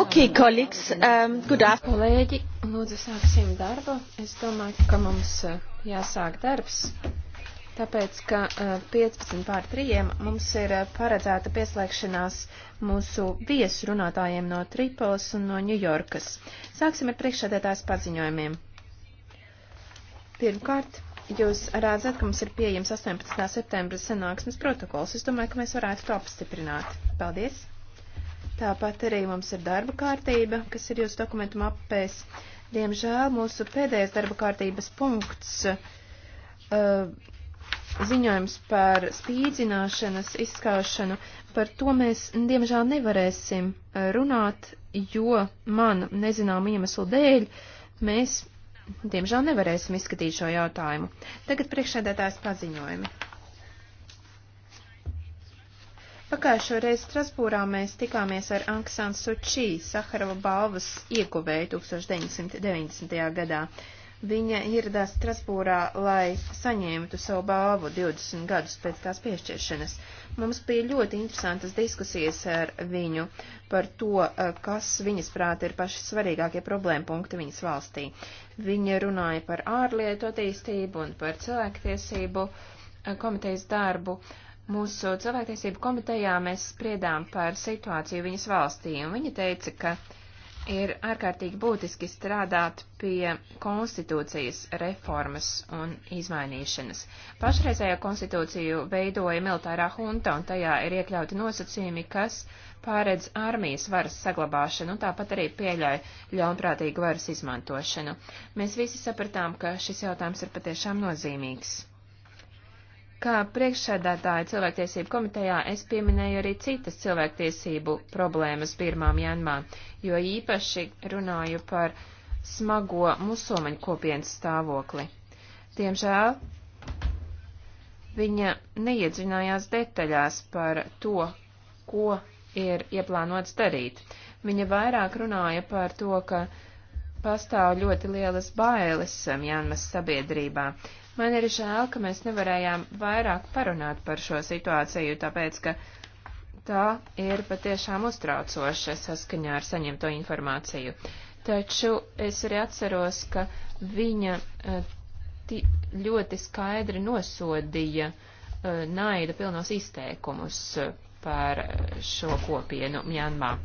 Ok, kolēģis, um, good afternoon. Kolēģi, lūdzu sāksim darbu. Es domāju, ka mums uh, jāsāk darbs, tāpēc, ka 15 uh, pār 3 mums ir uh, paredzēta pieslēgšanās mūsu viesu runātājiem no Tripolis un no Ņujorkas. Sāksim ar priekšsēdētājs paziņojumiem. Pirmkārt, jūs redzat, ka mums ir pieejams 18. septembra sanāksmes protokols. Es domāju, ka mēs varētu to apstiprināt. Paldies! Tāpat arī mums ir darba kārtība, kas ir jūsu dokumentu mapēs. Diemžēl mūsu pēdējais darba kārtības punkts uh, ziņojums par spīdzināšanas izskaušanu, par to mēs diemžēl nevarēsim runāt, jo man nezinām iemeslu dēļ mēs diemžēl nevarēsim izskatīt šo jautājumu. Tagad priekšsēdētājs paziņojumi. Pagājušo reizi Strasbūrā mēs tikāmies ar Anksan Suči, Saharova balvas ieguvēju 1990. gadā. Viņa ieradās Strasbūrā, lai saņemtu savu balvu 20 gadus pēc tās piešķiršanas. Mums bija ļoti interesantas diskusijas ar viņu par to, eh, kas viņas prāti ir paši svarīgākie problēma punkti viņas valstī. Viņa runāja par ārlietu attīstību un par cilvēktiesību eh, komitejas darbu. Uh, Mūsu cilvēktiesību komitejā mēs spriedām par situāciju viņas valstī, un viņa teica, ka ir ārkārtīgi būtiski strādāt pie konstitūcijas reformas un izmainīšanas. Pašreizējā konstitūciju veidoja militārā hunta, un tajā ir iekļauti nosacījumi, kas pāredz armijas varas saglabāšanu, un tāpat arī pieļauj ļaunprātīgu varas izmantošanu. Mēs visi sapratām, ka šis jautājums ir patiešām nozīmīgs. Kā priekšsēdētāja cilvēktiesību komitejā es pieminēju arī citas cilvēktiesību problēmas Birmām Janmā, jo īpaši runāju par smago musulmaņu kopienas stāvokli. Diemžēl viņa neiedzinājās detaļās par to, ko ir ieplānots darīt. Viņa vairāk runāja par to, ka pastāv ļoti lielas bailes Janmas sabiedrībā. Man ir žēl, ka mēs nevarējām vairāk parunāt par šo situāciju, tāpēc, ka tā ir patiešām uztraucoša saskaņā ar saņemto informāciju. Taču es arī atceros, ka viņa eh, ļoti skaidri nosodīja eh, naida pilnos izteikumus eh, par šo kopienu Mjanmā.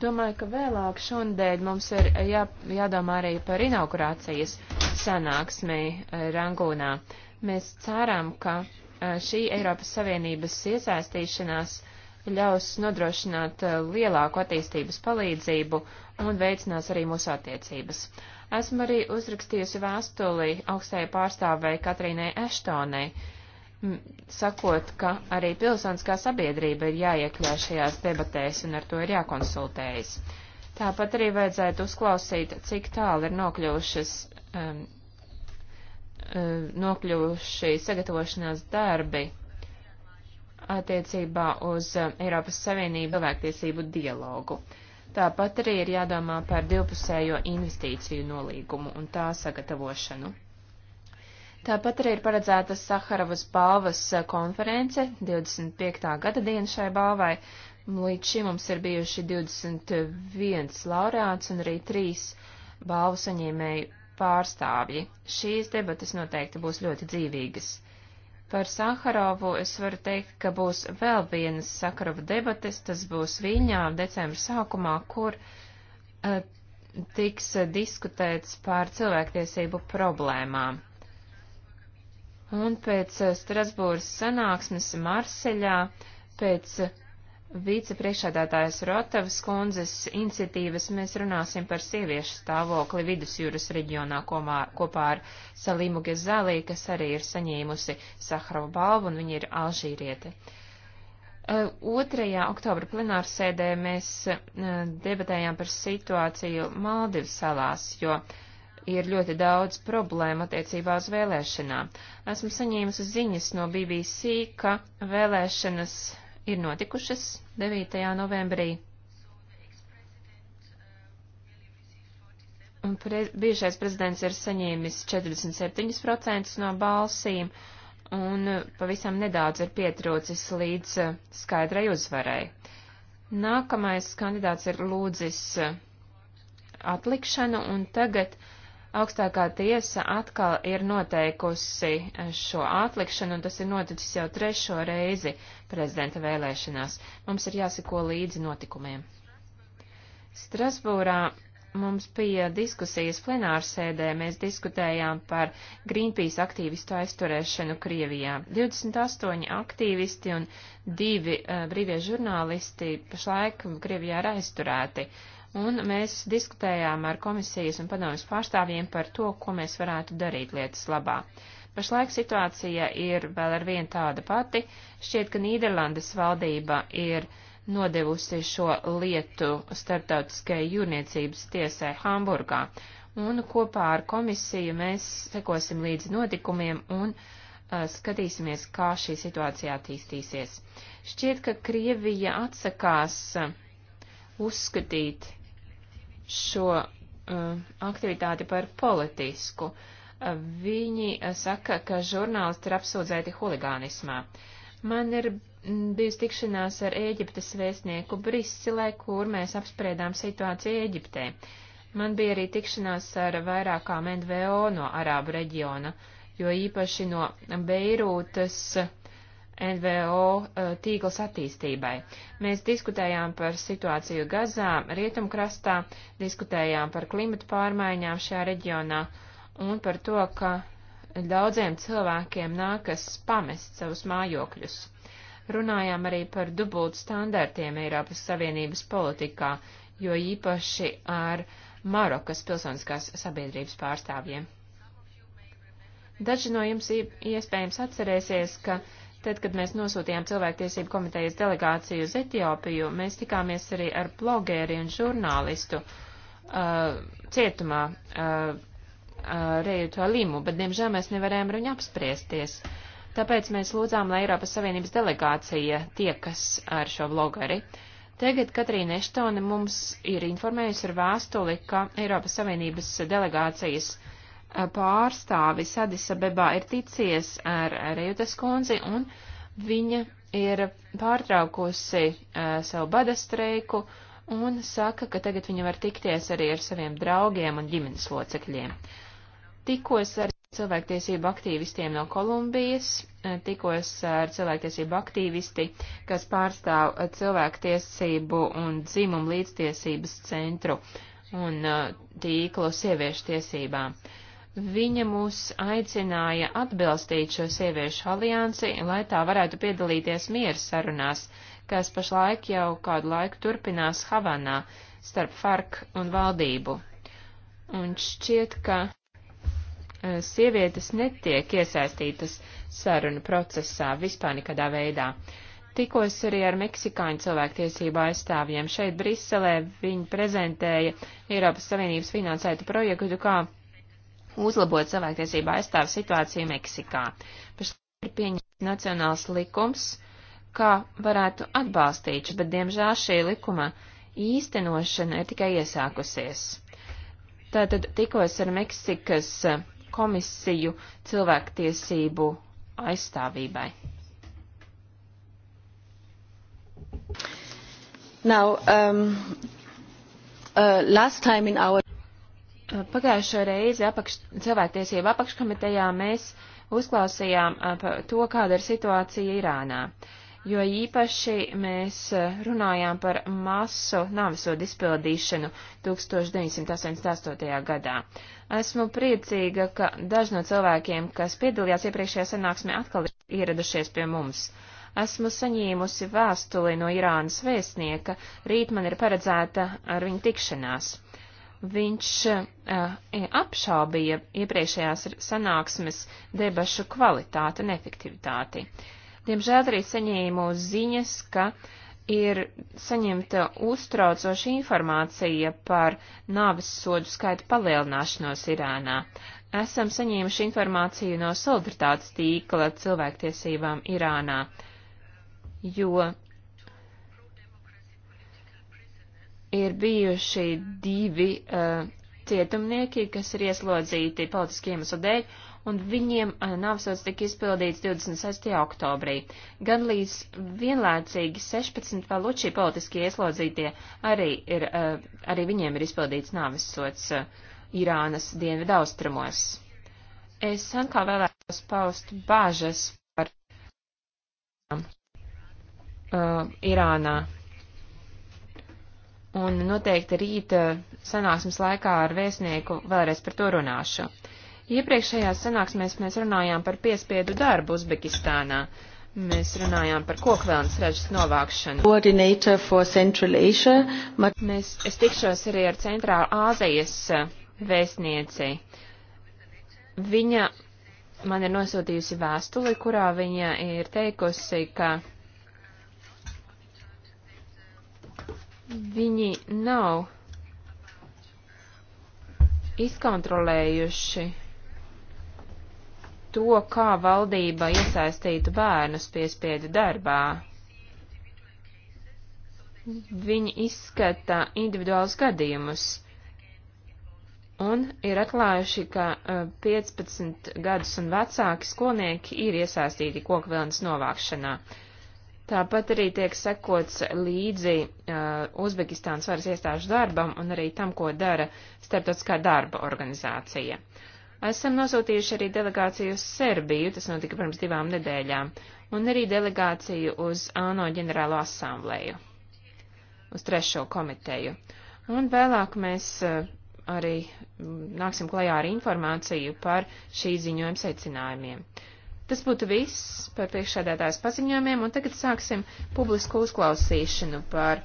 Domāju, ka vēlāk šodien mums ir eh, jā, jādomā arī par inaugurācijas sanāksmi eh, Rangūnā. Mēs ceram, ka eh, šī Eiropas Savienības iesaistīšanās ļaus nodrošināt lielāku attīstības palīdzību un veicinās arī mūsu attiecības. Esmu arī uzrakstījusi vēstuli augstajai pārstāvei Katrīnai Eštonai sakot, ka arī pilsoniskā sabiedrība ir jāiekļauj šajās debatēs un ar to ir jākonsultējas. Tāpat arī vajadzētu uzklausīt, cik tālu ir nokļuvušas, um, um, nokļuvuši sagatavošanās darbi attiecībā uz um, Eiropas Savienību cilvēktiesību dialogu. Tāpat arī ir jādomā par divpusējo investīciju nolīgumu un tā sagatavošanu. Tāpat arī ir paredzēta Saharavas balvas eh, konference 25. gada diena šai balvai. Līdz šim mums ir bijuši 21 laureāts un arī 3 balvu saņēmēju pārstāvji. Šīs debatas noteikti būs ļoti dzīvīgas. Par Saharovu es varu teikt, ka būs vēl vienas Sakarova debates, tas būs Viņā decembra sākumā, kur uh, tiks eh, diskutēts par cilvēktiesību problēmām un pēc eh, Strasbūras sanāksmes Marseļā, pēc eh, vicepriekšādātājas Rotavas kundzes iniciatīvas mēs runāsim par sieviešu stāvokli vidusjūras reģionā komā, kopā ar Salīmu Gezalī, kas arī ir saņēmusi Sahrava balvu, un viņa ir alžīriete. 2. Eh, oktobra plenārsēdē mēs debatējām par situāciju Maldivas salās, jo uh, ir ļoti daudz problēmu attiecībā uz vēlēšanām. Esmu saņēmusi ziņas no BBC, ka vēlēšanas ir notikušas 9. novembrī un pre, bijušais prezidents ir saņēmis 47% no balsīm un pavisam nedaudz ir pietrūcis līdz skaidrai uzvarai. Nākamais kandidāts ir lūdzis atlikšanu un tagad augstākā tiesa atkal ir noteikusi eh, šo atlikšanu, un tas ir noticis jau trešo reizi prezidenta vēlēšanās. Mums ir jāseko līdzi notikumiem. Strasbūrā mums bija diskusijas plenārsēdē, mēs diskutējām par Greenpeace aktīvistu aizturēšanu Krievijā. 28 aktīvisti un divi uh, brīvie žurnālisti pašlaik Krievijā ir aizturēti. Uh, un mēs diskutējām ar komisijas un padomjas pārstāvjiem par to, ko mēs varētu darīt lietas labā. Pašlaik situācija ir vēl ar vien tāda pati. Šķiet, ka Nīderlandes valdība ir nodevusi šo lietu starptautiskajai jūrniecības tiesai Hamburgā, un kopā ar komisiju mēs sekosim līdzi notikumiem un uh, skatīsimies, kā šī situācija attīstīsies. Šķiet, ka Krievija atsakās uh, uzskatīt šo uh, aktivitāti par politisku. Uh, viņi uh, saka, ka žurnālisti ir apsūdzēti huligānismā. Man ir mm, bijusi tikšanās ar Ēģiptes vēstnieku Briselē, kur mēs apspriedām situāciju Ēģiptē. Man bija arī tikšanās ar vairākām NVO no Arābu reģiona, jo īpaši no Beirūtas uh, NVO eh, tīkls attīstībai. Mēs diskutējām par situāciju Gazā, Rietumkrastā, diskutējām par klimatu pārmaiņām šajā reģionā un par to, ka daudziem cilvēkiem nākas pamest savus mājokļus. Runājām arī par dubult standartiem Eiropas Savienības politikā, jo īpaši ar Marokas pilsoniskās sabiedrības pārstāvjiem. Daži no jums iespējams atcerēsies, ka Tad, kad mēs nosūtījām cilvēktiesību komitejas delegāciju uz Etiopiju, mēs tikāmies arī ar blogēri un žurnālistu uh, cietumā uh, uh, Reju Tualimu, bet, diemžēl, mēs nevarējām ar viņu apspriesties. Tāpēc mēs lūdzām, lai Eiropas Savienības delegācija tiekas ar šo blogeri. Tagad Katrīna Eštone mums ir informējusi ar vēstuli, ka Eiropas Savienības delegācijas uh, pārstāvis Adisa Bebā ir ticies ar Rejutas kundzi un viņa ir pārtraukusi eh, savu badastreiku un saka, ka tagad viņa var tikties arī ar saviem draugiem un ģimenes locekļiem. Tikos ar cilvēktiesību aktīvistiem no Kolumbijas, eh, tikos ar cilvēktiesību aktīvisti, kas pārstāv eh, cilvēktiesību un dzimumu līdztiesības centru un tīklu sieviešu tiesībām. Uh, Viņa mūs aicināja atbilstīt šo sieviešu aliansi, lai tā varētu piedalīties mieru sarunās, kas pašlaik jau kādu laiku turpinās Havanā starp FARC un valdību. Un šķiet, ka e, sievietes netiek iesaistītas sarunu procesā vispār nekādā veidā. Tikos arī ar meksikāņu cilvēktiesību aizstāvjiem šeit Briselē viņi prezentēja Eiropas Savienības finansētu projektu, kā uzlabot cilvēktiesību aizstāvu situāciju Meksikā. Pašlaik ir pieņemts nacionāls likums, kā varētu atbalstīt, bet diemžēl šī likuma īstenošana ir tikai iesākusies. Tātad tikos ar Meksikas komisiju cilvēktiesību aizstāvībai. Now, um, uh, last time in our Eh, pagājušo reizi apakš, cilvēktiesību apakškomitejā mēs uzklausījām eh, to, kāda ir situācija Irānā, jo īpaši mēs eh, runājām par masu nāvisodu izpildīšanu 1988. gadā. Esmu priecīga, ka daži no cilvēkiem, kas piedalījās iepriekšējā sanāksmē, atkal ir ieradušies pie mums esmu saņēmusi vēstuli no Irānas vēstnieka, rīt man ir paredzēta ar viņu tikšanās viņš uh, eh, e, apšaubīja iepriekšējās sanāksmes debašu kvalitāti un efektivitāti. Diemžēl arī saņēmu ziņas, ka ir saņemta uztraucoša informācija par nāves sodu skaitu palielināšanos Irānā. Esam saņēmuši informāciju no solidaritātes tīkla cilvēktiesībām Irānā, jo ir bijuši divi uh, cietumnieki, kas ir ieslodzīti politiskiem iemeslu dēļ, un viņiem eh, nāvsots tika izpildīts 26. oktobrī. Gan līdz vienlaicīgi 16 valučī politiskie ieslodzītie arī, ir, eh, arī viņiem ir izpildīts nāvsots Irānas dienvidu austrumos. Es atkal vēlētos paust bāžas par uh, Irānā un noteikti rīt eh, sanāksmes laikā ar vēstnieku vēlreiz par to runāšu. Iepriekšējās sanāksmēs mēs runājām par piespiedu darbu Uzbekistānā. Mēs runājām par kokvēlnes ražas novākšanu. Asia, but... Mēs, es tikšos arī ar Centrāla Āzijas eh, vēstnieci. Viņa man ir nosūtījusi vēstuli, kurā viņa ir teikusi, ka Viņi nav izkontrolējuši to, kā valdība iesaistītu bērnus piespiedu darbā. Viņi izskata individuālus gadījumus un ir atklājuši, ka 15 eh, gadus un vecāki skolnieki ir iesaistīti koku vilnas novākšanā. Uh, Tāpat arī tiek sekots līdzi uh, Uzbekistānas varas iestāžu darbam un arī tam, ko dara starptautiskā darba organizācija. Esam nosūtījuši arī delegāciju uz Serbiju, tas notika pirms divām nedēļām, un arī delegāciju uz ANO ģenerālo asamblēju, uz trešo komiteju. Un vēlāk mēs uh, arī nāksim klajā ar informāciju par šī ziņojuma secinājumiem. Uh, Tas būtu viss par priekšsēdētājas paziņojumiem, un tagad sāksim publisku uzklausīšanu par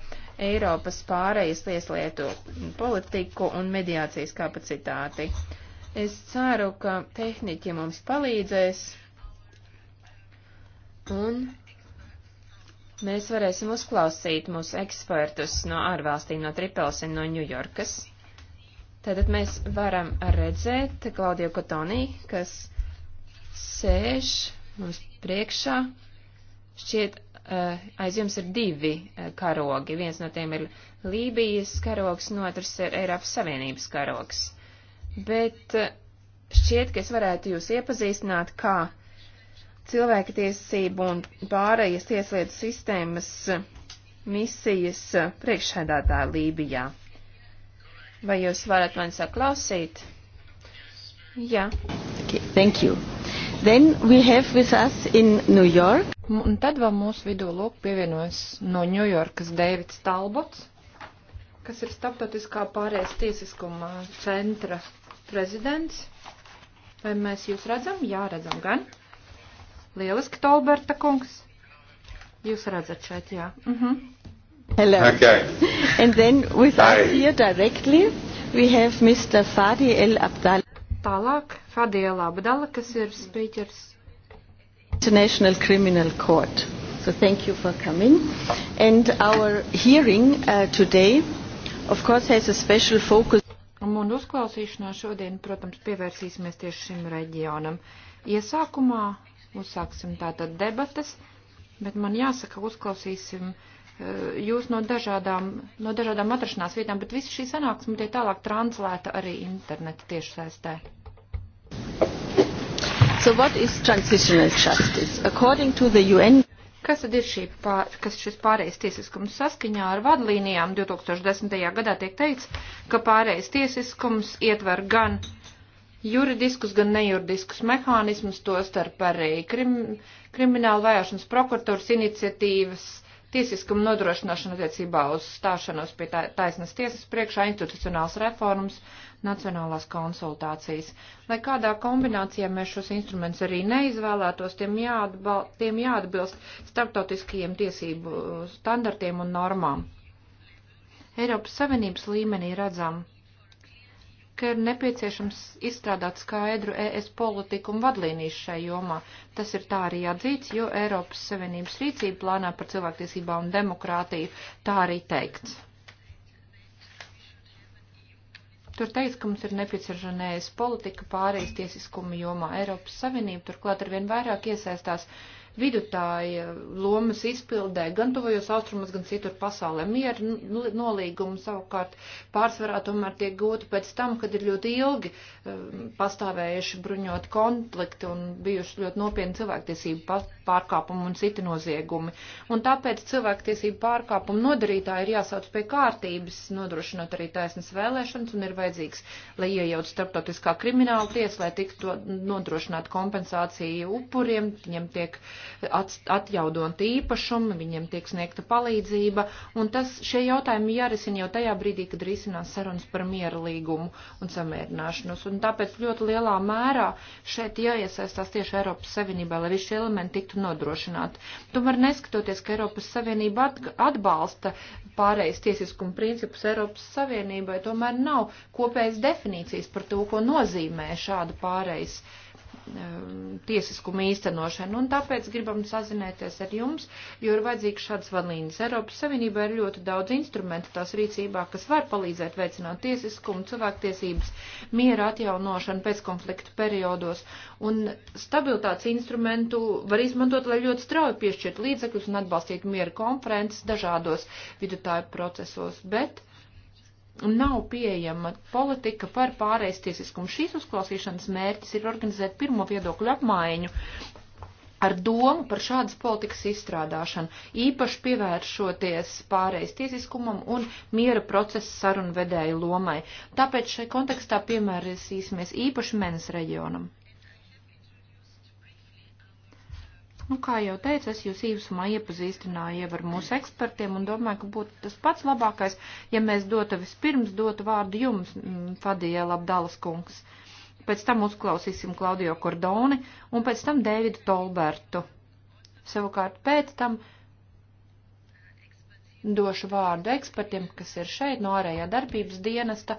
Eiropas pārējas tieslietu politiku un mediācijas kapacitāti. Es ceru, ka tehniķi mums palīdzēs, un mēs varēsim uzklausīt mūsu ekspertus no ārvalstīm, no Tripels un no Ņujorkas. Tātad mēs varam redzēt Klaudiju Kotonī, kas sēž mums priekšā. Šķiet, eh, aiz jums ir divi eh, karogi. Viens no tiem ir Lībijas karogs, un otrs ir Eiropas Savienības karogs. Bet eh, šķiet, ka es varētu jūs iepazīstināt, kā cilvēktiesību un pārējas tieslietu sistēmas misijas priekšsēdētāja Lībijā. Vai jūs varat mani saklausīt? Jā. Okay, thank you. Then we have with us in New York. Un tad vēl mūsu vidū lūk pievienojas no Ņujorkas Dēvids Talbots, kas ir starptautiskā pārējais tiesiskuma centra prezidents. Vai mēs jūs redzam? Jā, redzam gan. Lieliski, Tolberta kungs. Jūs redzat šeit, jā. Uh mhm. -huh. Hello. Okay. And then with Hi. us here directly we have Mr. Fadi El Abdal. Tālāk Fadiela Abdala, kas ir spīķers. International Criminal Court. So thank you for coming. And our hearing uh, today, of course, has a special focus. Um, un uzklausīšanā šodien, protams, pievērsīsimies tieši šim reģionam. Iesākumā uzsāksim tātad debatas, bet man jāsaka, uzklausīsim uh, Eh, jūs no dažādām, no dažādām atrašanās vietām, bet visa šī sanāksme tiek tālāk translēta arī interneta tiešsaistē. So what is transitional justice? According to the UN Kas tad ir šī pār, kas šis pārējais tiesiskums saskaņā ar vadlīnijām 2010. gadā tiek teikts, ka pārējais tiesiskums ietver gan juridiskus, gan nejuridiskus mehānismus, to starp arī krim, kriminālu vajāšanas prokuratūras iniciatīvas, tiesiskumu nodrošināšanu attiecībā uz stāšanos pie taisnas tiesas priekšā institucionāls reformas, nacionālās konsultācijas. Lai kādā kombinācijā mēs šos instrumentus arī neizvēlētos, tiem, jāatbal, tiem jāatbilst starptautiskajiem tiesību standartiem un normām. Eiropas Savienības līmenī redzam, ka ir nepieciešams izstrādāt skaidru ES politiku un vadlīnijas šai jomā. Tas ir tā arī atzīts, jo Eiropas Savienības rīcība plānā par cilvēktiesībām un demokrātiju tā arī teikts. Tur teica, ka mums ir nepieciešama ES politika pārējais tiesiskuma jomā. Eiropas Savienība turklāt arvien vairāk iesaistās uh, vidutāja lomas izpildē gan tuvajos austrumos, gan citur pasaulē. Mieru nu, nolīgumu savukārt pārsvarā tomēr tiek gūti pēc tam, kad ir ļoti ilgi um, pastāvējuši bruņoti konflikti un bijuši ļoti nopietni cilvēktiesību pārkāpumi un citi noziegumi. Un tāpēc cilvēktiesību pārkāpumu nodarītāji ir jāsauc pie kārtības, nodrošinot arī taisnas vēlēšanas un ir vajadzīgs, lai iejauc starptautiskā krimināla tiesa, lai tiktu nodrošināt kompensāciju upuriem, viņiem tiek uh, atjaunot īpašumu, viņiem tiek sniegta palīdzība, un tas šie jautājumi jārisina jau tajā brīdī, kad risinās sarunas par miera līgumu un samierināšanos. Un tāpēc ļoti lielā mērā šeit jāiesaistās tieši Eiropas Savienībā, lai visi šie elementi tiktu nodrošināti. Tomēr neskatoties, ka Eiropas Savienība atbalsta pārējais tiesiskuma principus Eiropas Savienībai, tomēr nav kopējas definīcijas par to, ko nozīmē šāda pārējais Eh, tiesiskumu īstenošanu, un tāpēc gribam sazinēties ar jums, jo ir vajadzīgs šāds vadlīnijas. Eiropas Savienībā ir ļoti daudz instrumentu tās rīcībā, kas var palīdzēt veicināt tiesiskumu, cilvēktiesības, miera atjaunošanu pēckonflikta periodos, un stabilitātes instrumentu var izmantot, lai ļoti strauji piešķirt līdzekļus un atbalstīt miera konferences dažādos vidutāju procesos, bet nav pieejama politika par pārējais tiesiskumu. Šīs uzklausīšanas mērķis ir organizēt pirmo viedokļu apmaiņu ar domu par šādas politikas izstrādāšanu, īpaši pievēršoties pārējais tiesiskumam un miera procesa sarunvedēju lomai. Tāpēc šai kontekstā piemērēsīsimies īpaši Menes reģionam. Nu, kā jau teicu, es jūs īsumā iepazīstināju jau ar mūsu ekspertiem un domāju, ka būtu tas pats labākais, ja mēs dotu vispirms dotu vārdu jums, mm, Fadija Labdalas kungs. Pēc tam uzklausīsim Klaudio Kordoni un pēc tam Dēvidu Tolbertu. Savukārt pēc tam došu vārdu ekspertiem, kas ir šeit no ārējā darbības dienesta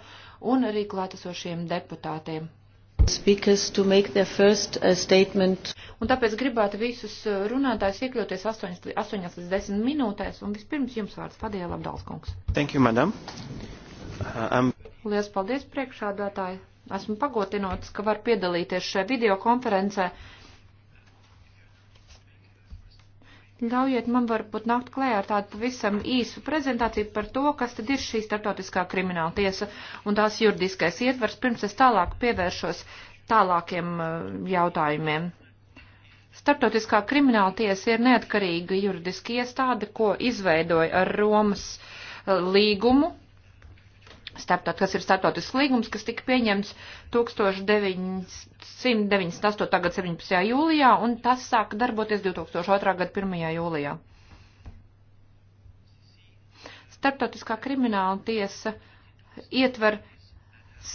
un arī klātesošiem deputātiem. Speakers to make their first uh, statement. Un tāpēc gribētu visus uh, runātājus iekļauties 8, 8 līdz 10 minūtēs. Un vispirms jums vārds Fadiela Abdalskungs. Thank you, madam. Um... Lielas paldies priekšādātāji. Esmu pagotinots, ka var piedalīties šajā videokonferencē. Ļaujiet man varbūt nākt klējā ar tādu pavisam īsu prezentāciju par to, kas tad ir šī starptautiskā krimināla tiesa un tās juridiskais ietvars, pirms es tālāk pievēršos tālākiem uh, jautājumiem, Startautiskā krimināla tiesa ir neatkarīga juridiska iestāde, ko izveidoja ar Romas eh, līgumu, starptaut, kas ir startautisks līgums, kas tika pieņemts 1998. gada 17. jūlijā, un tas sāka darboties 2002. gada 1. jūlijā. Startautiskā krimināla tiesa ietver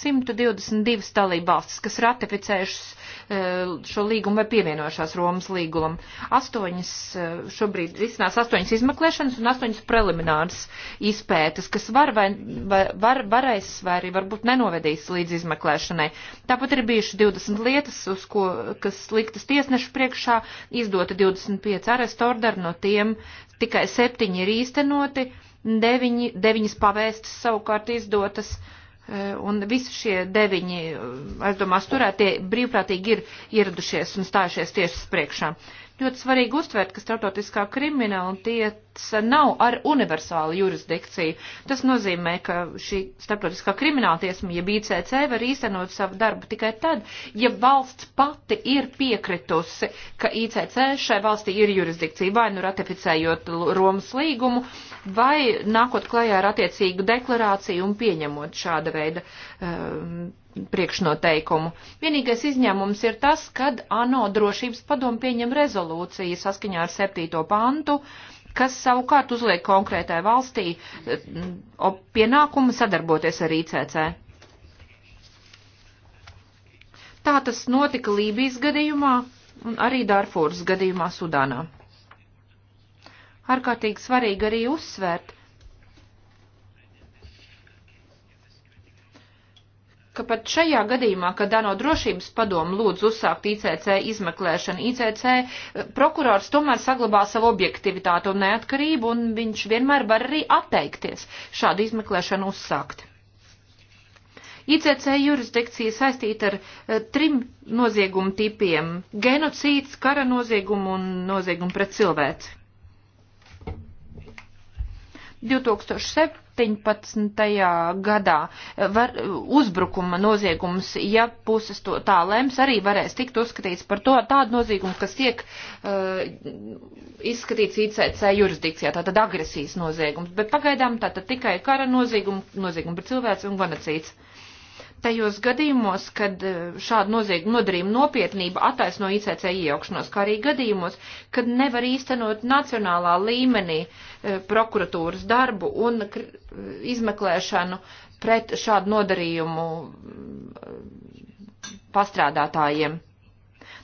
122 dalībvalstis, kas ratificējušas Eh, šo līgumu vai pievienojušās Romas līgumam. Astoņas, eh, šobrīd risinās astoņas izmeklēšanas un astoņas prelimināras izpētes, kas var vai, vai var, varēs vai arī varbūt nenovedīs līdz izmeklēšanai. Tāpat ir bijuši 20 lietas, uz ko, kas liktas tiesnešu priekšā, izdota 25 arestu orderu, no tiem tikai septiņi ir īstenoti, deviņi, deviņas pavēstas savukārt izdotas. Uh, Eh, un visi šie deviņi, eh, es domāju, turētie brīvprātīgi ir ieradušies un stājušies tiesas priekšā. Uh, Ļoti svarīgi uztvērt, ka starptautiskā krimināla tiesa nav ar universālu jurisdikciju. Tas nozīmē, ka šī starptautiskā krimināla tiesma, ja ICC var īstenot savu darbu tikai tad, ja valsts pati ir piekritusi, ka ICC šai valstī ir jurisdikcija, vai nu ratificējot Romas līgumu, vai nākot klajā ar attiecīgu deklarāciju un pieņemot šāda veida. Um, priekšnoteikumu. Vienīgais izņēmums ir tas, kad ANO drošības padomu pieņem rezolūciju saskaņā ar 7. pantu, kas savukārt uzliek konkrētai valstī eh, pienākumu sadarboties ar ICC. Tā tas notika Lībijas gadījumā un arī Darfūras gadījumā Sudānā. Ārkārtīgi svarīgi arī uzsvērt, ka pat šajā gadījumā, kad ANO drošības padomu lūdz uzsākt ICC izmeklēšanu, ICC eh, prokurors tomēr saglabā savu objektivitātu un neatkarību, un viņš vienmēr var arī atteikties šādu izmeklēšanu uzsākt. ICC jurisdikcija saistīta ar eh, trim noziegumu tipiem - genocīds, kara noziegumu un noziegumu pret cilvēci. 2017. gadā var, uzbrukuma noziegums, ja puses to tā lems, arī varēs tikt uzskatīts par to tādu noziegumu, kas tiek uh, izskatīts ICC jurisdikcijā, tātad agresijas noziegums, bet pagaidām tātad tikai kara noziegumu, noziegumu par cilvēks un vanacīts tajos gadījumos, kad e, šāda nozieguma nodarījuma nopietnība attaisno ICC iejaukšanos, kā arī gadījumos, kad nevar īstenot nacionālā līmenī e, prokuratūras darbu un e, izmeklēšanu pret šādu nodarījumu pastrādātājiem.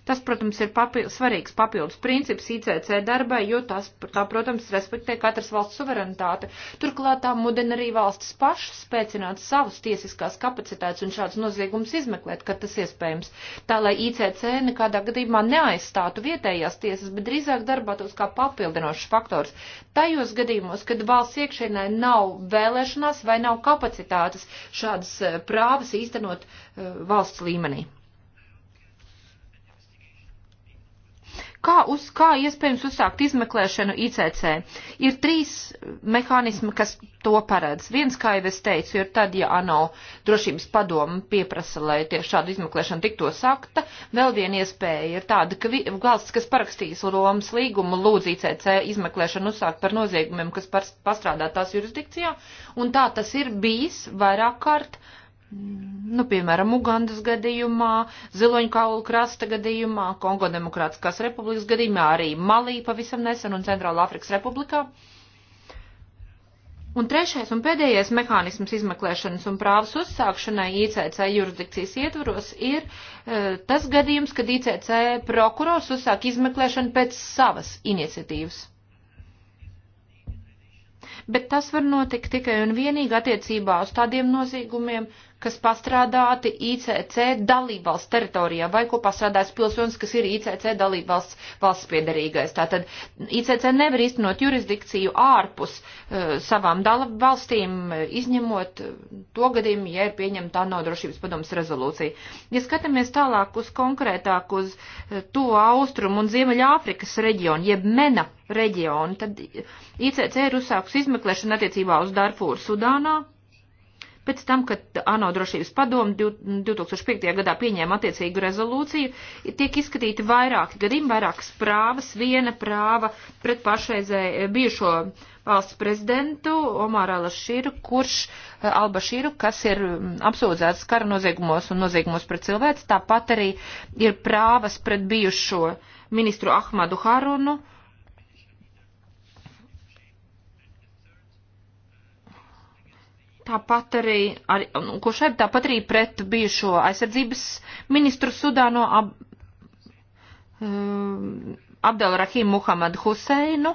Tas, protams, ir papil svarīgs papildus princips ICC darbai, jo tas, tā, protams, respektē katras valsts suverenitāti. Turklāt tā mudina arī valstis pašas spēcināt savus tiesiskās kapacitātes un šāds noziegums izmeklēt, kad tas iespējams. Tā, lai ICC nekādā gadījumā neaizstātu vietējās tiesas, bet drīzāk darbātos kā papildinošs faktors. Tajos gadījumos, kad valsts iekšienē nav vēlēšanās vai nav kapacitātes šādas eh, prāvas īstenot eh, valsts līmenī. Kā, uz, kā iespējams uzsākt izmeklēšanu ICC? Ir trīs mehānismi, kas to paredz. Viens, kā jau es teicu, ir tad, ja ANO drošības padoma pieprasa, lai tieši šāda izmeklēšana tikto sakta. Vēl viena iespēja ir tāda, ka valsts, kas parakstīs Romas līgumu, lūdz ICC izmeklēšanu uzsākt par noziegumiem, kas par, pastrādā tās jurisdikcijā. Un tā tas ir bijis vairāk kārt. Uh, nu, piemēram, Ugandas gadījumā, Ziloņkaulu krasta gadījumā, Kongo Demokrātiskās republikas gadījumā, arī Malī pavisam nesen un Centrāla Afrikas republikā. Un trešais un pēdējais mehānisms izmeklēšanas un prāvas uzsākšanai ICC jurisdikcijas ietvaros ir e, tas gadījums, kad ICC prokurors uzsāk izmeklēšanu pēc savas iniciatīvas bet tas var notikt tikai un vienīgi attiecībā uz tādiem noziegumiem, kas pastrādāti ICC dalībvalsts teritorijā vai ko pastrādās pilsonis, kas ir ICC dalībvalsts valsts piedarīgais. Tātad ICC nevar iztenot jurisdikciju ārpus uh, savām dalībvalstīm, eh, izņemot eh, to gadījumu, ja ir pieņemta ANO drošības padomas rezolūcija. Ja skatāmies tālāk uz konkrētāk uz to austrumu un Ziemeļāfrikas reģionu, jeb MENA reģionu, tad ICC ir uzsākus izmeklēšanu attiecībā uz Darfūru Sudānā, Pēc tam, kad ANO drošības padomu 2005. gadā pieņēma attiecīgu rezolūciju, tiek izskatīti vairāki gadījumi, vairākas prāvas, viena prāva pret pašreizēju eh, bijušo valsts prezidentu Omāru Alašīru, kurš eh, Albašīru, kas ir mm, apsūdzēts kara noziegumos un noziegumos pret cilvēks, tāpat arī ir prāvas pret bijušo ministru Ahmadu Harunu Tāpat arī, ar, kurš arī tāpat arī pret bijušo aizsardzības ministru Sudāno ab, um, Abdel Rahim Muhamad Huseinu.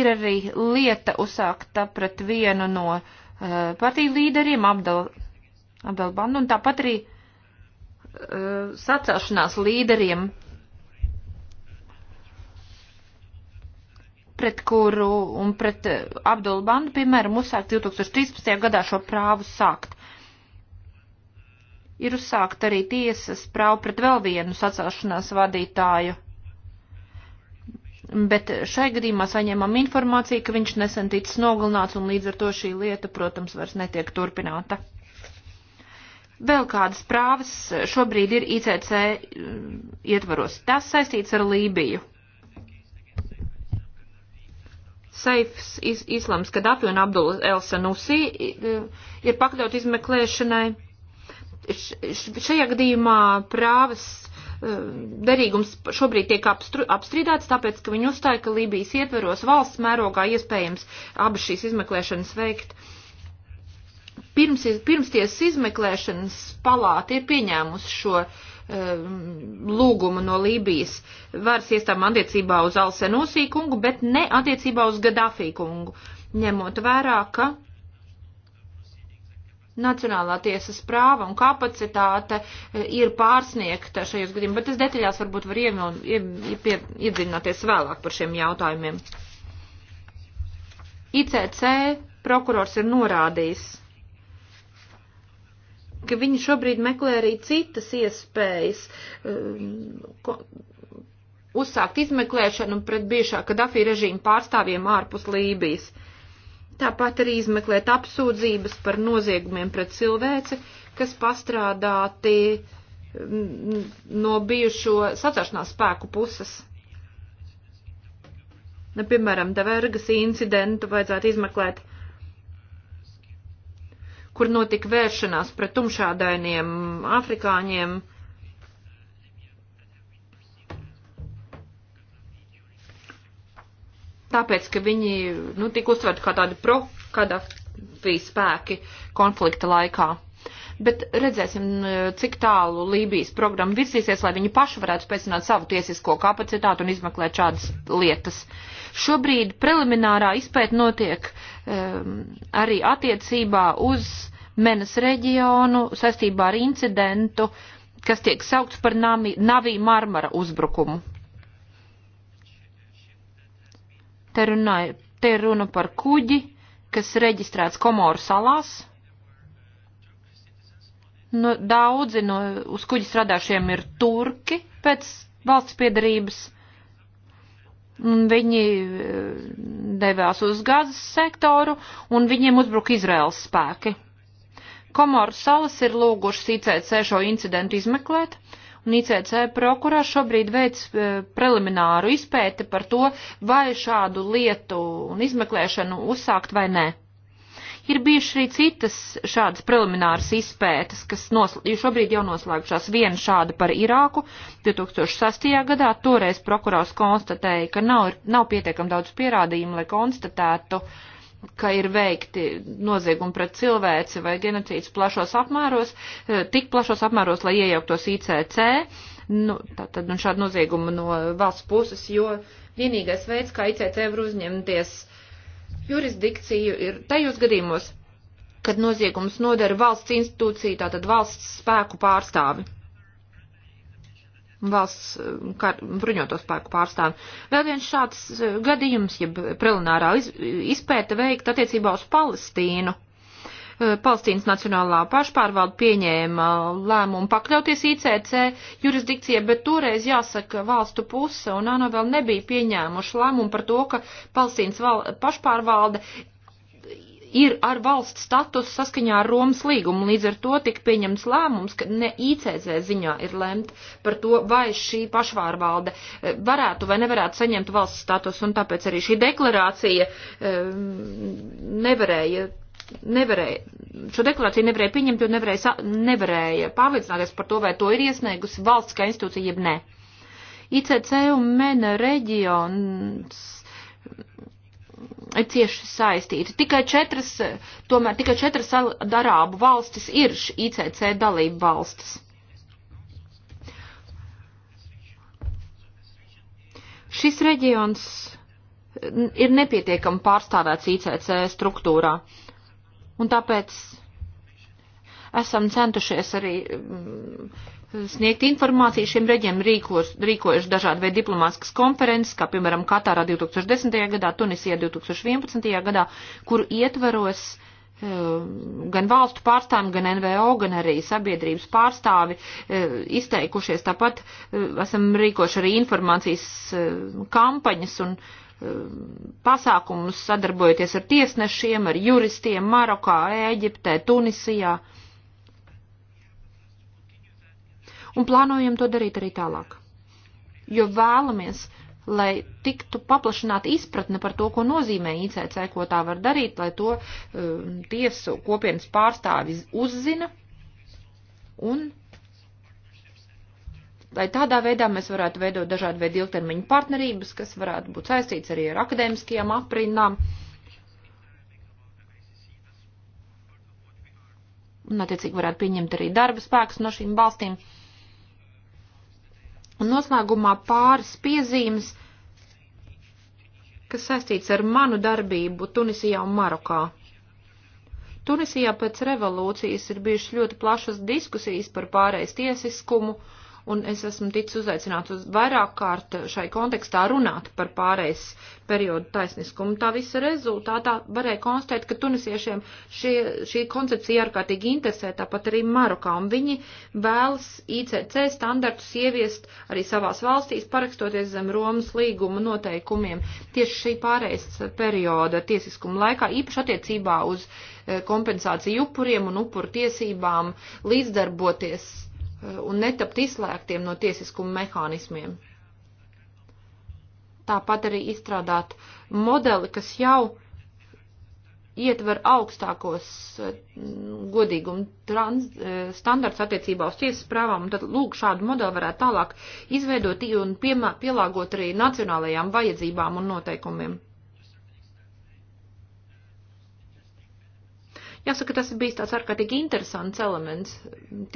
Ir arī lieta uzsākta pret vienu no uh, partiju līderiem, Abdel, Abdel Bandu, un tāpat arī uh, sacelšanās līderiem pret kuru un pret eh, Abdulu Bandu, piemēram, uzsākt 2013. gadā šo prāvu sākt. Ir uzsākt arī tiesas prāvu pret vēl vienu sacelšanās vadītāju bet šai gadījumā saņēmām informāciju, ka viņš nesen ticis nogalināts un līdz ar to šī lieta, protams, vairs netiek turpināta. Vēl kādas prāvas šobrīd ir ICC eh, ietvaros. Tas saistīts ar Lībiju. Saifs iz, Islams Kadapi un Abdul Elsanusī ir pakļaut izmeklēšanai. Šajā gadījumā prāvas e, derīgums šobrīd tiek apstru, apstrīdēts, tāpēc, ka viņi uzstāja, ka Lībijas ietveros valsts mērogā iespējams abas šīs izmeklēšanas veikt. Pirms, pirmsties izmeklēšanas palāta ir pieņēmusi šo uh, Um, lūgumu no Lībijas varas iestām attiecībā uz Alsenosī kungu, bet ne attiecībā uz Gadafī kungu, ņemot vērā, ka Nacionālā tiesas prāva un kapacitāte eh, ir pārsniegta šajos gadījumos, bet es detaļās varbūt var iemil, ie, iedzināties vēlāk par šiem jautājumiem. ICC prokurors ir norādījis ka viņi šobrīd meklē arī citas iespējas um, ko, uzsākt izmeklēšanu pret biežā Kadafī režīmu pārstāvjiem ārpus Lībijas. Tāpat arī izmeklēt apsūdzības par noziegumiem pret cilvēci, kas pastrādāti um, no bijušo sacēšanās spēku puses. Nu, piemēram, Davergas incidentu vajadzētu izmeklēt kur notika vēršanās pret tumšādainiem afrikāņiem. Tāpēc, ka viņi, nu, tika uztverti kā tādi pro, kādā bija spēki konflikta laikā. Bet redzēsim, cik tālu Lībijas programma virzīsies, lai viņi paši varētu spēcināt savu tiesisko kapacitātu un izmeklēt šādas lietas. Šobrīd preliminārā izpēta notiek um, arī attiecībā uz Menas reģionu saistībā ar incidentu, kas tiek saukts par Nami, Navī Marmara uzbrukumu. Te, runāja, te runa par kuģi, kas reģistrēts Komoru salās. Nu, daudzi no uz kuģi strādājušiem ir turki pēc valsts piedarības. Un viņi eh, devās uz gazas sektoru, un viņiem uzbruka Izraels spēki. Komoru salas ir lūgušas ICC šo incidentu izmeklēt, un ICC prokurors šobrīd veic e, prelimināru izpēti par to, vai šādu lietu un izmeklēšanu uzsākt vai nē. Ir bijušas arī citas šādas prelimināras izpētes, kas nosl... šobrīd jau noslēgušās. Viena šāda par Irāku 2006. gadā. Toreiz prokurors konstatēja, ka nav, nav pietiekam daudz pierādījumu, lai konstatētu uh, ka ir veikti noziegumi pret cilvēci vai genocīds plašos apmēros, eh, tik plašos apmēros, lai iejauktos ICC, nu, tātad nu, šādu noziegumu no valsts puses, jo vienīgais veids, kā ICC var uzņemties jurisdikciju, ir tajos gadījumos, kad noziegums nodara valsts institūcija, tātad valsts spēku pārstāvi valsts um, kar, bruņoto spēku pārstāvjiem. Vēl viens šāds uh, gadījums, ja prelinārā iz, izpēta veikta attiecībā uz Palestīnu. Uh, Palestīnas Nacionālā pašpārvalda pieņēma lēmumu pakļauties ICC jurisdikcijai, bet toreiz jāsaka valstu puse un ANO vēl nebija pieņēmuši lēmumu par to, ka Palestīnas val, pašpārvalde ir ar valsts status saskaņā ar Romas līgumu. Līdz ar to tika pieņemts lēmums, ka ne ICZ ziņā ir lemt par to, vai šī pašvārvalde eh, varētu vai nevarētu saņemt valsts status, un tāpēc arī šī deklarācija eh, nevarēja nevarēja, šo deklarāciju nevarēja pieņemt, jo nevarēja, nevarēja pārliecināties par to, vai to ir iesniegusi valsts kā institūcija, jeb nē. ICC un MENA reģions ir cieši saistīti. Tikai četras, tomēr tikai četras darābu valstis ir ICC dalību valstis. Šis reģions ir nepietiekami pārstāvēts ICC struktūrā, un tāpēc esam centušies arī sniegt informāciju šiem reģiem rīkos, rīkojuši dažādi veidi diplomātiskas konferences, kā piemēram Katārā 2010. gadā, Tunisijā 2011. gadā, kur ietveros eh, gan valstu pārstāvi, gan NVO, gan arī sabiedrības pārstāvi eh, izteikušies. Tāpat eh, esam rīkoši arī informācijas kampaņas un pasākumus sadarbojoties ar tiesnešiem, ar juristiem Marokā, Ēģiptē, Tunisijā. un plānojam to darīt arī tālāk. Jo vēlamies, lai tiktu paplašināta izpratne par to, ko nozīmē ICC, ko tā var darīt, lai to uh, tiesu kopienas pārstāvis uzzina un lai tādā veidā mēs varētu veidot dažādu veidu ilgtermiņu partnerības, kas varētu būt saistīts arī ar akadēmiskajām aprindām. Un, attiecīgi, varētu pieņemt arī darba spēkus no šīm valstīm. Uh, Un noslēgumā pāris piezīmes, kas saistīts ar manu darbību Tunisijā un Marokā. Tunisijā pēc revolūcijas ir bijušas ļoti plašas diskusijas par pārējais tiesiskumu un es esmu ticis uzaicināts uz vairāk kārt šai kontekstā runāt par pārējais periodu taisniskumu. Tā visa rezultātā varēja konstatēt, ka tunisiešiem šie, šī koncepcija ārkārtīgi interesē, tāpat arī Marokā, un viņi vēlas ICC standartus ieviest arī savās valstīs, parakstoties zem Romas līguma noteikumiem tieši šī pārējais perioda tiesiskuma laikā, īpaši attiecībā uz eh, kompensāciju upuriem un upuru tiesībām līdzdarboties Eh, un netapt izslēgtiem no tiesiskuma mehānismiem. Tāpat arī izstrādāt modeli, kas jau ietver augstākos eh, godīguma trans, eh, standarts attiecībā uz tiesas prāvām, un tad lūk šādu modeli varētu tālāk izveidot un piemā, pielāgot arī nacionālajām vajadzībām un noteikumiem. Jāsaka, tas bija tāds ārkārtīgi interesants elements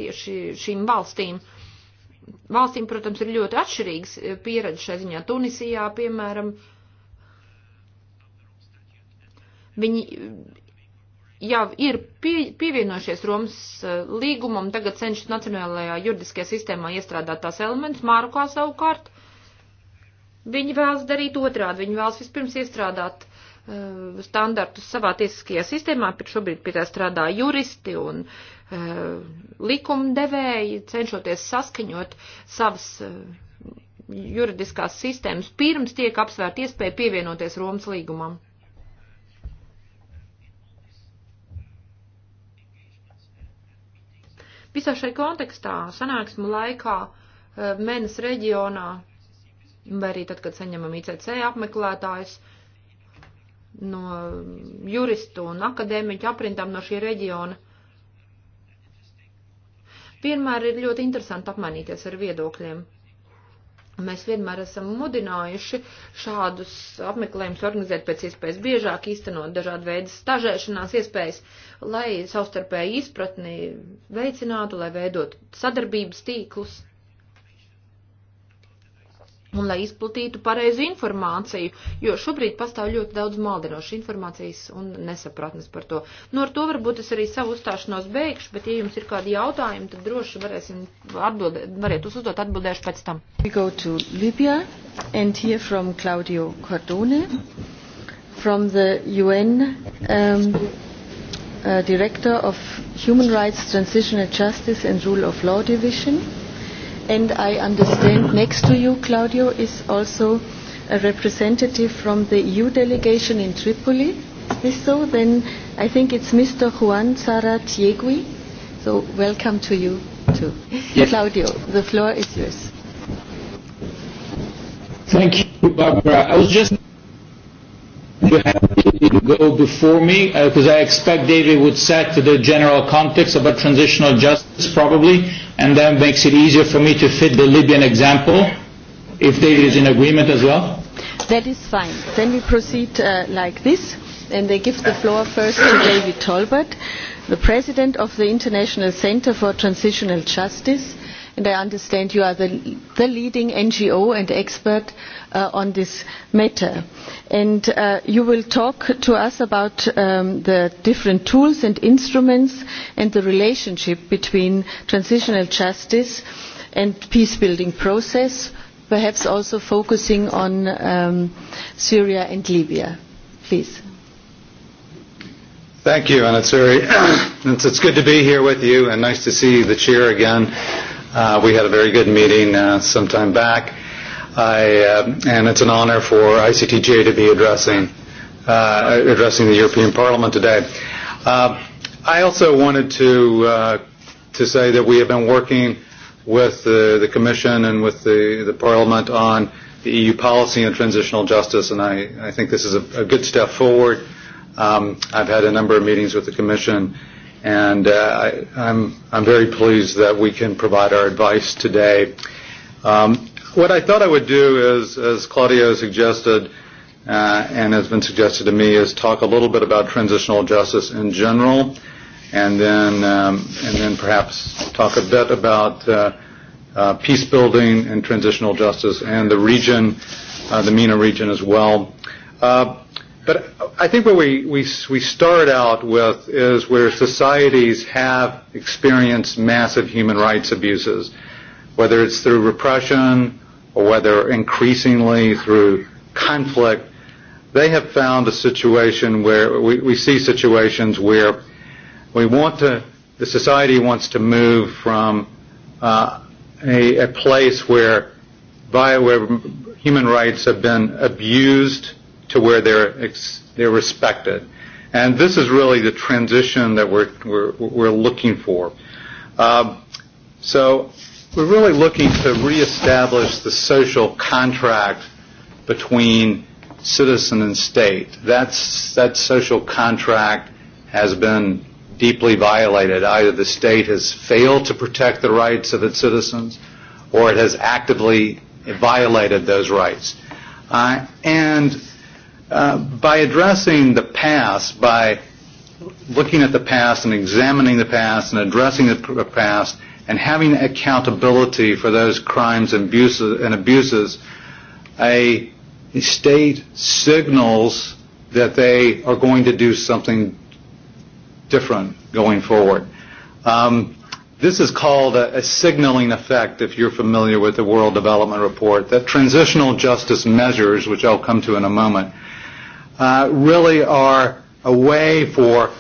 tieši šīm valstīm. Valstīm, protams, ir ļoti atšķirīgs pieredze šai ziņā. Tunisijā, piemēram, viņi jau ir pie, pievienojušies Romas eh, līgumam, tagad cenšas nacionālajā juridiskajā sistēmā iestrādāt tās elementus, Mārukā savukārt. Viņi vēlas darīt otrādi, viņi vēlas vispirms iestrādāt Uh, standartus savā tiesiskajā sistēmā, bet šobrīd pie tā strādā juristi un uh, likumdevēji, cenšoties saskaņot savas uh, juridiskās sistēmas, pirms tiek apsvērt iespēja pievienoties Romas līgumam. Visā šai kontekstā sanāksmu laikā uh, Menas reģionā, vai arī tad, kad saņemam ICC apmeklētājus, uh, no juristu un akadēmiķu aprindām no šī reģiona. Vienmēr ir ļoti interesanti apmainīties ar viedokļiem. Mēs vienmēr esam mudinājuši šādus apmeklējumus organizēt pēc iespējas biežāk, īstenot dažādu veidu stažēšanās iespējas, lai savstarpēji izpratni veicinātu, lai veidot sadarbības tīklus un lai izplatītu pareizu informāciju, jo šobrīd pastāv ļoti daudz maldinošu informācijas un nesapratnes par to. Nu, ar to varbūt es arī savu uzstāšanos beigšu, bet, ja jums ir kādi jautājumi, tad droši varēsim atbildēt, variet uz uzdot atbildēšu pēc tam. We go to Libya and hear from Claudio Cordone from the UN um, uh, Director of Human Rights, Transitional Justice and Rule of Law Division and I understand next to you, Claudio, is also a representative from the EU delegation in Tripoli. Is this so? Then I think it's Mr. Juan Sarat Yegui. So welcome to you too. Yes. Claudio, the floor is yours. Thank you, Barbara. I was just you have go before me because uh, I expect David would set the general context about transitional justice probably and that makes it easier for me to fit the Libyan example, if there is an agreement as well? That is fine. Then we proceed uh, like this, and they give the floor first to David Tolbert, the president of the International Center for Transitional Justice, and I understand you are the, the leading NGO and expert uh, on this matter. And uh, you will talk to us about um, the different tools and instruments and the relationship between transitional justice and peace-building process, perhaps also focusing on um, Syria and Libya. Please. Thank you, and it's very it's, it's good to be here with you, and nice to see the chair again. Uh, we had a very good meeting uh, some time back. I, uh, and it's an honor for ICTJ to be addressing, uh, addressing the European Parliament today. Uh, I also wanted to, uh, to say that we have been working with the, the Commission and with the, the Parliament on the EU policy on transitional justice, and I, I think this is a, a good step forward. Um, I've had a number of meetings with the Commission uh, and uh, I, I'm, I'm very pleased that we can provide our advice today. Um, what I thought I would do is, as Claudio suggested, uh, and has been suggested to me, is talk a little bit about transitional justice in general, and then um, and then perhaps talk a bit about uh, uh, peace building and transitional justice and the region, uh, the MENA region as well. Uh, But I think what we, we, we start out with is where societies have experienced massive human rights abuses, whether it's through repression or whether increasingly through conflict. They have found a situation where we, we see situations where we want to, the society wants to move from uh, a, a place where, by, where human rights have been abused to where they're ex- they're respected. And this is really the transition that we're we're, we're looking for. Um, so we're really looking to reestablish the social contract between citizen and state. That's that social contract has been deeply violated. Either the state has failed to protect the rights of its citizens, or it has actively violated those rights. Uh, and Uh, by addressing the past, by looking at the past and examining the past and addressing the past and having accountability for those crimes and abuses, and abuses a state signals that they are going to do something different going forward. Um, this is called a, a signaling effect, if you're familiar with the World Development Report, that transitional justice measures, which I'll come to in a moment, uh, really are a way for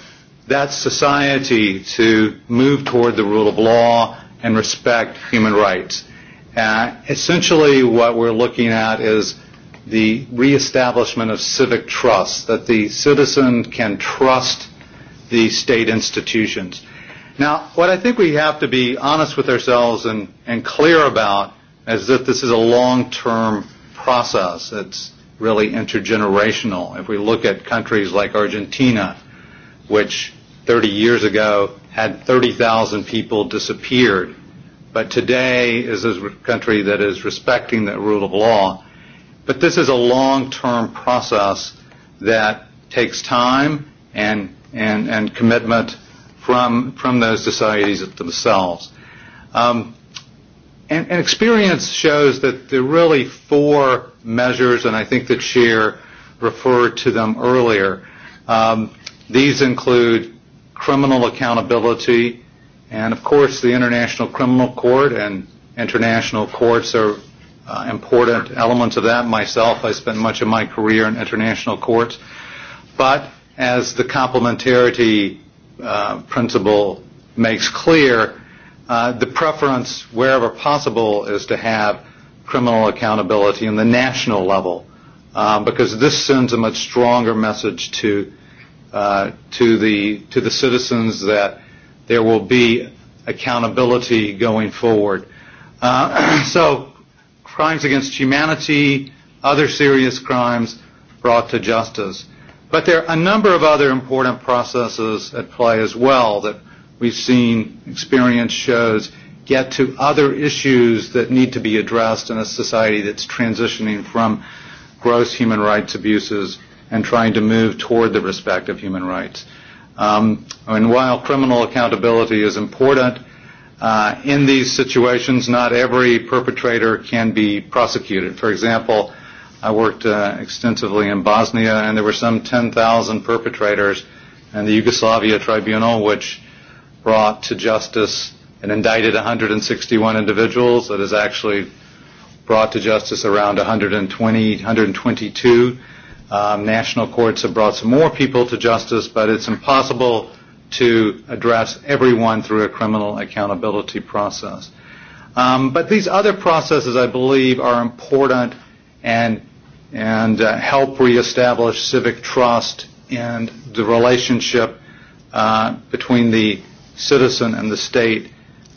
that society to move toward the rule of law and respect human rights. Uh, essentially, what we're looking at is the reestablishment of civic trust, that the citizen can trust the state institutions. Now, what I think we have to be honest with ourselves and, and clear about is that this is a long-term process. It's really intergenerational. If we look at countries like Argentina, which 30 years ago had 30,000 people disappeared, but today is a country that is respecting the rule of law. But this is a long-term process that takes time and, and, and commitment from, from those societies themselves. Um, and, and experience shows that there are really four measures, and I think the chair referred to them earlier. Um, these include criminal accountability, and of course the International Criminal Court and international courts are uh, important elements of that. Myself, I spent much of my career in international courts, but as the complementarity uh, principle makes clear, uh, the preference, wherever possible, is to have criminal accountability in the national level, um, because this sends a much stronger message to uh, to the to the citizens that there will be accountability going forward. Uh, so, crimes against humanity, other serious crimes brought to justice. But there are a number of other important processes at play as well that we've seen experience shows get to other issues that need to be addressed in a society that's transitioning from gross human rights abuses and trying to move toward the respect of human rights. Um, and while criminal accountability is important, uh, in these situations, not every perpetrator can be prosecuted. For example, I worked uh, extensively in Bosnia, and there were some 10,000 perpetrators, and the Yugoslavia Tribunal, which brought to justice and indicted 161 individuals. It has actually brought to justice around 120, 122. Um, national courts have brought some more people to justice, but it's impossible to address everyone through a criminal accountability process. Um, but these other processes, I believe, are important and and uh, help reestablish civic trust and the relationship uh, between the citizen and the state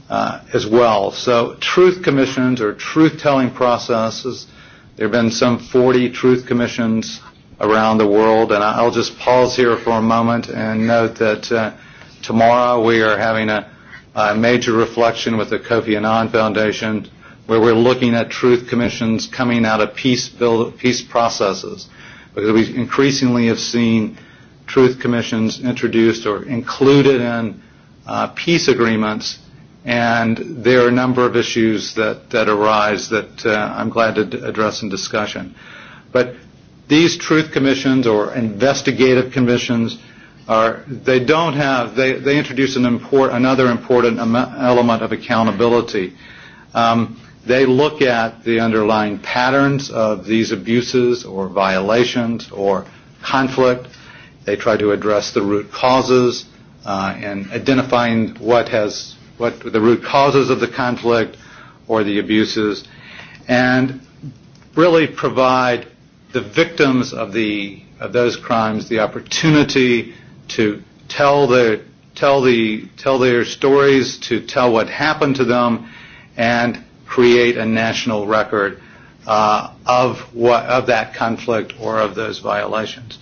uh, as well. So truth commissions or truth-telling processes, there have been some 40 truth commissions around the world, and I'll just pause here for a moment and note that uh, tomorrow we are having a, a major reflection with the Kofi Annan Foundation where we're looking at truth commissions coming out of peace, build, peace processes because we increasingly have seen truth commissions introduced or included in uh, peace agreements And there are a number of issues that, that arise that uh, I'm glad to d- address in discussion. But these truth commissions or investigative commissions are, they don't have, they, they introduce an import, another important am- element of accountability. Um, they look at the underlying patterns of these abuses or violations or conflict. They try to address the root causes uh, and identifying what has what the root causes of the conflict or the abuses, and really provide the victims of the of those crimes the opportunity to tell their tell the tell their stories, to tell what happened to them, and create a national record uh, of what of that conflict or of those violations.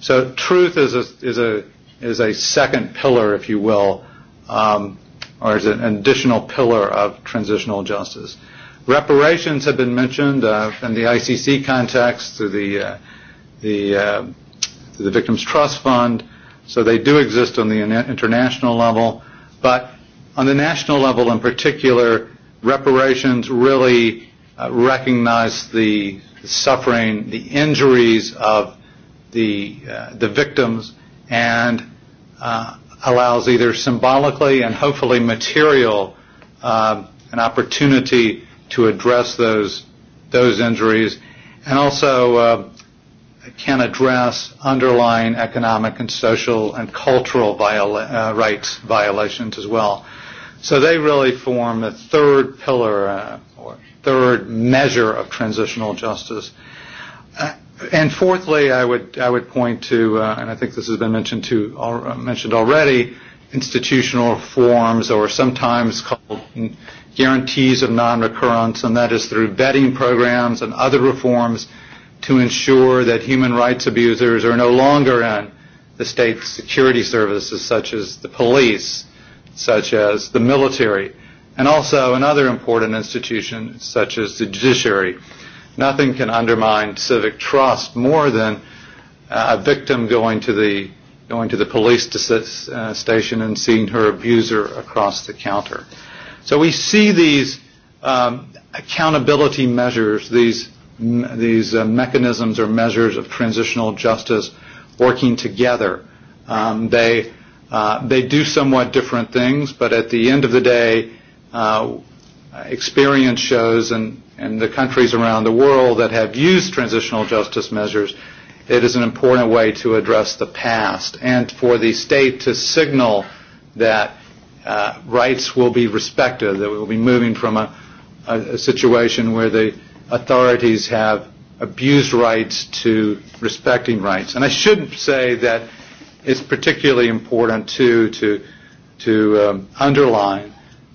So truth is a is a is a second pillar, if you will, um, or as an additional pillar of transitional justice. Reparations have been mentioned uh, in the ICC context through the, uh, the, uh, through the Victims Trust Fund, so they do exist on the international level. But on the national level in particular, reparations really uh, recognize the suffering, the injuries of the, uh, the victims, and uh, allows either symbolically and hopefully material uh, an opportunity to address those those injuries, and also uh, can address underlying economic and social and cultural viola- uh, rights violations as well. So they really form the third pillar uh, or third measure of transitional justice. Uh, And fourthly, I would, I would point to, uh, and I think this has been mentioned, to, uh, mentioned already, institutional forms or sometimes called guarantees of non-recurrence, and that is through vetting programs and other reforms to ensure that human rights abusers are no longer in the state security services such as the police, such as the military, and also in other important institutions such as the judiciary. Uh, Nothing can undermine civic trust more than uh, a victim going to the going to the police to, uh, station and seeing her abuser across the counter. So we see these um, accountability measures, these m- these uh, mechanisms or measures of transitional justice working together. Um, they uh, they do somewhat different things, but at the end of the day, uh, experience shows and, and the countries around the world that have used transitional justice measures, it is an important way to address the past and for the state to signal that uh, rights will be respected, that we will be moving from a, a, a situation where the authorities have abused rights to respecting rights. And I should say that it's particularly important, too, to, to um, underline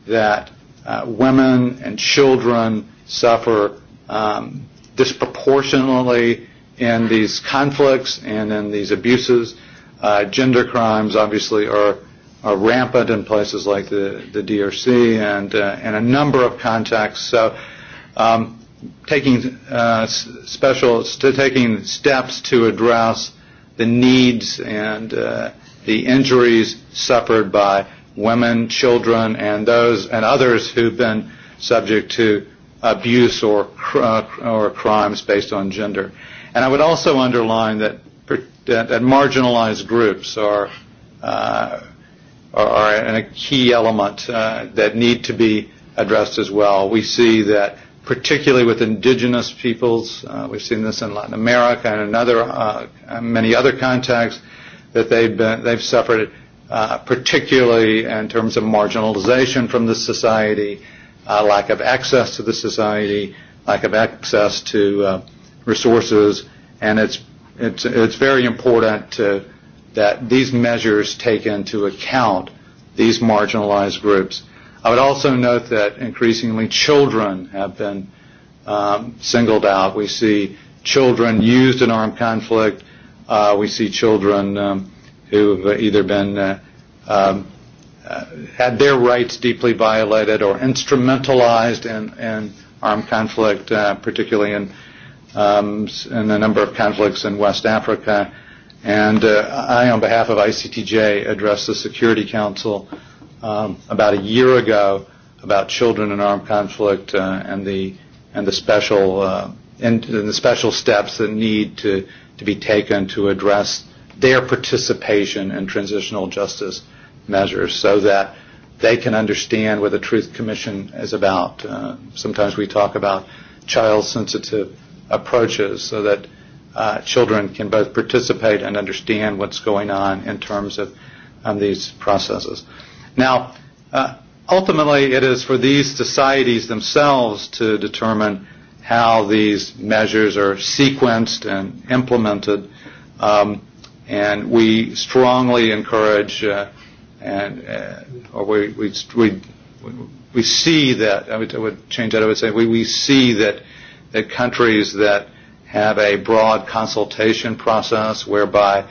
that uh, women and children suffer um, disproportionately in these conflicts and in these abuses. Uh, gender crimes obviously are, are rampant in places like the, the DRC and uh, in a number of contexts. So um, taking uh, special st- taking steps to address the needs and uh, the injuries suffered by women, children, and those and others who've been subject to abuse or uh, or crimes based on gender. And I would also underline that that, that marginalized groups are. Uh, are a key element uh, that need to be addressed as well. We see that particularly with indigenous peoples, uh, we've seen this in Latin America and in other, uh, many other contexts, that they've, been, they've suffered uh, particularly in terms of marginalization from the society, uh, lack of access to the society, lack of access to uh, resources, and it's it's it's very important to, that these measures take into account these marginalized groups. I would also note that increasingly children have been um, singled out. We see children used in armed conflict. Uh, we see children um, who've either been uh, um, uh, had their rights deeply violated or instrumentalized in, in armed conflict, uh, particularly in, um, in a number of conflicts in West Africa. And uh, I, on behalf of ICTJ, addressed the Security Council um, about a year ago about children in armed conflict uh, and the and the special uh, and, and the special steps that need to to be taken to address their participation in transitional justice measures so that they can understand what the Truth Commission is about. Uh, sometimes we talk about child sensitive approaches so that uh, children can both participate and understand what's going on in terms of um, these processes. Now, uh, ultimately, it is for these societies themselves to determine how these measures are sequenced and implemented. Um, and we strongly encourage uh, and uh, or we we we we see that I would, I would change that I would say we we see that that countries that have a broad consultation process whereby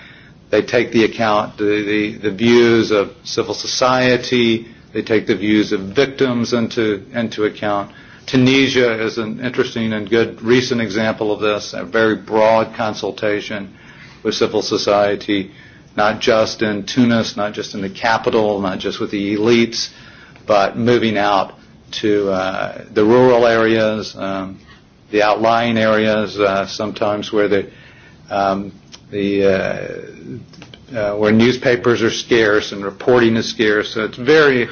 they take the account the, the, the views of civil society, they take the views of victims into into account. Tunisia is an interesting and good recent example of this, a very broad consultation with civil society, not just in Tunis, not just in the capital, not just with the elites, but moving out to uh, the rural areas, um, the outlying areas, uh, sometimes where the um, the uh, uh, where newspapers are scarce and reporting is scarce. So it's very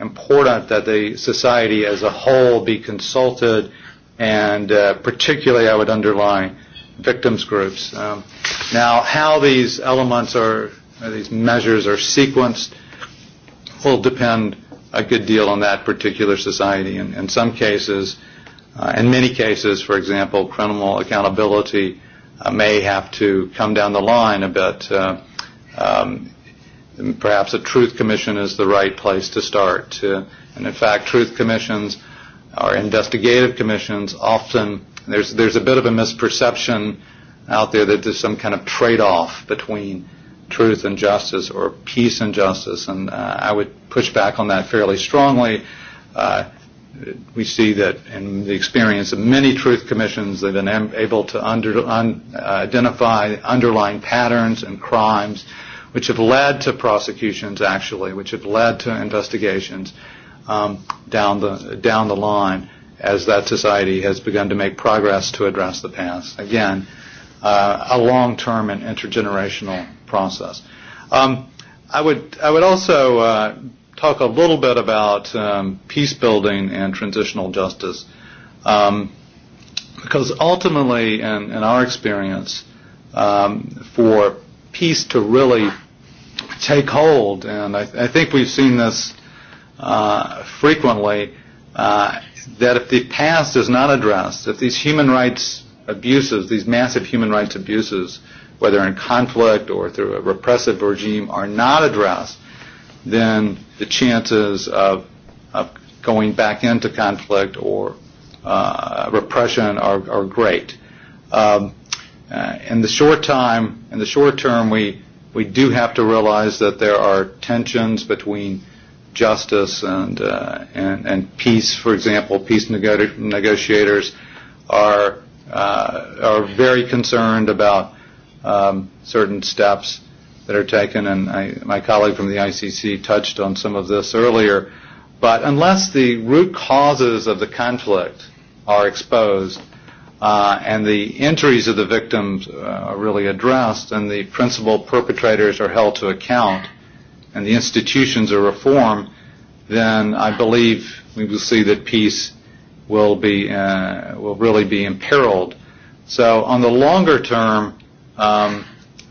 important that the society as a whole be consulted, and uh, particularly I would underline victims groups. Um, now, how these elements are, or these measures are sequenced will depend a good deal on that particular society. In, in some cases, uh, in many cases, for example, criminal accountability uh, may have to come down the line a bit. Uh, um, perhaps a truth commission is the right place to start. Uh, and in fact, truth commissions or investigative commissions often There's, there's a bit of a misperception out there that there's some kind of trade-off between truth and justice or peace and justice, and uh, I would push back on that fairly strongly. Uh, we see that in the experience of many truth commissions, they've been am- able to under, un- identify underlying patterns and crimes which have led to prosecutions actually, which have led to investigations um, down the down the line as that society has begun to make progress to address the past. Again, uh, a long-term and intergenerational process. Um, I would I would also uh, talk a little bit about um, peace building and transitional justice, um, because ultimately, in, in our experience, um, for peace to really take hold, and I, th- I think we've seen this uh, frequently uh, that if the past is not addressed, if these human rights abuses, these massive human rights abuses, whether in conflict or through a repressive regime, are not addressed, then the chances of, of going back into conflict or uh, repression are, are great. Um, uh, in the short time, in the short term, we we do have to realize that there are tensions between uh, justice and, uh, and, and peace, for example, peace nego- negotiators are, uh, are very concerned about um, certain steps that are taken, and I, my colleague from the ICC touched on some of this earlier. But unless the root causes of the conflict are exposed, uh, and the injuries of the victims uh, are really addressed, and the principal perpetrators are held to account, and the institutions are reformed, then I believe we will see that peace will be uh, will really be imperiled. So on the longer term, um,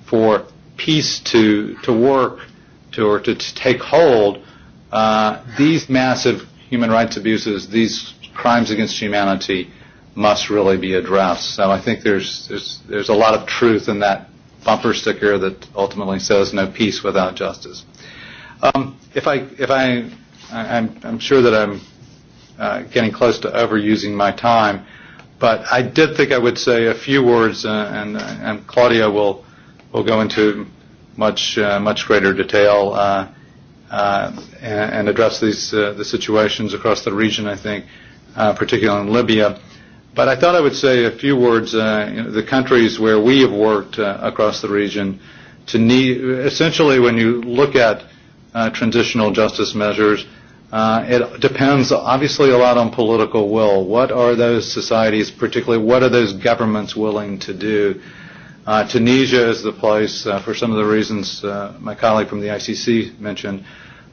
for peace to to work to or to, to take hold, uh, these massive human rights abuses, these crimes against humanity, must really be addressed. So I think there's there's there's a lot of truth in that bumper sticker that ultimately says no peace without justice. Um, if I, if I, I I'm, I'm sure that I'm uh, getting close to overusing my time, but I did think I would say a few words, uh, and, and Claudia will will go into much uh, much greater detail uh, uh, and, and address these uh, the situations across the region. I think, uh, particularly in Libya. But I thought I would say a few words. Uh, you know, the countries where we have worked uh, across the region, to need, essentially, when you look at uh, transitional justice measures. Uh, it depends obviously a lot on political will. What are those societies, particularly what are those governments willing to do? Uh, Tunisia is the place, uh, for some of the reasons uh, my colleague from the ICC mentioned,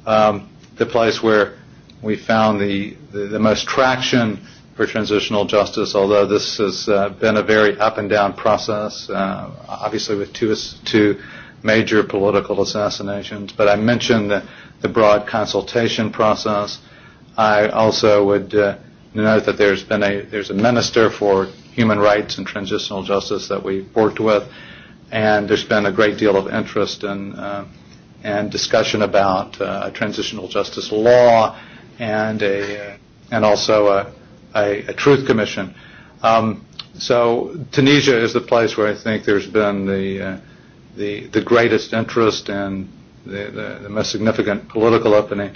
um, the place where we found the, the, the most traction for transitional justice, although this has uh, been a very up and down process, uh, obviously with two, two uh, major political assassinations. But I mentioned the, the broad consultation process. I also would uh, note that there's been a there's a minister for human rights and transitional justice that we've worked with, and there's been a great deal of interest and in, uh, and discussion about uh, transitional justice law and a uh, and also a, a, a truth commission. Um, so Tunisia is the place where I think there's been the uh, the, the greatest interest and the, the, the most significant political opening.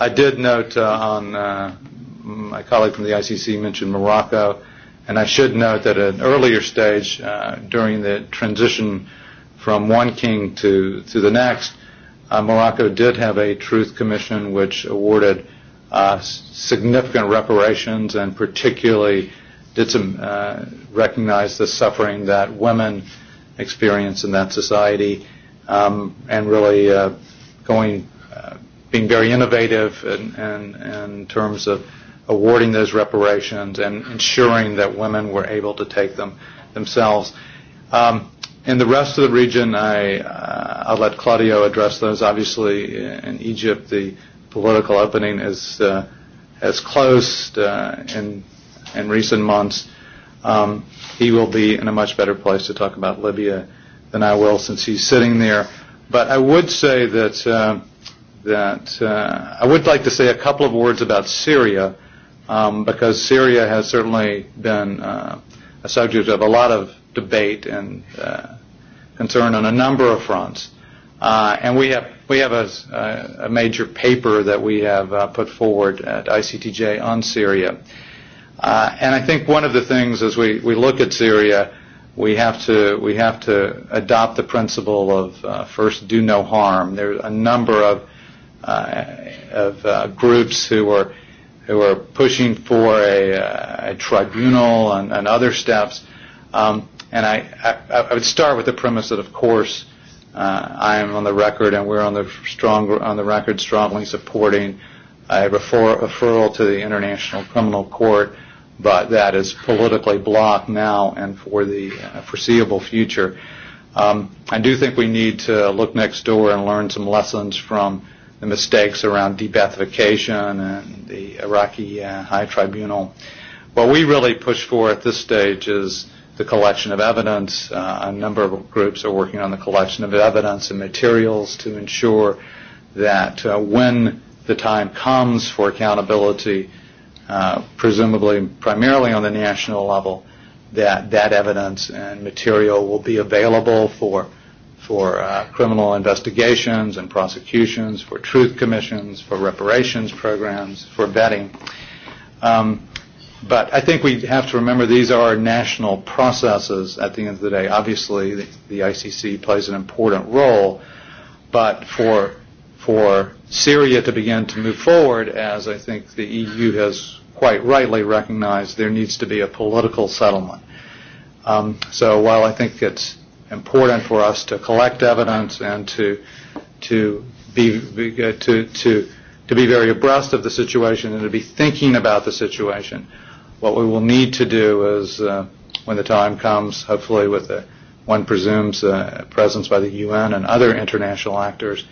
I did note uh, on uh, my colleague from the ICC mentioned Morocco, and I should note that at an earlier stage uh, during the transition from one king to, to the next, uh, Morocco did have a truth commission which awarded uh, significant reparations and particularly did some uh, recognize the suffering that women uh, experience in that society, um, and really uh, going, uh, being very innovative in, in, in terms of awarding those reparations and ensuring that women were able to take them themselves. Um, in the rest of the region, I, uh, I'll let Claudio address those. Obviously, in Egypt, the political opening is uh, has closed uh, in in recent months. Um, He will be in a much better place to talk about Libya than I will since he's sitting there. But I would say that, uh, that uh, I would like to say a couple of words about Syria um, because Syria has certainly been uh, a subject of a lot of debate and uh, concern on a number of fronts. Uh, and we have we have a, a major paper that we have uh, put forward at ICTJ on Syria. Uh, and I think one of the things as we, we look at Syria, we have to we have to adopt the principle of uh, first do no harm. There are a number of uh, of uh, groups who are who are pushing for a, uh, a tribunal and, and other steps. Um, and I, I, I would start with the premise that, of course, uh, I am on the record and we're on the strong on the record strongly supporting a refer, referral to the International Criminal Court. Uh, but that is politically blocked now and for the foreseeable future. Um, I do think we need to look next door and learn some lessons from the mistakes around debathification and the Iraqi uh, High Tribunal. What we really push for at this stage is the collection of evidence. Uh, a number of groups are working on the collection of evidence and materials to ensure that uh, when the time comes for accountability, uh, uh, presumably primarily on the national level, that that evidence and material will be available for for uh, criminal investigations and prosecutions, for truth commissions, for reparations programs, for vetting. Um, but I think we have to remember these are national processes at the end of the day. Obviously, the, the ICC plays an important role, but for for Syria to begin to move forward, as I think the EU has quite rightly recognized, there needs to be a political settlement. Um, so while I think it's important for us to collect evidence and to to be, be uh, to to to be very abreast of the situation and to be thinking about the situation, what we will need to do is, uh, when the time comes, hopefully with the one presumes uh, presence by the UN and other international actors, uh,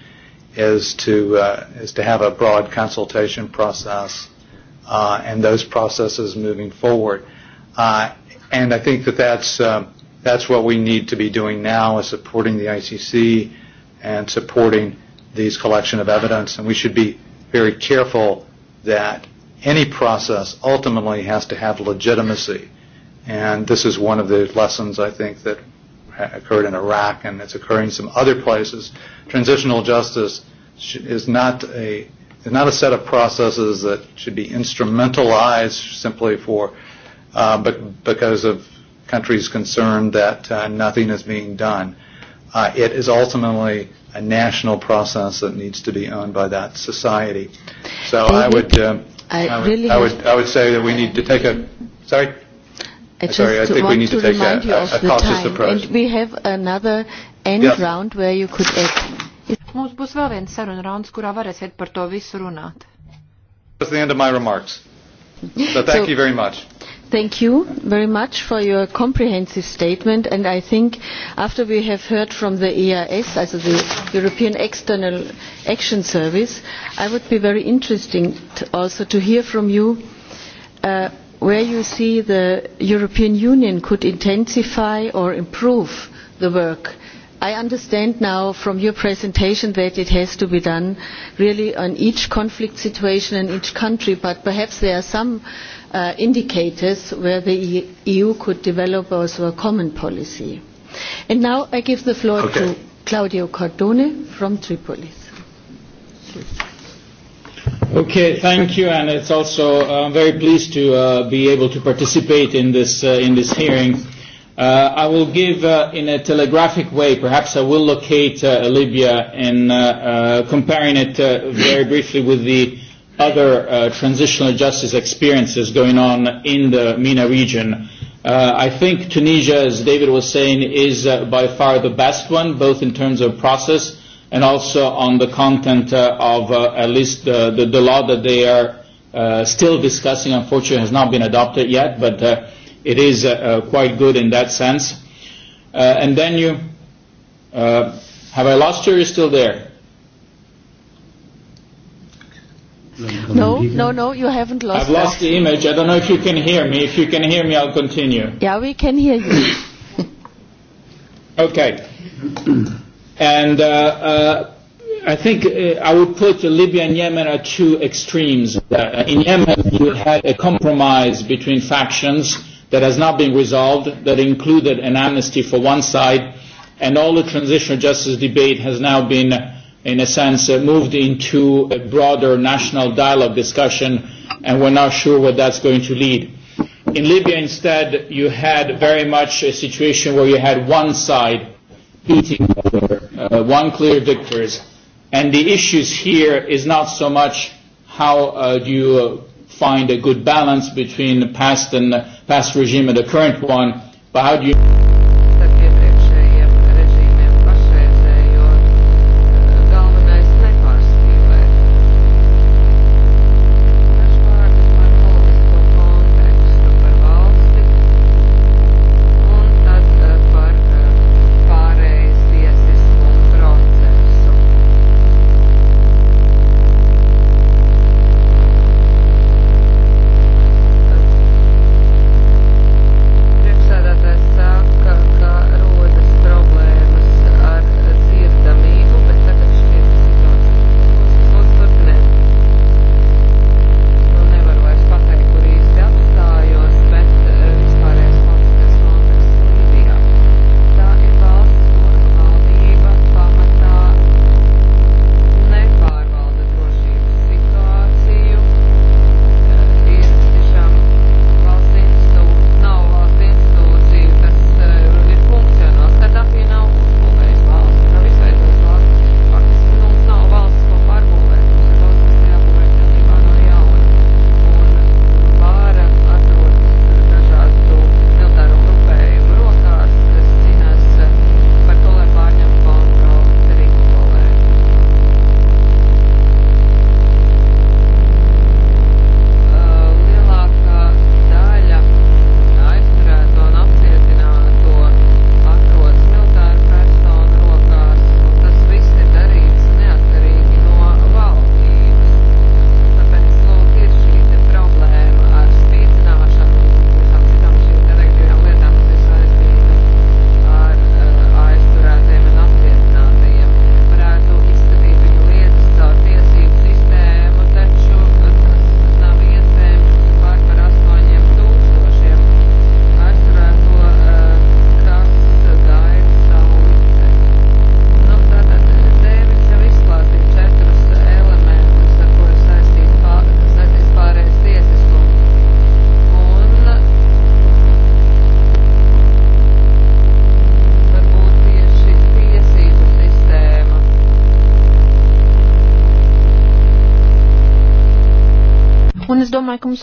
is to uh, is to have a broad consultation process uh, and those processes moving forward. Uh, and I think that that's uh, that's what we need to be doing now is supporting the ICC and supporting these collection of evidence. And we should be very careful that any process ultimately has to have legitimacy. And this is one of the lessons I think that occurred in Iraq and it's occurring some other places. Transitional justice sh- is not a is not a set of processes that should be instrumentalized simply for uh, but because of countries concerned that uh, nothing is being done. Uh, it is ultimately a national process that needs to be owned by that society. So David, I would, uh, I, I would, really I would, I would say that we need to take a. Sorry. I just Sorry, I think want we need to, to take remind a, you of a, a the time. Approach. And we have another end yeah. round where you could add. Mums būs vēl viens saruna rauns, kurā varēsiet par to visu runāt. That's the end of my remarks. So thank so, you very much. Thank you very much for your comprehensive statement and I think after we have heard from the EIS, also the European External Action Service, I would be very interested also to hear from you uh, where you see the European Union could intensify or improve the work. I understand now from your presentation that it has to be done really on each conflict situation in each country, but perhaps there are some uh, indicators where the EU e could develop also a common policy. And now I give the floor okay. to Claudio Cardone from Tripolis. Please. Okay, thank you, and it's also uh, I'm uh, very pleased to uh, be able to participate in this uh, in this hearing. Uh, I will give uh, in a telegraphic way. Perhaps I will locate uh, Libya and uh, uh, comparing it uh, very briefly with the other uh, transitional justice experiences going on in the MENA region. Uh, I think Tunisia, as David was saying, is uh, by far the best one, both in terms of process and also on the content uh, of uh, at least uh, the, the law that they are uh, still discussing. Unfortunately, has not been adopted yet, but uh, it is uh, uh, quite good in that sense. Uh, and then you, uh, have I lost you? You're still there. No, no, no, you haven't lost. I've lost us. the image. I don't know if you can hear me. If you can hear me, I'll continue. Yeah, we can hear you. okay. And uh, uh, I think uh, I would put Libya and Yemen at two extremes. Uh, in Yemen, you had a compromise between factions that has not been resolved, that included an amnesty for one side, and all the transitional justice debate has now been, in a sense, uh, moved into a broader national dialogue discussion, and we're not sure where that's going to lead. In Libya, instead, you had very much a situation where you had one side competing over uh, one clear victors. And the issues here is not so much how uh, do you uh, find a good balance between the past and the past regime and the current one, but how do you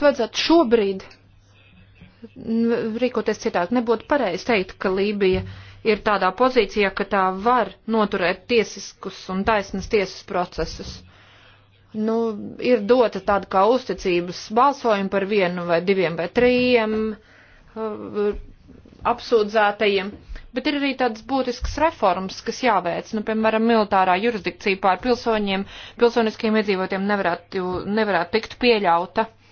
vajadzētu šobrīd rīkoties citādi. Nebūtu pareizi teikt, ka Lībija ir tādā pozīcijā, ka tā var noturēt tiesiskus un taisnas tiesas procesus. Nu, ir dota tāda kā uzticības balsojuma par vienu vai diviem vai trījiem uh, apsūdzētajiem, bet ir arī tādas būtiskas reformas, kas jāveic. Nu, piemēram, militārā jurisdikcija pār pilsoņiem, pilsoniskiem iedzīvotiem nevarētu, nevarētu tikt pieļauta. Uh,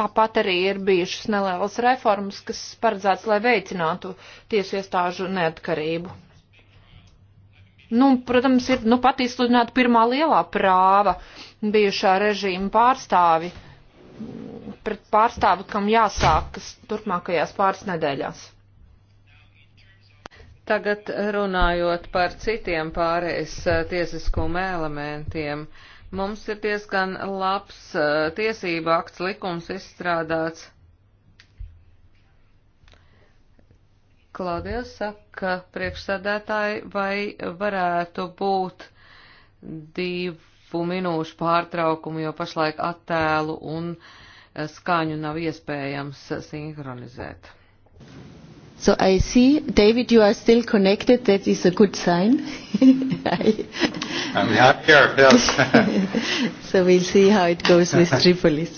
Tāpat arī ir bijušas nelielas reformas, kas paredzēts, lai veicinātu tiesu iestāžu neatkarību. Nu, protams, ir nu, pat izsludināta pirmā lielā prāva bijušā režīma pārstāvi pret pārstāvi, kam jāsākas turpmākajās pāris nedēļās. Tagad runājot par citiem pārējais eh, tiesiskuma elementiem. Uh, Mums ir diezgan labs eh, tiesība akts likums izstrādāts. Klaudija saka, priekšsēdētāji, vai varētu būt divu minūšu pārtraukumu, jo pašlaik attēlu un eh, skaņu nav iespējams eh, sinhronizēt. So I see, David, you are still connected. That is a good sign. I'm here, yes. so we'll see how it goes with Tripolis.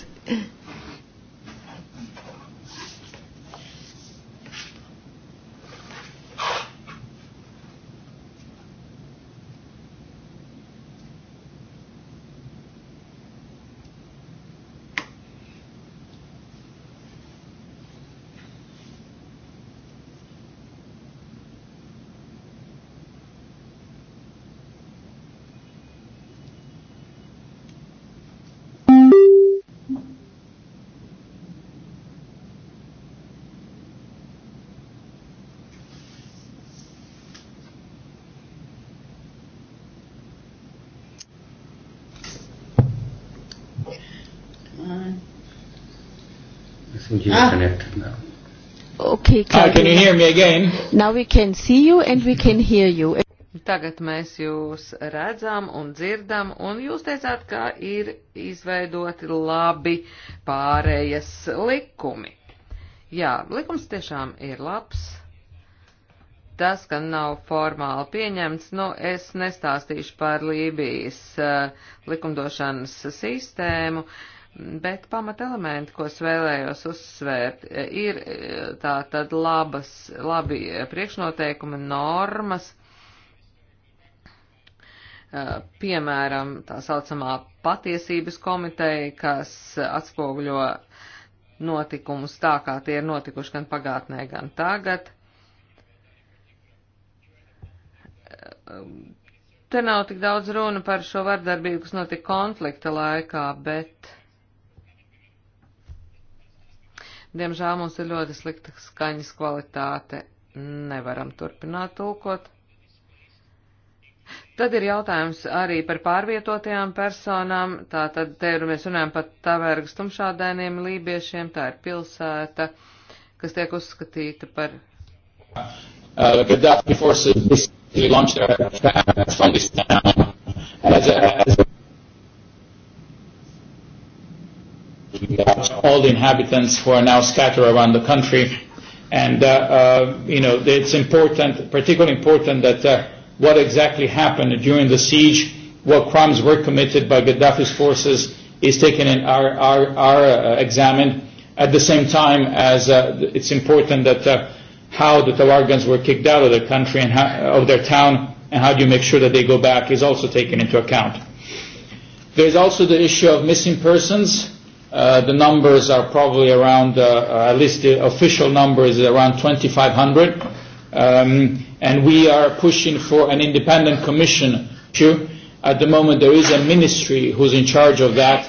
hear ah. connected now. Okay, Claudia. Ah, can you hear me again? Now we can see you and we can hear you. Tagad mēs jūs redzam un dzirdam, un jūs teicāt, ka ir izveidoti labi pārējas likumi. Jā, likums tiešām ir labs. Tas, ka nav formāli pieņemts, nu, es nestāstīšu par Lībijas uh, likumdošanas sistēmu. Uh, Bet pamatelementi, ko es vēlējos uzsvērt, ir e, tā tad labas, labi priekšnoteikumi, normas, e, piemēram, tā saucamā patiesības komiteja, kas atspoguļo notikumus tā, kā tie ir notikuši gan pagātnē, gan tagad. E, te nav tik daudz runa par šo vardarbību, kas notika konflikta laikā, bet Diemžēl mums ir ļoti slikta skaņas kvalitāte. Nevaram turpināt tulkot. Tad ir jautājums arī par pārvietotajām personām. Tātad te mēs runājam par tavērgas tumšādēniem lībiešiem. Tā ir pilsēta, kas tiek uzskatīta par. Uh, Gaddafi forces basically launched their uh, attacks from this town as a, as a all the inhabitants who are now scattered around the country. And, uh, uh, you know, it's important, particularly important that uh, what exactly happened during the siege, what crimes were committed by Gaddafi's forces is taken and are, are, are uh, examined. At the same time as uh, it's important that uh, how the Tawargans were kicked out of their country and how, of their town and how do you make sure that they go back is also taken into account. There's also the issue of missing persons Uh, the numbers are probably around, uh, uh, at least the official number is around 2,500. Um, and we are pushing for an independent commission issue. At the moment, there is a ministry who's in charge of that,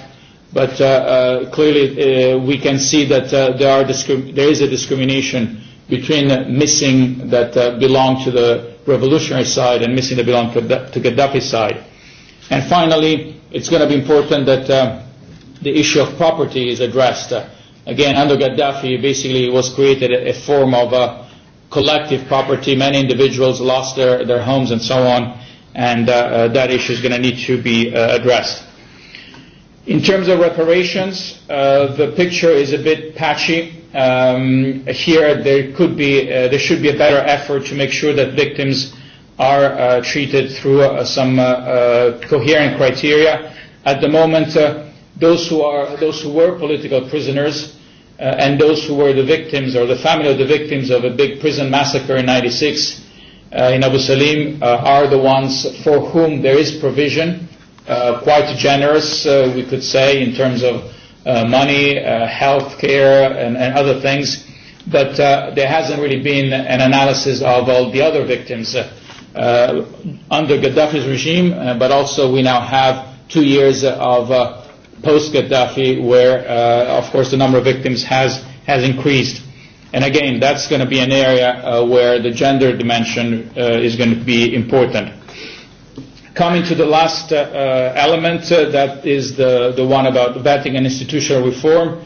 but uh, uh, clearly uh, we can see that uh, there, are discrim- there is a discrimination between uh, missing that uh, belong to the revolutionary side and missing that belong to, to Gaddafi side. And finally, it's going to be important that uh, the issue of property is addressed. Uh, again, under Gaddafi, basically, it was created a, a form of uh, collective property. Many individuals lost their, their homes and so on, and uh, uh, that issue is going to need to be uh, addressed. In terms of reparations, uh, the picture is a bit patchy. Um, here, there could be, uh, there should be a better effort to make sure that victims are uh, treated through uh, some uh, uh, coherent criteria. At the moment, uh, those who, are, those who were political prisoners uh, and those who were the victims or the family of the victims of a big prison massacre in 96 uh, in Abu Salim uh, are the ones for whom there is provision, uh, quite generous, uh, we could say, in terms of uh, money, uh, health care, and, and other things. But uh, there hasn't really been an analysis of all the other victims uh, uh, under Gaddafi's regime, uh, but also we now have two years of uh, post-Gaddafi, where, uh, of course, the number of victims has, has increased. And again, that's going to be an area uh, where the gender dimension uh, is going to be important. Coming to the last uh, uh, element, uh, that is the, the one about vetting and institutional reform.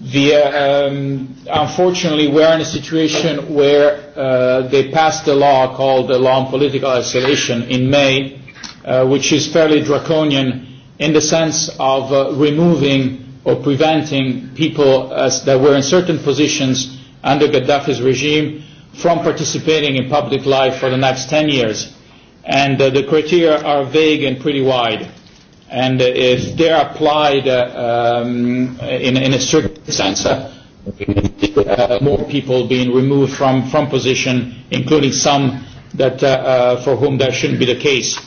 The, uh, um, unfortunately, we're in a situation where uh, they passed a law called the Law on Political Isolation in May, uh, which is fairly draconian in the sense of uh, removing or preventing people as, that were in certain positions under Gaddafi's regime from participating in public life for the next 10 years. And uh, the criteria are vague and pretty wide. And uh, if they're applied uh, um, in, in a certain sense, uh, uh, more people being removed from, from position, including some that, uh, uh, for whom that shouldn't be the case. Uh,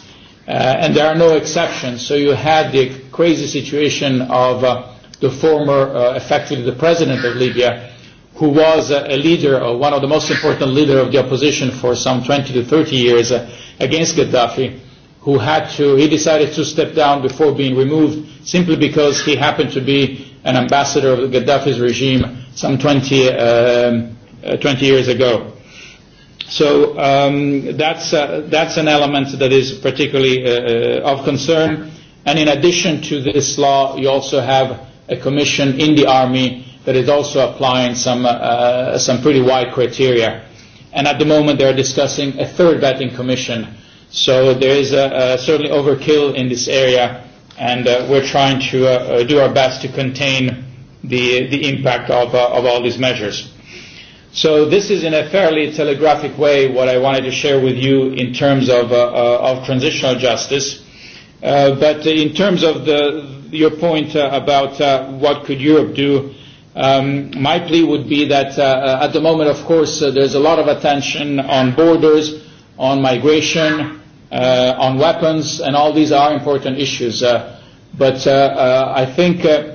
uh, and there are no exceptions. So you had the crazy situation of uh, the former, uh, effectively the president of Libya, who was uh, a leader, or uh, one of the most important leader of the opposition for some 20 to 30 years uh, against Gaddafi, who had to, he decided to step down before being removed simply because he happened to be an ambassador of Gaddafi's regime some 20, um, uh, 20 years ago. So um, that's, uh, that's an element that is particularly uh, uh, of concern. And in addition to this law, you also have a commission in the army that is also applying some, uh, uh some pretty wide criteria. And at the moment, they are discussing a third vetting commission. So there is a, a certainly overkill in this area, and uh, we're trying to uh, uh do our best to contain the, the impact of, uh, of all these measures. So this is in a fairly telegraphic way what I wanted to share with you in terms of, uh, uh, of transitional justice. Uh, but in terms of the, your point uh, about uh, what could Europe do, um, my plea would be that uh, uh at the moment, of course, uh, there's a lot of attention on borders, on migration, uh, on weapons, and all these are important issues. Uh, but uh, uh, I think uh,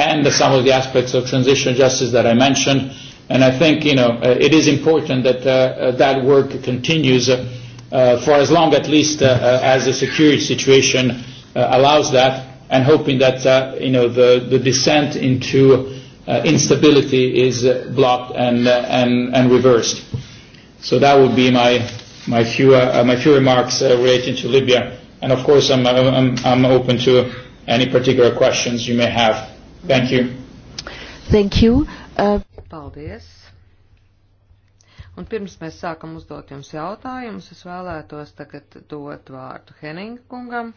and the, some of the aspects of transitional justice that I mentioned. And I think you know uh, it is important that uh, uh, that work continues uh, uh, for as long, at least, uh, uh, as the security situation uh, allows that, and hoping that uh, you know the, the descent into uh, instability is uh, blocked and, uh, and, and reversed. So that would be my my few uh, my few remarks uh, relating to Libya. And of course, I'm, I'm I'm open to any particular questions you may have. Thank you. Thank you. Uh... Paldies. Un pirms mēs sākam uzdot jums jautājumus, es vēlētos tagad dot vārdu Heninga kungam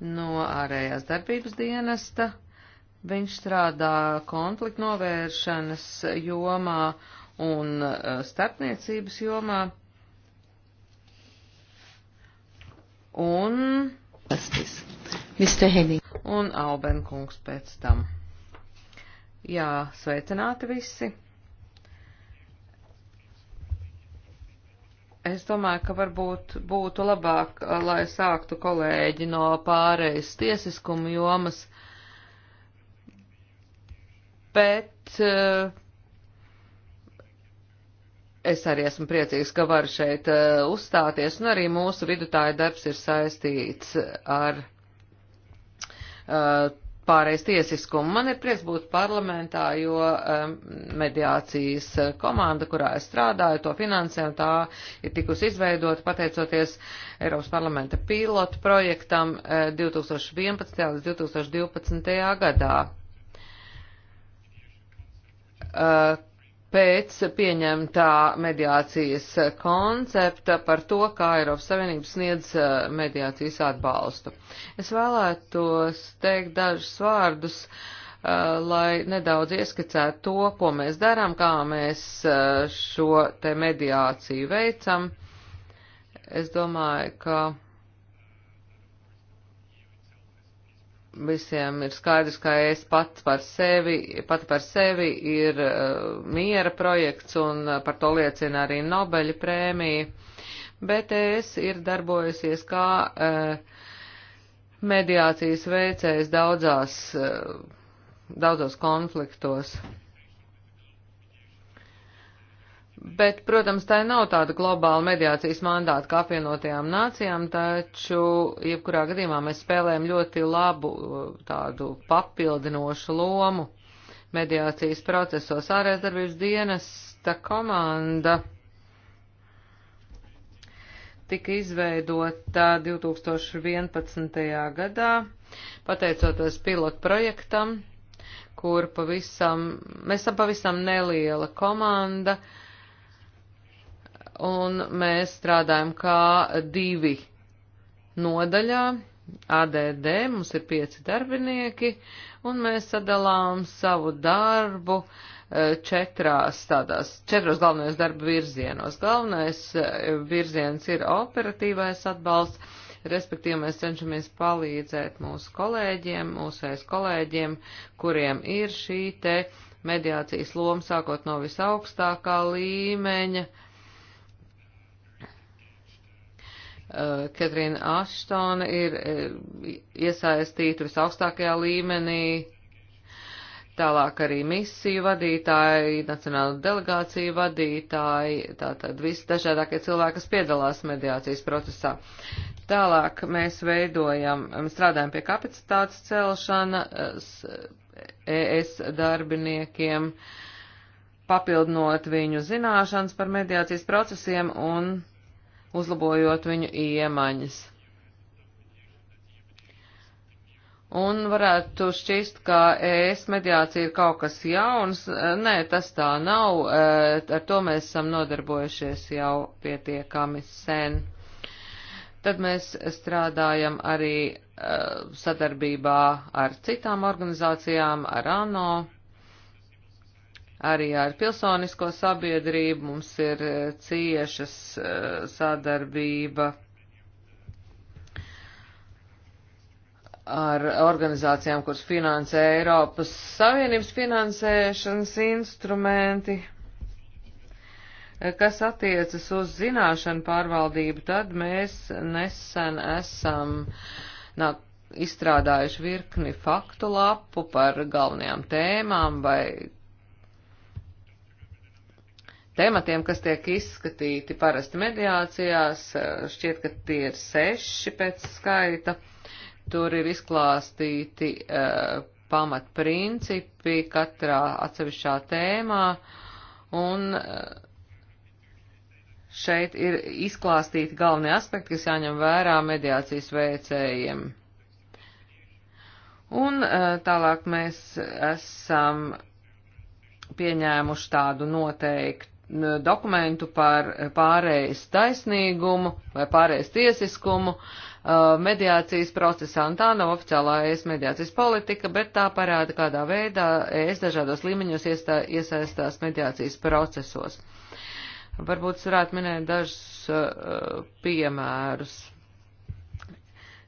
no ārējās darbības dienesta. Viņš strādā konfliktu novēršanas jomā un uh, starpniecības jomā. Un. Pastis. Mr. Henning. Un Albenkungs pēc tam. Jā, sveicināti visi. Es domāju, ka varbūt būtu labāk, eh, lai sāktu kolēģi no pārējas tiesiskuma jomas, bet eh, es arī esmu priecīgs, ka varu šeit eh, uzstāties, un arī mūsu vidutāja darbs ir saistīts ar Uh, pāreiz tiesiskumu. Man ir prieks būt parlamentā, jo um, mediācijas uh, komanda, kurā es strādāju, to finansē, un tā ir tikusi izveidota pateicoties Eiropas parlamenta pilotu projektam 2011. Uh, līdz 2012. gadā. Uh, pēc pieņemtā mediācijas koncepta par to, kā Eiropas Savienība sniedz eh, mediācijas atbalstu. Es vēlētos teikt dažus vārdus, eh, lai nedaudz ieskicētu to, ko mēs darām, kā mēs eh, šo te mediāciju veicam. Es domāju, ka visiem ir skaidrs, ka es pat par sevi, pat par sevi ir uh, miera projekts un eh, par to liecina arī Nobeļa prēmija, bet es ir darbojusies kā uh, mediācijas veicējs daudzās, uh, daudzos konfliktos. Bet, protams, tā nav tāda globāla mediācijas mandāta kā apvienotajām nācijām, taču, jebkurā gadījumā, mēs spēlējam ļoti labu uh, tādu papildinošu lomu mediācijas procesos. Ārējās darbības dienesta komanda tika izveidota 2011. gadā, pateicoties pilotu projektam, kur pavisam, mēs esam pavisam neliela komanda, uh, un mēs strādājam kā divi nodaļā. ADD mums ir pieci darbinieki, un mēs sadalām savu darbu e, četrās tādās, četros galvenajos darba virzienos. Galvenais e, virziens ir operatīvais atbalsts, respektīvi mēs cenšamies palīdzēt mūsu kolēģiem, mūsēs kolēģiem, kuriem ir šī te mediācijas loma sākot no visaugstākā līmeņa Eh, Katrīna Aštona ir eh, iesaistīta visaugstākajā līmenī, tālāk arī misiju vadītāji, nacionāla delegācija vadītāji, tātad visdažādākie cilvēki, kas piedalās mediācijas procesā. Tālāk mēs veidojam, mēs strādājam pie kapacitātes celšanas eh, ES darbiniekiem, papildinot viņu zināšanas par mediācijas procesiem un uzlabojot viņu iemaņas. Un varētu šķist, ka ES mediācija ir kaut kas jauns. Eh, nē, tas tā nav. Eh, ar to mēs esam nodarbojušies jau pietiekami sen. Tad mēs strādājam arī eh, sadarbībā ar citām organizācijām, ar ANO arī ar pilsonisko sabiedrību mums ir e, ciešas e, sadarbība ar organizācijām, kuras finansē Eiropas Savienības finansēšanas instrumenti. E, kas attiecas uz zināšanu pārvaldību, tad mēs nesen esam nāk, izstrādājuši virkni faktu lapu par galvenajām tēmām vai tematiem, kas tiek izskatīti parasti mediācijās. Eh, šķiet, ka tie ir seši pēc skaita. Tur ir izklāstīti uh, pamatprincipi katrā atsevišķā tēmā, un eh, šeit ir izklāstīti galvenie aspekti, kas jāņem vērā mediācijas veicējiem. Un tālāk mēs esam pieņēmuši tādu noteiktu dokumentu par pārējais taisnīgumu vai pārējais tiesiskumu uh, mediācijas procesā, un tā nav oficiālā ES mediācijas politika, bet tā parāda, kādā veidā ES dažādos līmeņos iestā, iesaistās mediācijas procesos. Varbūt es varētu minēt dažus uh, piemērus.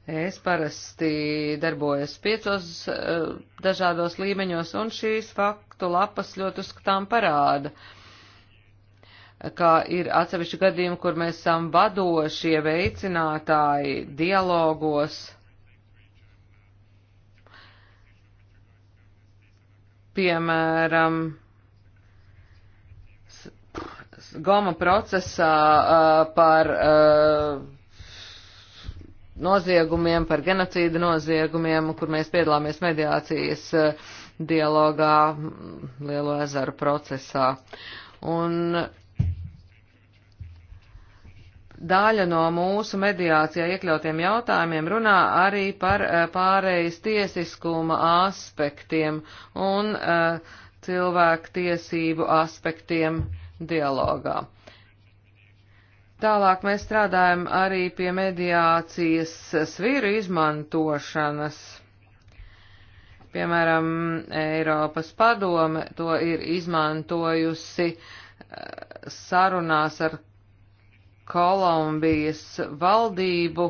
Es parasti darbojos piecos uh, dažādos līmeņos, un šīs faktu lapas ļoti uzskatām parāda uh, ka ir atsevišķi gadījumi, kur mēs esam vadošie veicinātāji dialogos. Piemēram, Goma procesā uh, par uh, noziegumiem, par genocīdu noziegumiem, kur mēs piedalāmies mediācijas uh, dialogā Lielo ezeru procesā. Un uh, Daļa no mūsu mediācijā iekļautiem jautājumiem runā arī par eh, pārējais tiesiskuma aspektiem un eh, cilvēku tiesību aspektiem dialogā. Tālāk mēs strādājam arī pie mediācijas sviru izmantošanas. Piemēram, Eiropas padome to ir izmantojusi eh, sarunās ar Kolumbijas valdību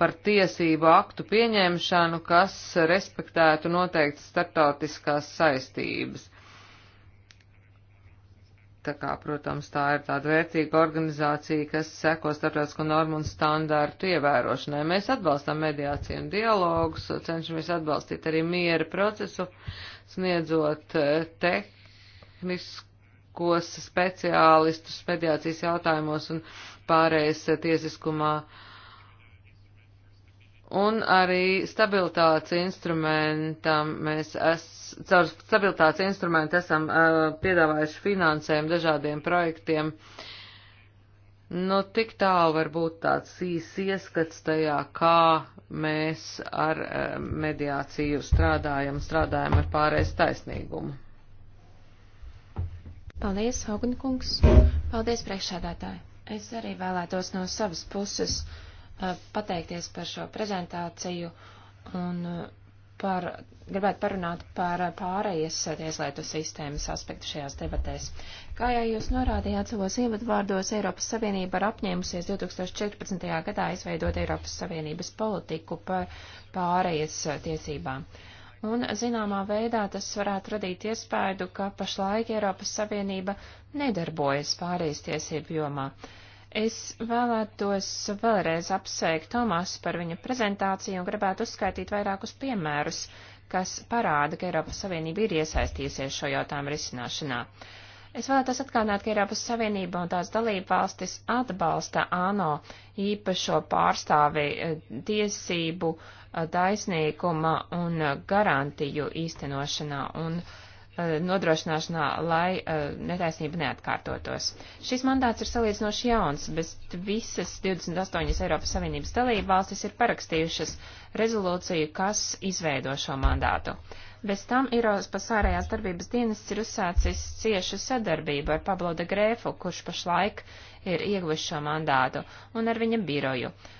par tiesību aktu pieņemšanu, kas respektētu noteikti startautiskās saistības. Tā kā, protams, tā ir tāda vērtīga organizācija, kas seko starptautisko normu un standārtu ievērošanai. Mēs atbalstam mediāciju un dialogus, cenšamies atbalstīt arī miera procesu, sniedzot eh, tehnisku tulkos, speciālistus mediācijas jautājumos un pārējais tiesiskumā. Un arī stabilitātes instrumentam mēs es, caur stabilitātes instrumentu esam uh, piedāvājuši finansējumu dažādiem projektiem. Nu, tik tālu var būt tāds īs ieskats tajā, kā mēs ar uh, mediāciju strādājam, strādājam ar pārējais taisnīgumu. Paldies, Hogunkungs. Paldies, priekšsēdētāji. Es arī vēlētos no savas puses uh, pateikties par šo prezentāciju un uh, par, gribētu parunāt par pārējas tieslietu sistēmas aspektu šajās debatēs. Kā jau jūs norādījāt savos ievadvārdos, Eiropas Savienība ir apņēmusies 2014. gadā izveidot Eiropas Savienības politiku par pārējas tiesībām. Uh, un zināmā veidā tas varētu radīt iespēju, ka pašlaik Eiropas Savienība nedarbojas pārējais tiesību jomā. Es vēlētos vēlreiz apsveikt Tomasu par viņa prezentāciju un gribētu uzskaitīt vairākus piemērus, kas parāda, ka Eiropas Savienība ir iesaistījusies šo jautājumu risināšanā. Es vēlētos atgādināt, ka Eiropas Savienība un tās dalībvalstis atbalsta ANO īpašo pārstāvi eh, tiesību uh, taisnīguma un garantiju īstenošanā un e, nodrošināšanā, lai e, netaisnība neatkārtotos. Šis mandāts ir salīdzinoši jauns, bet visas 28 Eiropas Savienības dalība valstis ir parakstījušas rezolūciju, kas izveido šo mandātu. Bez tam Eiropas ārējās darbības dienas ir uzsācis ciešu sadarbību ar Pablo de Grēfu, kurš pašlaik ir ieguvis šo mandātu, un ar viņa biroju. Uh,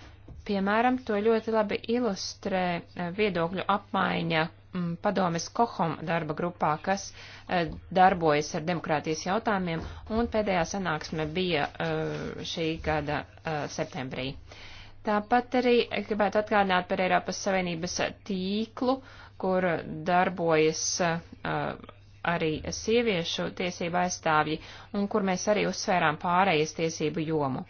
Piemēram, to ļoti labi ilustrē eh, viedokļu apmaiņa mm, padomes Kohom darba grupā, kas eh, darbojas ar demokrātijas jautājumiem, un pēdējā sanāksme bija eh, šī gada septembrī. Tāpat arī gribētu atgādināt par Eiropas Savienības tīklu, kur darbojas arī sieviešu tiesību aizstāvji, un kur mēs arī uzsvērām pārējas tiesību jomu.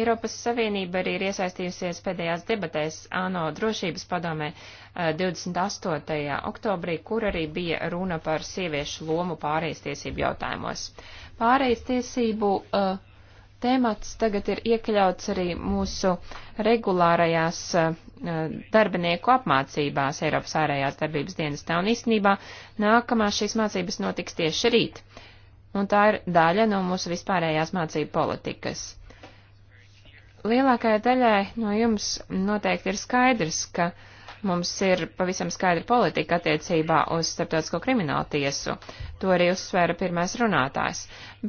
Eiropas Savienība arī ir iesaistījusies pēdējās debatēs ANO drošības padomē 28. Eh, oktobrī, kur arī bija runa par sieviešu lomu pārējas tiesību jautājumos. Pārējas tiesību uh, Tēmats tagad ir iekļauts arī mūsu regulārajās eh, darbinieku apmācībās Eiropas ārējās darbības dienestā, un īstenībā nākamā šīs mācības notiks tieši rīt, un tā ir daļa no mūsu vispārējās mācību politikas. Lielākajai daļai no jums noteikti ir skaidrs, ka uh, Mums ir pavisam skaidra politika attiecībā uz starptautisko kriminālu tiesu. To arī uzsvēra pirmais runātājs.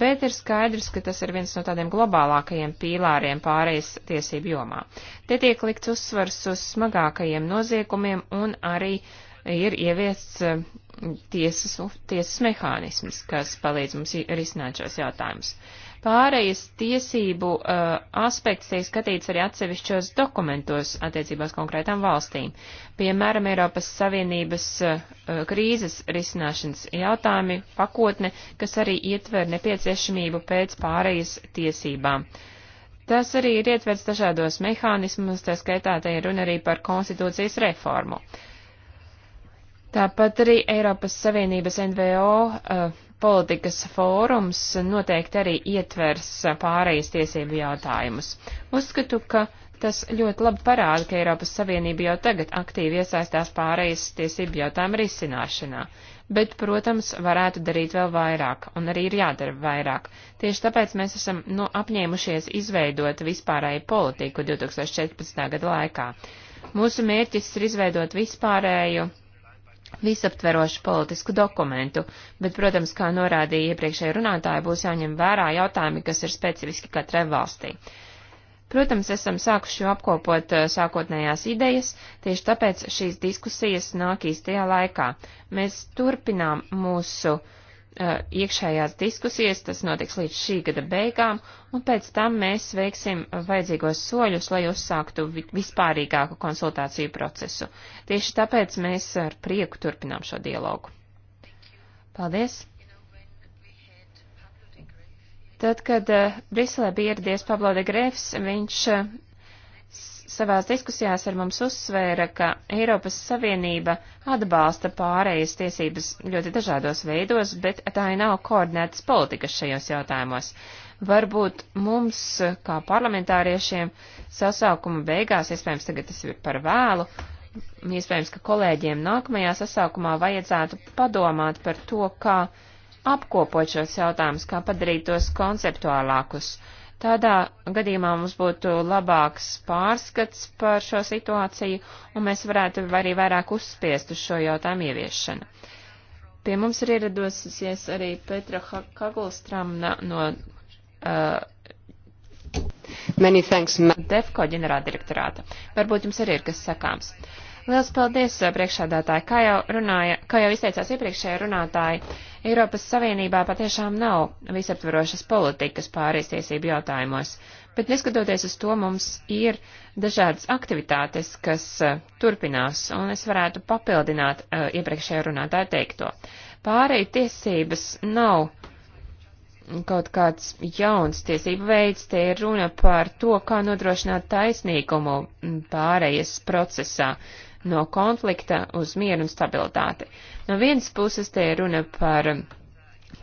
Bet ir skaidrs, ka tas ir viens no tādiem globālākajiem pīlāriem pārējais tiesību jomā. Te tiek likts uzsvars uz smagākajiem noziegumiem un arī ir ieviests eh, tiesas, tiesas mehānisms, kas palīdz mums risināt šos jautājumus. Uh, Pārējas tiesību uh, aspekts tiek skatīts arī atsevišķos dokumentos attiecībās konkrētām valstīm. Piemēram, Eiropas Savienības uh, krīzes risināšanas jautājumi, pakotne, kas arī ietver nepieciešamību pēc pārējas tiesībām. Tas arī ir ietverts dažādos mehānismus, tā skaitā te ir runa arī par konstitūcijas reformu. Tāpat arī Eiropas Savienības NVO uh, politikas fórums noteikti arī ietvers pārējais tiesību jautājumus. Uzskatu, ka tas ļoti labi parāda, ka Eiropas Savienība jau tagad aktīvi iesaistās pārējais tiesību jautājumu risināšanā. Bet, protams, varētu darīt vēl vairāk, un arī ir jādara vairāk. Tieši tāpēc mēs esam nu, apņēmušies izveidot vispārēju politiku 2014. gada laikā. Mūsu mērķis ir izveidot vispārēju visaptverošu politisku dokumentu, bet, protams, kā norādīja iepriekšēja runātāja, būs jāņem vērā jautājumi, kas ir specifiski katrai valstī. Protams, esam sākuši apkopot eh, sākotnējās idejas, tieši tāpēc šīs diskusijas nāk īstajā laikā. Mēs turpinām mūsu uh, Uh, iekšējās diskusijas, tas notiks līdz šī gada beigām, un pēc tam mēs veiksim vajadzīgos soļus, lai uzsāktu vispārīgāku konsultāciju procesu. Tieši tāpēc mēs ar prieku turpinām šo dialogu. Paldies! Tad, kad uh, Briselē bija ieradies Pablo de Grefs, viņš uh, savās diskusijās ar mums uzsvēra, ka Eiropas Savienība atbalsta pārējas tiesības ļoti dažādos veidos, bet tā ir nav koordinētas politikas šajos jautājumos. Varbūt mums, kā parlamentāriešiem, sasaukuma beigās, iespējams, tagad tas ir par vēlu, iespējams, ka kolēģiem nākamajā sasaukumā vajadzētu padomāt par to, kā apkopot šos jautājumus, kā padarīt tos konceptuālākus Tādā gadījumā mums būtu labāks pārskats par šo situāciju, un mēs varētu arī vairāk uzspiest uz šo jautājumu ieviešanu. Pie mums ir ieradosies arī Petra Kaglstramna no uh, Many thanks, ma Defko ģenerāldirektorāta. Varbūt jums arī ir kas sakāms. Uh, Liels paldies, eh, priekšādātāji! Kā jau, runāja, kā jau izteicās iepriekšējā runātāji, Eiropas Savienībā patiešām nav visaptvarošas politikas pāris tiesību jautājumos, bet neskatoties uz to, mums ir dažādas aktivitātes, kas uh, turpinās, un es varētu papildināt uh, eh, iepriekšējā runātāja teikto. Pārēj tiesības nav kaut kāds jauns tiesību veids, te ir runa par to, kā nodrošināt taisnīgumu pārējas procesā. Uh, no konflikta uz mieru un stabilitāti. No vienas puses te ir runa par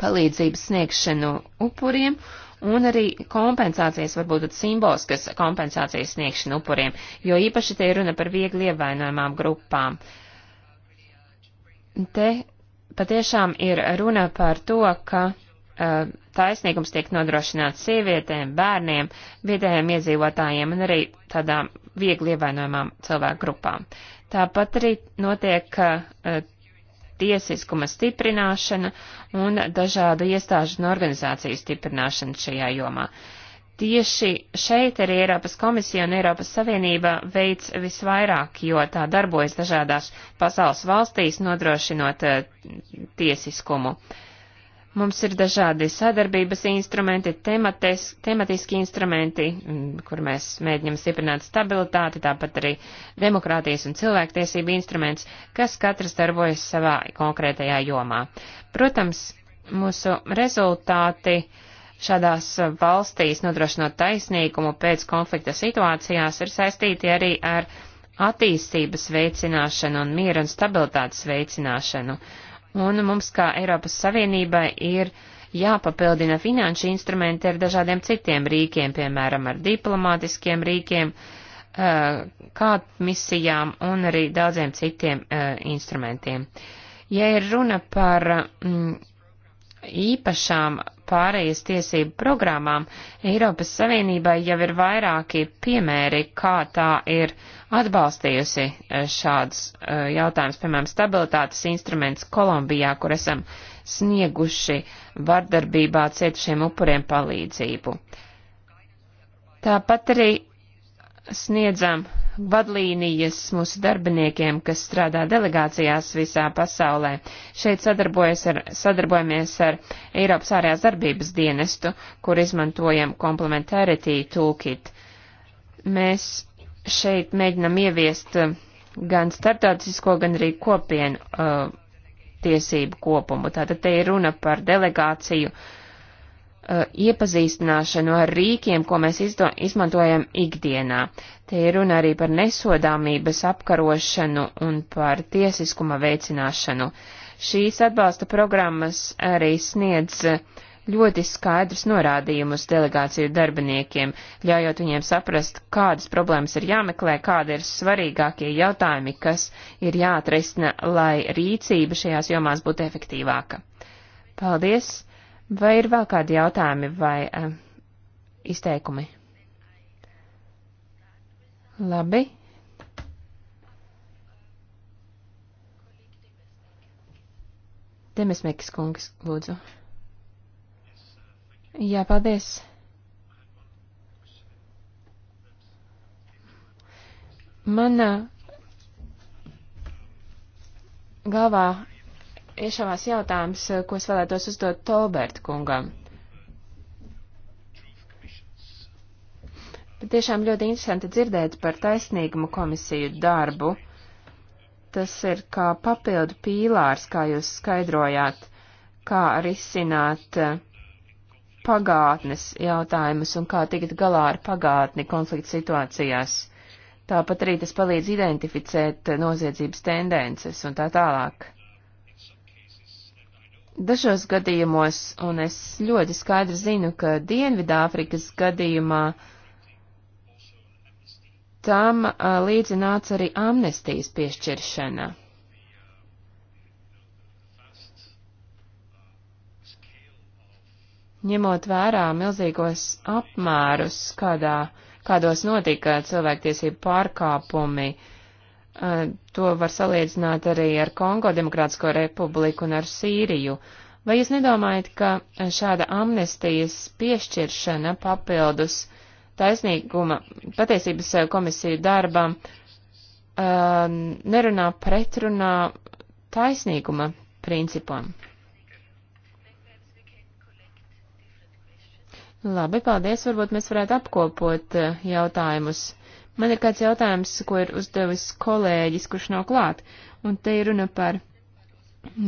palīdzības sniegšanu upuriem un arī kompensācijas, varbūt simboliskas kompensācijas sniegšanu upuriem, jo īpaši te ir runa par viegli ievainojumām grupām. Te patiešām ir runa par to, ka eh, taisnīgums tiek nodrošināts sievietēm, bērniem, vietējiem iedzīvotājiem un arī tādām viegli ievainojumām cilvēku grupām. Tāpat arī notiek uh, tiesiskuma stiprināšana un dažādu iestāžu un organizāciju stiprināšana šajā jomā. Tieši šeit arī Eiropas komisija un Eiropas Savienība veic visvairāk, jo tā darbojas dažādās pasaules valstīs, nodrošinot uh, tiesiskumu. Uh, Mums ir dažādi sadarbības instrumenti, tematis, tematiski instrumenti, mm, kur mēs mēģinam stiprināt stabilitāti, tāpat arī demokrātijas un cilvēktiesību instruments, kas katrs darbojas savā konkrētajā jomā. Protams, mūsu rezultāti šādās valstīs nodrošinot taisnīgumu pēc konflikta situācijās ir saistīti arī ar attīstības veicināšanu un miera un stabilitātes veicināšanu. Uh, un mums kā Eiropas Savienībai ir jāpapildina finanšu instrumenti ar dažādiem citiem rīkiem, piemēram, ar diplomātiskiem rīkiem, eh, kā misijām un arī daudziem citiem eh, instrumentiem. Ja ir runa par mm, īpašām pārējas tiesību programmām, Eiropas Savienībai jau ir vairāki piemēri, kā tā ir uh, atbalstījusi eh, šādus eh, jautājumus, piemēram, stabilitātes instruments Kolumbijā, kur esam snieguši vardarbībā cietušiem upuriem palīdzību. Tāpat arī sniedzam vadlīnijas mūsu darbiniekiem, kas strādā delegācijās visā pasaulē. Šeit ar, sadarbojamies ar Eiropas ārējās darbības dienestu, kur izmantojam komplementarity toolkit. Mēs šeit mēģinam ieviest eh, gan startautisko, gan arī kopienu uh, tiesību kopumu. Tātad te ir runa par delegāciju uh, iepazīstināšanu ar rīkiem, ko mēs izdo, izmantojam ikdienā. Te ir runa arī par nesodāmības apkarošanu un par tiesiskuma veicināšanu. Šīs atbalsta programmas arī sniedz uh, ļoti skaidrs norādījumus delegāciju darbiniekiem, ļaujot viņiem saprast, kādas problēmas ir jāmeklē, kādi ir svarīgākie jautājumi, kas ir jāatrisina, lai rīcība šajās jomās būtu efektīvāka. Paldies! Vai ir vēl kādi jautājumi vai uh, izteikumi? Labi. Demesmekis kungs, lūdzu. Jā, paldies. Manā galvā iešāvās jautājums, ko es vēlētos uzdot Tolbert kungam. Bet tiešām ļoti interesanti dzirdēt par taisnīgumu komisiju darbu. Tas ir kā papildu pīlārs, kā jūs skaidrojāt, kā risināt uh, pagātnes jautājumus un kā tikt galā ar pagātni konflikta situācijās. Tāpat arī tas palīdz identificēt noziedzības tendences un tā tālāk. Dažos gadījumos, un es ļoti skaidri zinu, ka Dienvidāfrikas gadījumā tam līdzi nāca arī amnestijas piešķiršana. ņemot vērā milzīgos apmērus, kādā, kādos notika cilvēktiesību pārkāpumi. Eh, to var salīdzināt arī ar Kongo Demokrātisko republiku un ar Sīriju. Vai jūs nedomājat, ka šāda amnestijas piešķiršana papildus taisnīguma patiesības eh, komisiju darbam eh, nerunā pretrunā taisnīguma principam? Labi, paldies. Varbūt mēs varētu apkopot eh, jautājumus. Man ir kāds jautājums, ko ir uzdevis kolēģis, kurš nav klāt, un te ir runa par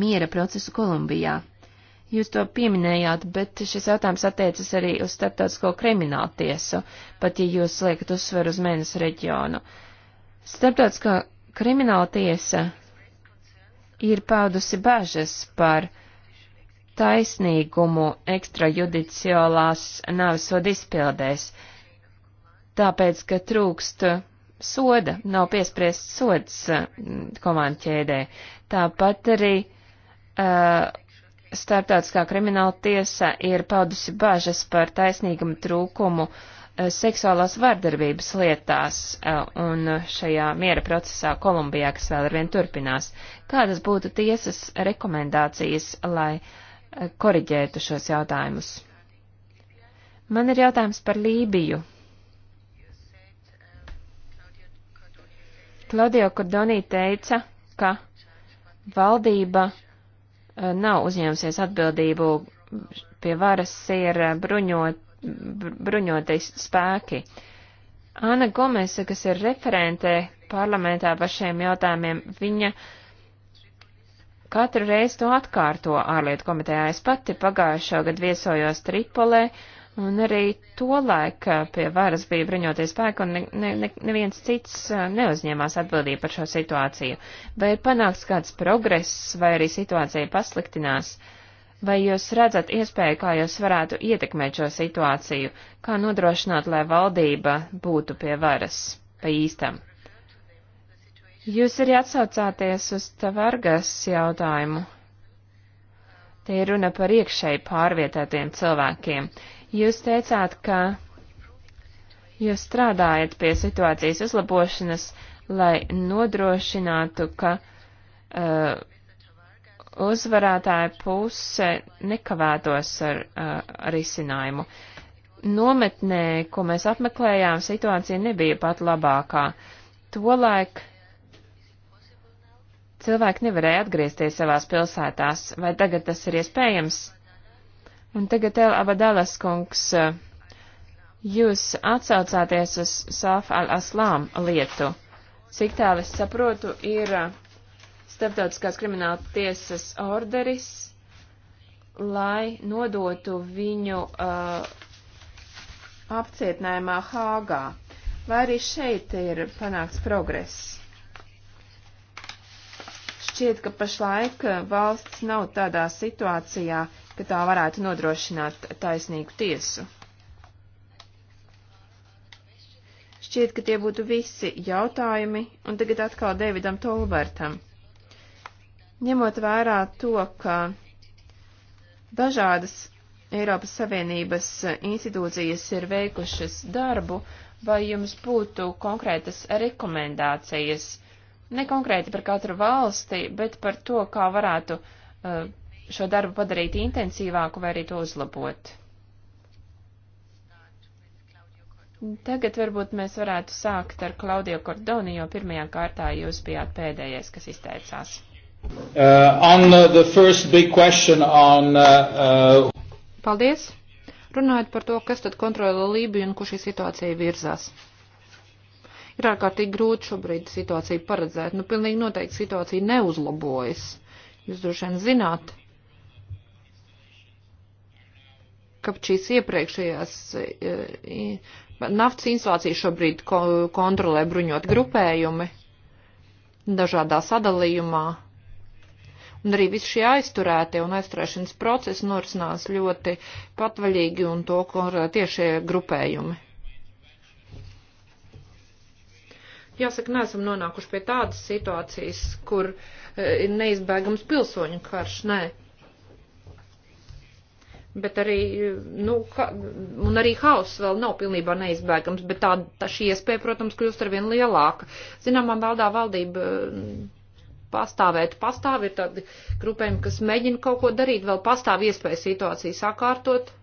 miera procesu Kolumbijā. Jūs to pieminējāt, bet šis jautājums attiecas arī uz starptautisko kriminālu tiesu, pat ja jūs liekat uzsveru uz mēnesi reģionu. Starptautiskā krimināla tiesa ir paudusi bažas par uh, taisnīgumu ekstrajudiciālās nāvisoda izpildēs, tāpēc, ka trūkst soda, nav piespriests sods mm, komandu ķēdē. Tāpat arī uh, Startautiskā krimināla tiesa ir paudusi bažas par taisnīgumu trūkumu uh, seksuālās vardarbības lietās uh, un šajā miera procesā Kolumbijā, kas vēl ar vien turpinās. Kādas būtu tiesas rekomendācijas, lai uh, koriģētu šos jautājumus. Man ir jautājums par Lībiju. Klaudio Kordonī teica, ka valdība eh, nav uzņēmusies atbildību pie varas ir eh, bruņot, bruņotais spēki. Ana Gomesa, kas ir referente parlamentā par šiem jautājumiem, viņa uh, katru reizi to atkārto ārlietu komitejā. Es pati pagājušo gadu viesojos Tripolē, un arī to laika pie varas bija bruņoties spēku, un ne, ne, ne, neviens cits uh, neuzņēmās atbildību par šo situāciju. Vai ir panāks kāds progress, vai arī situācija pasliktinās? Vai jūs redzat iespēju, kā jūs varētu ietekmēt šo situāciju, kā nodrošināt, lai valdība būtu pie varas, pa īstam? Jūs arī atsaucāties uz Tavargas jautājumu. Te ir runa par iekšēji pārvietētiem cilvēkiem. Jūs teicāt, ka jūs strādājat pie situācijas uzlabošanas, lai nodrošinātu, ka uh, uzvarētāja puse nekavētos ar, uh, ar izcinājumu. Nometnē, ko mēs apmeklējām, situācija nebija pat labākā. Tolaik cilvēki nevarēja atgriezties savās pilsētās, vai tagad tas ir iespējams? Un tagad El Abadalas kungs, jūs atsaucāties uz Saf al-Aslām lietu. Cik tālu es saprotu, ir starptautiskās krimināla tiesas orderis, lai nodotu viņu uh, apcietinājumā Hāgā. Vai arī šeit ir panākts progress? Šķiet, ka pašlaik valsts nav tādā situācijā, ka tā varētu nodrošināt taisnīgu tiesu. Šķiet, ka tie būtu visi jautājumi, un tagad atkal Davidam Tolbertam. Ņemot vērā to, ka dažādas Eiropas Savienības institūcijas ir veikušas darbu, vai jums būtu konkrētas rekomendācijas ne konkrēti par katru valsti, bet par to, kā varētu uh, šo darbu padarīt intensīvāku vai arī to uzlabot. Tagad varbūt mēs varētu sākt ar Klaudio Kordoni, jo pirmajā kārtā jūs bijāt pēdējais, kas izteicās. Uh, on, uh, uh, Paldies! Runājot par to, kas tad kontrolē Lībiju un kur šī situācija virzās. Uh, Ir ārkārtīgi grūti šobrīd situāciju paredzēt. Nu, pilnīgi noteikti situācija neuzlabojas. Jūs droši vien zināt, ka šīs iepriekšējās e, naftas instalācijas šobrīd kontrolē bruņot grupējumi dažādā sadalījumā. Un arī visi šie aizturētie un aizturēšanas procesi norisinās ļoti patvaļīgi un to, ko tieši grupējumi. Jāsaka, neesam nonākuši pie tādas situācijas, kur e, ir neizbēgams pilsoņu karš, nē. Bet arī, e, nu, ha, un arī hauss vēl nav pilnībā neizbēgams, bet tā, tā šī iespēja, protams, kļūst arvien lielāka. Zināmā valdā valdība e, pastāvēt. Pastāv ir tādi grupējumi, kas mēģina kaut ko darīt, vēl pastāv iespēja situāciju sakārtot.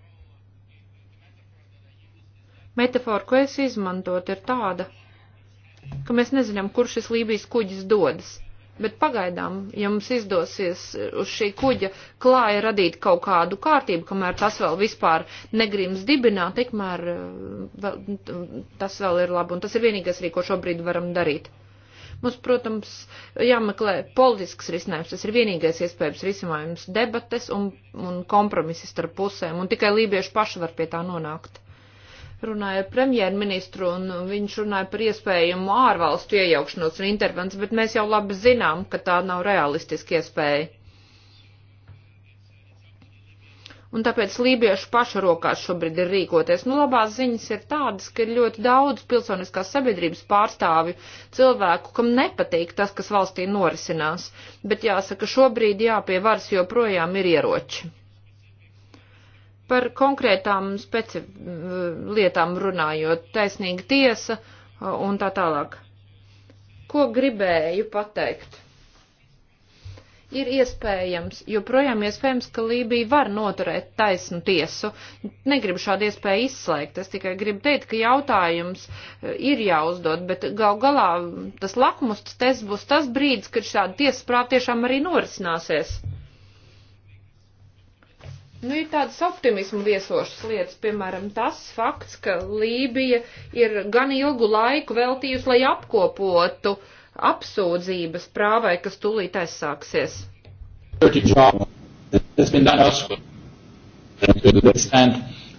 Metafora, ko es izmantot, ir tāda, ka mēs nezinām, kur šis Lībijas kuģis dodas. Bet pagaidām, ja mums izdosies uz šī kuģa klāja radīt kaut kādu kārtību, kamēr tas vēl vispār negrims dibināt, tikmēr eh, vēl, tas vēl ir labi. Un tas ir vienīgais arī, ko šobrīd varam darīt. Mums, protams, jāmeklē politisks risinājums. Tas ir vienīgais iespējams risinājums - debates un, un kompromises starp pusēm. Un tikai lībieši paši var pie tā nonākt runāju ar premjerministru, un viņš runāja par iespējamu ārvalstu iejaukšanos un intervenciju, bet mēs jau labi zinām, ka tā nav realistiska iespēja. Un tāpēc lībiešu pašu rokās šobrīd ir rīkoties. Nu, labās ziņas ir tādas, ka ir ļoti daudz pilsoniskās sabiedrības pārstāvi cilvēku, kam nepatīk tas, kas valstī norisinās. Bet jāsaka, šobrīd jāpie varas joprojām ir ieroči. Par konkrētām speci lietām runājot, taisnīga tiesa uh, un tā tālāk. Ko gribēju pateikt? ir iespējams, joprojām iespējams, ka Lībija var noturēt taisnu tiesu. Negribu šādu iespēju izslēgt, es tikai gribu teikt, ka jautājums uh, ir jāuzdod, bet gal galā tas lakmus tas būs tas brīdis, kad šāda tiesas prāv tiešām arī norisināsies. Nu, ir tādas optimismu viesošas lietas, piemēram, tas fakts, ka Lībija ir gan ilgu laiku veltījusi, lai apkopotu apsūdzības prāvai, kas tūlīt aizsāksies.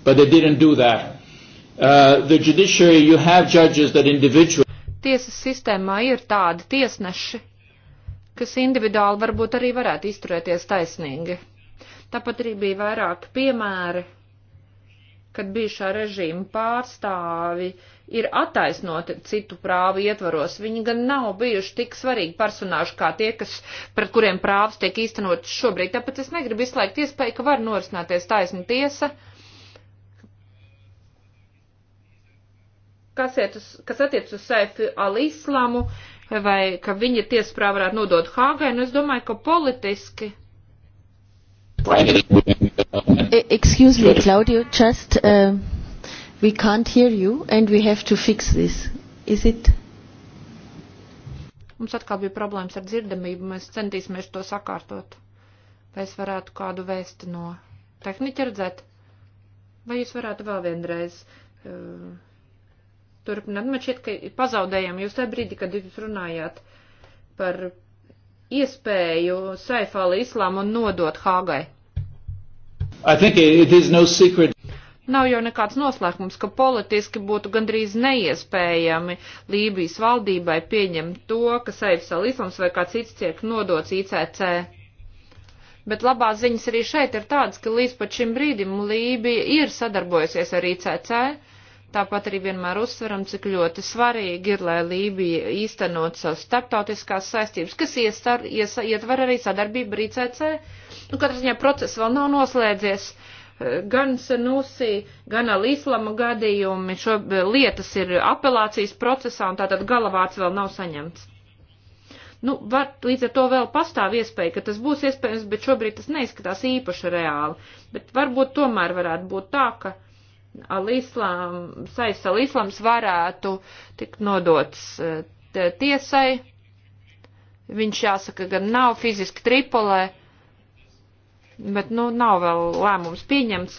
But they didn't do that. Uh, the judiciary, you have judges that individually tiesas sistēmā ir tādi tiesneši, kas individuāli varbūt arī varētu izturēties taisnīgi. Tāpat arī bija vairāki piemēri, kad bijušā režīma pārstāvi ir attaisnoti citu prāvu ietvaros. Viņi gan nav bijuši tik svarīgi personāži kā tie, kas, pret kuriem prāvas tiek īstenotas šobrīd. Tāpēc es negribu izslēgt iespēju, ka var norisināties taisna tiesa. Kas, iet uz, kas attiec uz Saifi al-Islamu, vai ka viņa tiesprā varētu nodot Hāgai, nu es domāju, ka politiski E, excuse me, Claudio, just uh, we can't hear you and we have to fix this. Is it? Mums atkal bija problēmas ar dzirdamību, mēs centīsimies to sakārtot. Vai es varētu kādu vēstu no tehniķa redzēt? Vai jūs varētu vēl vienreiz uh, turpināt? Man šķiet, ka pazaudējām jūs tajā brīdī, kad jūs runājāt par iespēju Saifāla islāmu un nodot Hāgai. Nav jau nekāds noslēpums, ka politiski būtu gandrīz neiespējami Lībijas valdībai pieņemt to, ka Saifs Alifams vai kāds cits tiek nodots ICC. Bet labā ziņas arī šeit ir tādas, ka līdz pat šim brīdim Lībija ir sadarbojusies ar ICC Tāpat arī vienmēr uzsveram, cik ļoti svarīgi ir, lai Lībija īstenot savas starptautiskās saistības, kas iestar, ies, ietver arī sadarbību ar ICC. Nu, katrā ziņā process vēl nav noslēdzies. Gan Sanusī, gan Alīslama gadījumi, šo lietas ir apelācijas procesā, un tātad galavāts vēl nav saņemts. Nu, var, līdz ar to vēl pastāv iespēja, ka tas būs iespējams, bet šobrīd tas neizskatās īpaši reāli. Bet varbūt tomēr varētu būt tā, ka Al-Islām, Saifs Al-Islams varētu tikt nodots eh, tiesai. Viņš jāsaka, gan nav fiziski Tripolē, bet, nu, nav vēl lēmums pieņemts.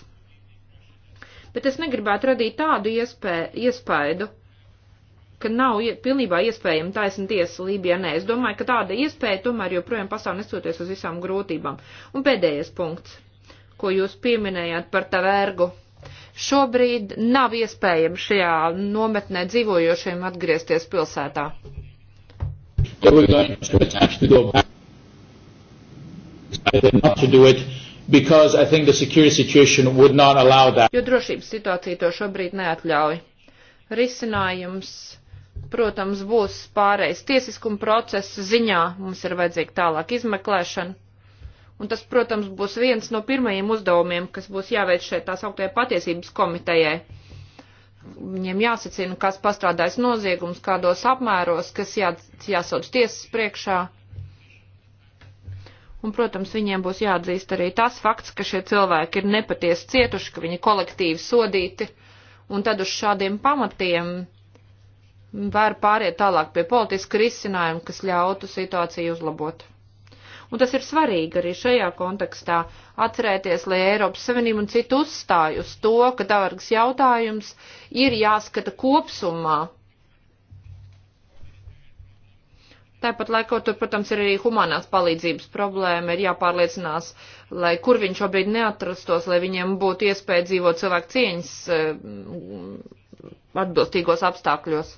Bet es negribētu radīt tādu iespēju, iespēju ka nav ie, pilnībā iespējama taisna tiesa Lībijā. Nē, es domāju, ka tāda iespēja tomēr joprojām pastāv nesoties uz visām grūtībām. Un pēdējais punkts, ko jūs pieminējāt par tavērgu. Šobrīd nav iespējams šajā nometnē dzīvojošiem atgriezties pilsētā. Jo drošības situācija to šobrīd neatļauj. Risinājums, protams, būs pārējais tiesiskuma procesa ziņā. Mums ir vajadzīga tālāk izmeklēšana Un tas, protams, būs viens no pirmajiem uzdevumiem, kas būs jāveic šeit tās augtajai patiesības komitejai. Viņiem jāsacina, kas pastrādājas noziegums, kādos apmēros, kas jā, jāsauc tiesas priekšā. Un, protams, viņiem būs jāatzīst arī tas fakts, ka šie cilvēki ir nepatiesi cietuši, ka viņi kolektīvi sodīti. Un tad uz šādiem pamatiem var pāriet tālāk pie politiska risinājuma, kas ļautu situāciju uzlabot. Un tas ir svarīgi arī šajā kontekstā atcerēties, lai Eiropas Savienība un citu uzstāj uz to, ka tavargas jautājums ir jāskata kopsumā. Tāpat laikā tur, protams, ir arī humanās palīdzības problēma, ir jāpārliecinās, lai kur viņš šobrīd neatrastos, lai viņiem būtu iespēja dzīvot cilvēku cieņas eh, atbilstīgos apstākļos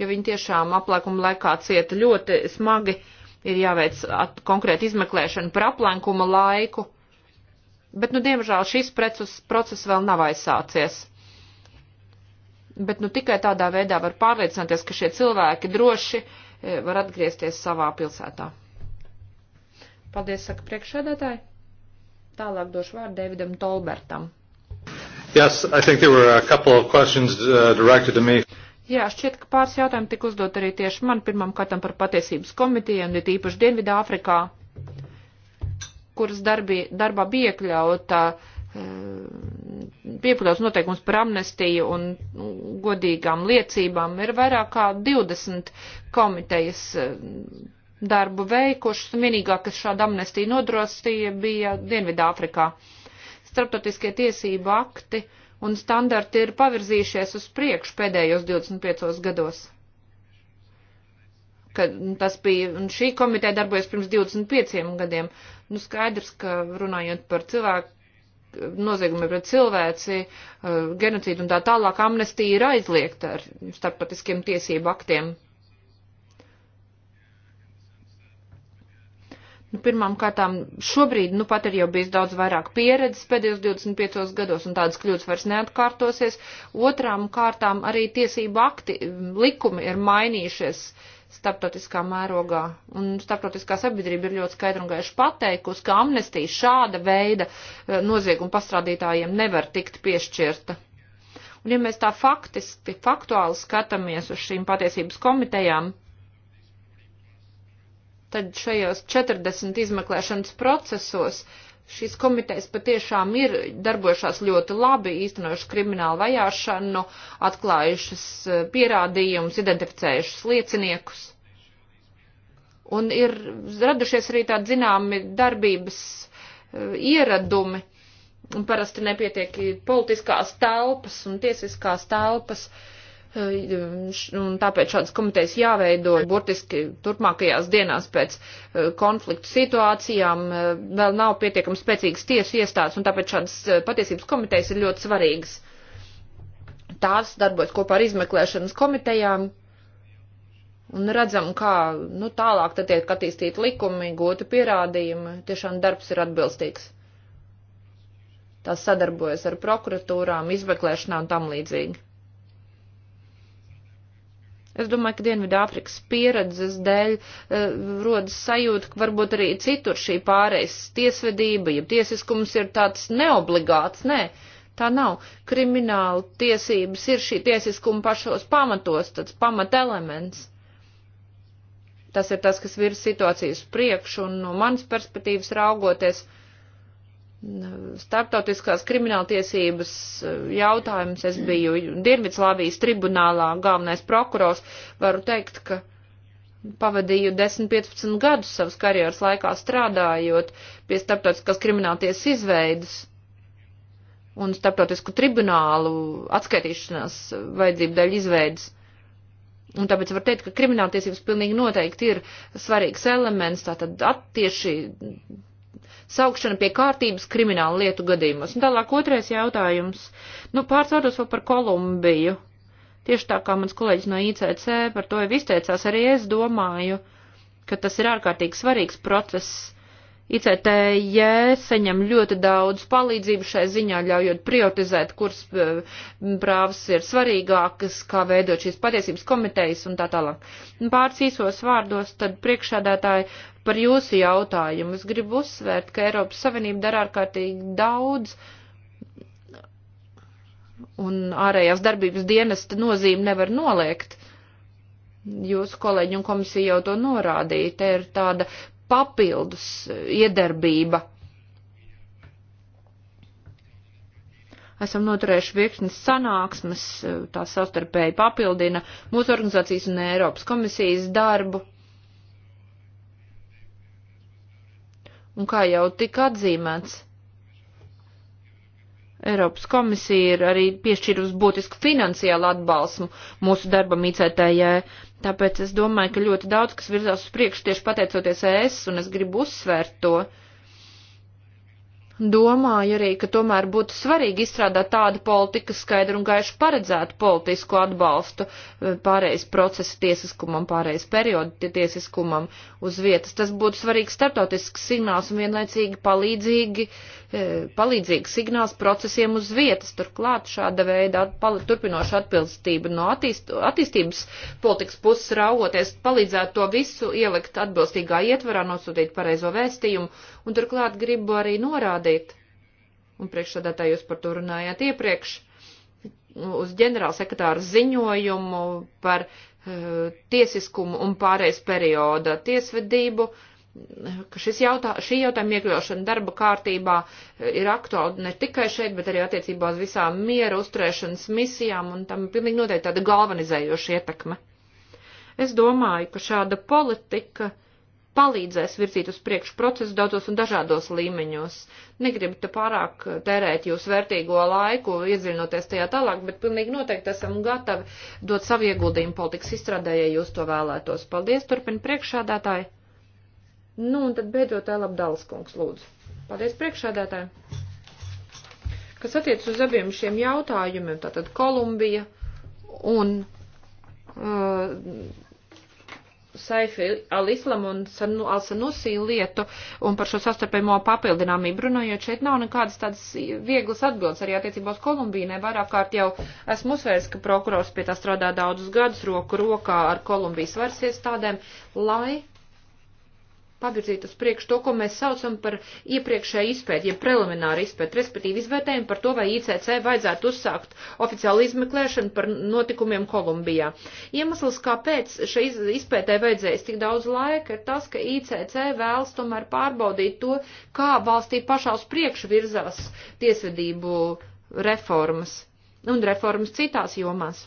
jo viņi tiešām aplēkuma laikā cieta ļoti smagi. Uh, ir jāveic konkrēta izmeklēšana par aplenkuma laiku. Bet, nu, diemžēl šis preces, process vēl nav aizsācies. Bet, nu, tikai tādā veidā var pārliecināties, ka šie cilvēki droši e, var atgriezties savā pilsētā. Paldies, saka priekšsēdētāji. Tālāk došu vārdu Davidam Tolbertam. Yes, I think there were a couple of questions uh, directed to me. Jā, šķiet, ka pāris jautājumi tika uzdot arī tieši man pirmam katam par patiesības komitejiem, ir īpaši Dienvidā Afrikā, kuras darbi, darbā bija iekļauta piepildās eh, noteikums par amnestiju un godīgām liecībām. Ir vairāk kā 20 komitejas eh, darbu veikušas, un vienīgā, kas šāda amnestija nodrostīja, bija Dienvidāfrikā. Starptautiskie tiesību akti uh, un standarti ir pavirzījušies uz priekšu pēdējos 25 gados. Kad tas bija, un šī komiteja darbojas pirms 25 gadiem. Nu, skaidrs, ka runājot par cilvēku noziegumi pret cilvēci, eh, genocīdu un tā tālāk amnestija ir aizliegta ar starptautiskiem tiesību aktiem. Nu, pirmām kārtām šobrīd, nu pat ir jau bijis daudz vairāk pieredzes pēdējos 25 gados un tādas kļūdas vairs neatkārtosies. Otrām kārtām arī tiesību akti, likumi ir mainījušies starptautiskā mērogā. Un starptautiskā sabiedrība ir ļoti skaidri un gaiši pateikusi, ka amnestija šāda veida e, nozieguma pastrādītājiem nevar tikt piešķirta. Un ja mēs tā faktiski, faktuāli skatāmies uz šīm patiesības komitejām, tad šajos 40 izmeklēšanas procesos šīs komitejas patiešām ir darbojušās ļoti labi, īstenojuši kriminālu vajāšanu, atklājušas eh, pierādījumus, identificējušas lieciniekus. Un ir radušies arī tādi zināmi darbības eh, ieradumi, un parasti nepietiek politiskās telpas un tiesiskās telpas. Uh, un tāpēc šādas komitejas jāveido burtiski turpmākajās dienās pēc eh, konfliktu situācijām. Eh, vēl nav pietiekami spēcīgas tiesu iestādes, un tāpēc šādas eh, patiesības komitejas ir ļoti svarīgas. Tās darbojas kopā ar izmeklēšanas komitejām. Un redzam, kā nu, tālāk tad tiek attīstīti likumi, gūti pierādījumi. Tiešām darbs ir atbilstīgs. Tās sadarbojas ar prokuratūrām, izmeklēšanām un tam līdzīgi. Es domāju, ka Dienvidāfrikas pieredzes dēļ uh, rodas sajūta, ka varbūt arī citur šī pārējais tiesvedība, ja tiesiskums ir tāds neobligāts, nē. Tā nav. Krimināla tiesības ir šī tiesiskuma pašos pamatos, tāds pamatelements. Tas ir tas, kas virs situācijas priekš, un no manas perspektīvas raugoties. Uh, starptautiskās krimināltiesības eh, jautājums. Es biju Dienvidslāvijas tribunālā galvenais prokurors. Varu teikt, ka pavadīju 10-15 gadus savas karjeras laikā strādājot pie starptautiskās krimināltiesas izveidas un starptautisku tribunālu atskaitīšanās vajadzību dēļ izveidas. Un tāpēc var teikt, ka krimināltiesības pilnīgi noteikti ir svarīgs elements, tātad attieši saukšana pie kārtības krimināla lietu gadījumos. Un tālāk otrais jautājums. Nu, pāris vārdos vēl par Kolumbiju. Tieši tā kā mans kolēģis no ICC par to jau izteicās, arī es domāju, ka tas ir ārkārtīgi svarīgs process. ICTJ saņem ļoti daudz palīdzību šai ziņā, ļaujot prioritizēt, kuras eh, prāvas ir svarīgākas, kā veidot šīs patiesības komitejas un tā tālāk. Pāris īsos vārdos tad priekšādātāji Par jūsu jautājumu es gribu uzsvērt, ka Eiropas Savienība dara ārkārtīgi daudz, un ārējās darbības dienesta nozīme nevar noliegt. Jūsu kolēģi un komisija jau to norādīja. Te ir tāda papildus iedarbība. Esam noturējuši virknes sanāksmes, tā savstarpēji papildina mūsu organizācijas un Eiropas komisijas darbu. Un kā jau tika atzīmēts, Eiropas komisija ir arī piešķīrusi būtisku finansiālu atbalstu mūsu darbam ICTJ, tāpēc es domāju, ka ļoti daudz, kas virzās uz priekšu tieši pateicoties ES, un es gribu uzsvērt to, uh, domāju arī, ka tomēr būtu svarīgi izstrādāt tādu politiku, kas skaidru un gaišu paredzētu politisku atbalstu eh, pārējais procesa tiesiskumam, pārējais periodu tiesiskumam uz vietas. Tas būtu svarīgs starptautisks signāls un vienlaicīgi palīdzīgi, eh, palīdzīgi signāls procesiem uz vietas. Turklāt šāda veida turpinoša atbilstība no attīst, attīstības politikas puses raugoties palīdzētu to visu ielikt atbilstīgā ietvarā, nosūtīt pareizo vēstījumu. Un turklāt gribu arī norādīt, norādīt, un priekšsādātā jūs par to runājāt iepriekš, uz ģenerālsekretāra ziņojumu par uh, tiesiskumu un pārējais perioda tiesvedību, ka šis jautā, šī jautājuma iekļaušana darba kārtībā eh, ir aktuāla ne tikai šeit, bet arī attiecībā uz visām miera uzturēšanas misijām, un tam pilnīgi noteikti tāda galvanizējoša ietekme. Es domāju, ka šāda politika uh, palīdzēs virzīt uz priekšu procesu daudzos un dažādos līmeņos. Negribu te pārāk tērēt jūs vērtīgo laiku, iedziļinoties tajā tālāk, bet pilnīgi noteikti esam gatavi dot savu ieguldījumu politikas izstrādē, ja jūs to vēlētos. Paldies, turpin priekšādātāji. Nu, un tad beidzot Elab Dalskungs, lūdzu. Paldies priekšādātāji. Kas attiec uz abiem šiem jautājumiem, tātad Kolumbija un. Uh, Saifi al-Islam un sanu, al-Sanusī lietu un par šo sastarpējumo papildināmību runājot, šeit nav nekādas tādas vieglas atbildes arī attiecībā uz Kolumbīnai. Vairāk kārt jau esmu uzsvērs, ka prokurors pie tā strādā daudzus gadus roku rokā ar Kolumbijas varas iestādēm, lai pavirzīt uz priekšu to, ko mēs saucam par iepriekšēju izpēti, ja prelimināru izpēti, respektīvi izvērtējumu par to, vai ICC vajadzētu uzsākt oficiālu izmeklēšanu par notikumiem Kolumbijā. Iemesls, kāpēc šai izpētē vajadzēs tik daudz laika, ir tas, ka ICC vēlas tomēr pārbaudīt to, kā valstī pašā uz priekšu virzās tiesvedību reformas un reformas citās jomās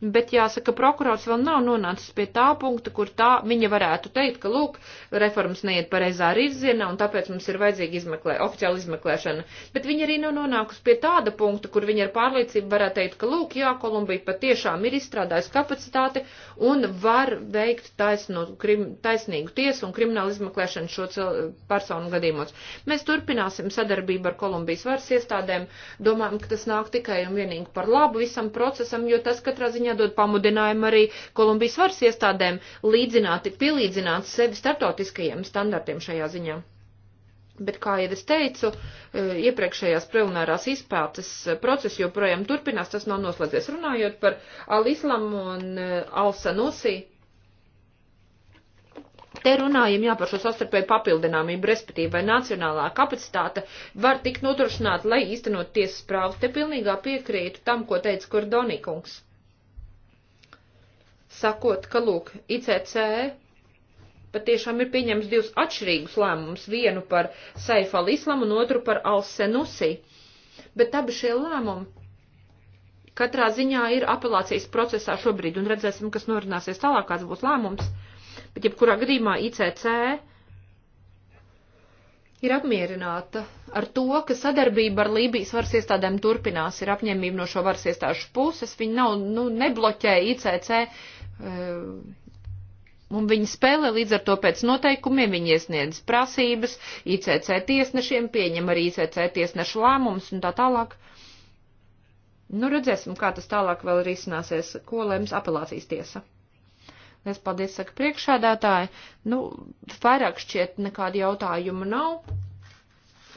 bet jāsaka, prokurors vēl nav nonācis pie tā punkta, kur tā viņa varētu teikt, ka, lūk, reformas neiet pareizā virzienā un tāpēc mums ir vajadzīga izmeklē, oficiāla izmeklēšana. Bet viņa arī nav nonākusi pie tāda punkta, kur viņa ar pārliecību varētu teikt, ka, lūk, jā, Kolumbija patiešām ir izstrādājusi kapacitāti un var veikt taisnu, krim, taisnīgu tiesu un kriminālu izmeklēšanu šo cil, personu gadījumos. Mēs turpināsim sadarbību ar Kolumbijas varas iestādēm. Domājam, ka tas nāk tikai un vienīgi par labu visam procesam, jo tas katrā ziņā jādod pamudinājumu arī Kolumbijas varas iestādēm līdzināt, pielīdzināt sevi startautiskajiem standartiem šajā ziņā. Bet, kā jau es teicu, e, iepriekšējās preliminārās izpētes e, process joprojām turpinās, tas nav noslēdzies. Runājot par Al-Islamu un e, Al-Sanusi, Te runājam jā par šo sastarpēju papildināmību, respektīvi, vai nacionālā kapacitāte var tikt nodrošināta, lai īstenot tiesas prāvas. Te pilnīgā piekrītu tam, ko teica Kordonikungs sakot, ka, lūk, ICC patiešām ir pieņems divus atšķirīgus lēmumus, vienu par Saif al-Islamu un otru par al-Senusi. Bet abi šie lēmumi katrā ziņā ir apelācijas procesā šobrīd, un redzēsim, kas norināsies tālāk, kāds būs lēmums. Bet jebkurā gadījumā ICC ir apmierināta ar to, ka sadarbība ar Lībijas varas iestādēm turpinās, ir apņēmība no šo varas iestāžu puses, viņi nav, nu, nebloķē ICC Ehm, un viņi spēlē līdz ar to pēc noteikumiem, viņi iesniedz prasības ICC tiesnešiem, pieņem arī ICC tiesnešu lēmumus un tā tālāk. Nu, redzēsim, kā tas tālāk vēl arī izcināsies, ko lems apelācijas tiesa. Es paldies, saka priekšādātāji. Nu, vairāk šķiet nekāda jautājuma nav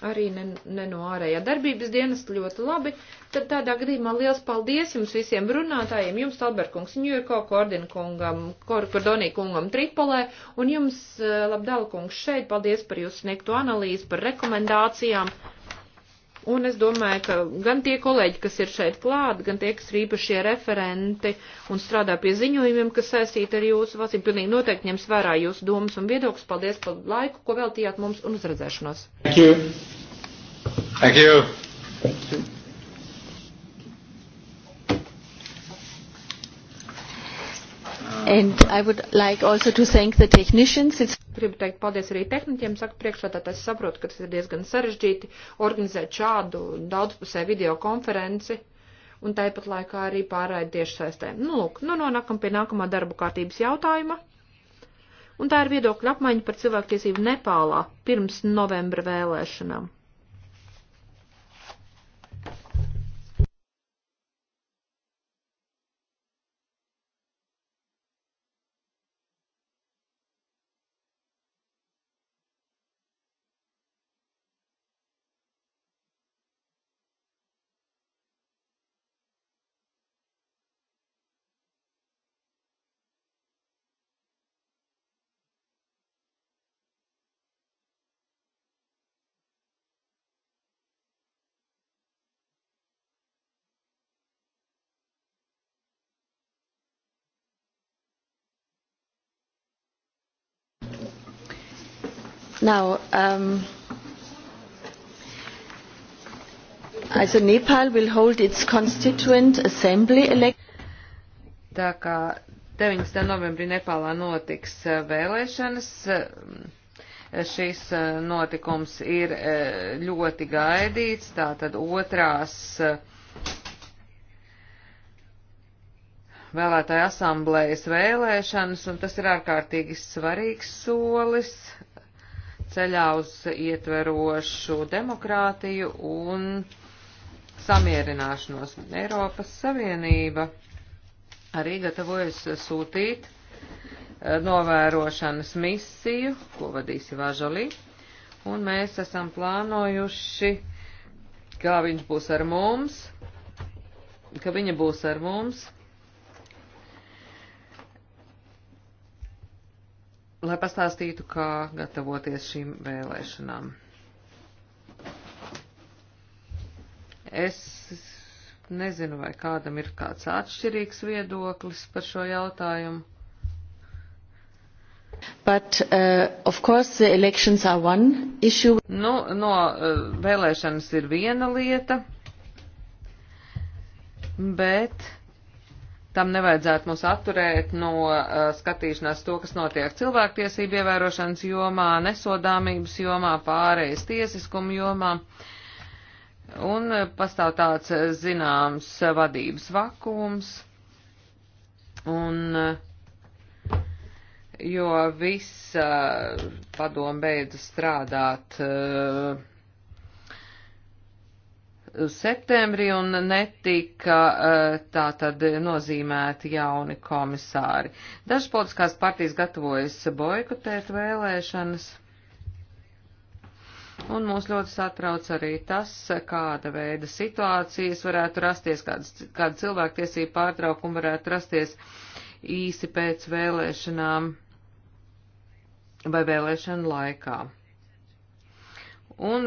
arī ne, ne no ārējā darbības dienas ļoti labi. Tad tādā gadījumā liels paldies jums visiem runātājiem, jums Talberkungs, Ņujorko, Kordin kungam, Kor Kordonī kungam Tripolē un jums eh, Labdala kungs šeit. Paldies par jūsu sniegto analīzi, par rekomendācijām. Un es domāju, ka gan tie kolēģi, kas ir šeit klāt, gan tie, kas ir īpašie referenti un strādā pie ziņojumiem, kas saistīti ar jūsu valstīm, pilnīgi noteikti ņems vērā jūsu domas un viedokļus. Paldies par laiku, ko veltījāt mums un uzredzēšanos. Thank you. Thank you. Thank you. Like Gribu teikt paldies arī tehniķiem, saka priekšsādātājs, saprotu, ka tas ir diezgan sarežģīti organizēt šādu daudzpusē videokonferenci un tāpat laikā arī pārraid tieši saistē. Nu, lūk, nu nonākam pie nākamā darba kārtības jautājuma. Un tā ir viedokļa apmaiņa par cilvēktiesību Nepālā pirms novembra vēlēšanām. Now, um, also Nepal will hold its constituent assembly election. Tā kā 19. novembrī Nepālā notiks uh, vēlēšanas, um, šis uh, notikums ir uh, ļoti gaidīts, tātad otrās vēlētāju asamblējas vēlēšanas, un tas ir ārkārtīgi svarīgs solis ceļā uz ietverošu demokrātiju un samierināšanos. Eiropas Savienība arī gatavojas sūtīt eh, novērošanas misiju, ko vadīs Važalī, un mēs esam plānojuši, kā viņš būs ar mums, ka viņa būs ar mums lai pastāstītu, kā gatavoties šīm vēlēšanām. Es nezinu, vai kādam ir kāds atšķirīgs viedoklis par šo jautājumu. But, uh, of course, the elections are one issue. Nu, no uh, vēlēšanas ir viena lieta, bet tam nevajadzētu mūs atturēt no uh, skatīšanās to, kas notiek cilvēktiesību ievērošanas jomā, nesodāmības jomā, pārējais tiesiskumu jomā. Un eh, pastāv tāds eh, zināms vadības vakums, un, jo visa padomu beidza strādāt uh, septembrī un netika eh, tā tad nozīmēti jauni komisāri. Dažas politiskās partijas gatavojas boikotēt vēlēšanas. Un mūs ļoti satrauc arī tas, kāda veida situācijas varētu rasties, kādas, kāda cilvēktiesība pārtraukuma varētu rasties īsi pēc vēlēšanām vai vēlēšanu laikā. Un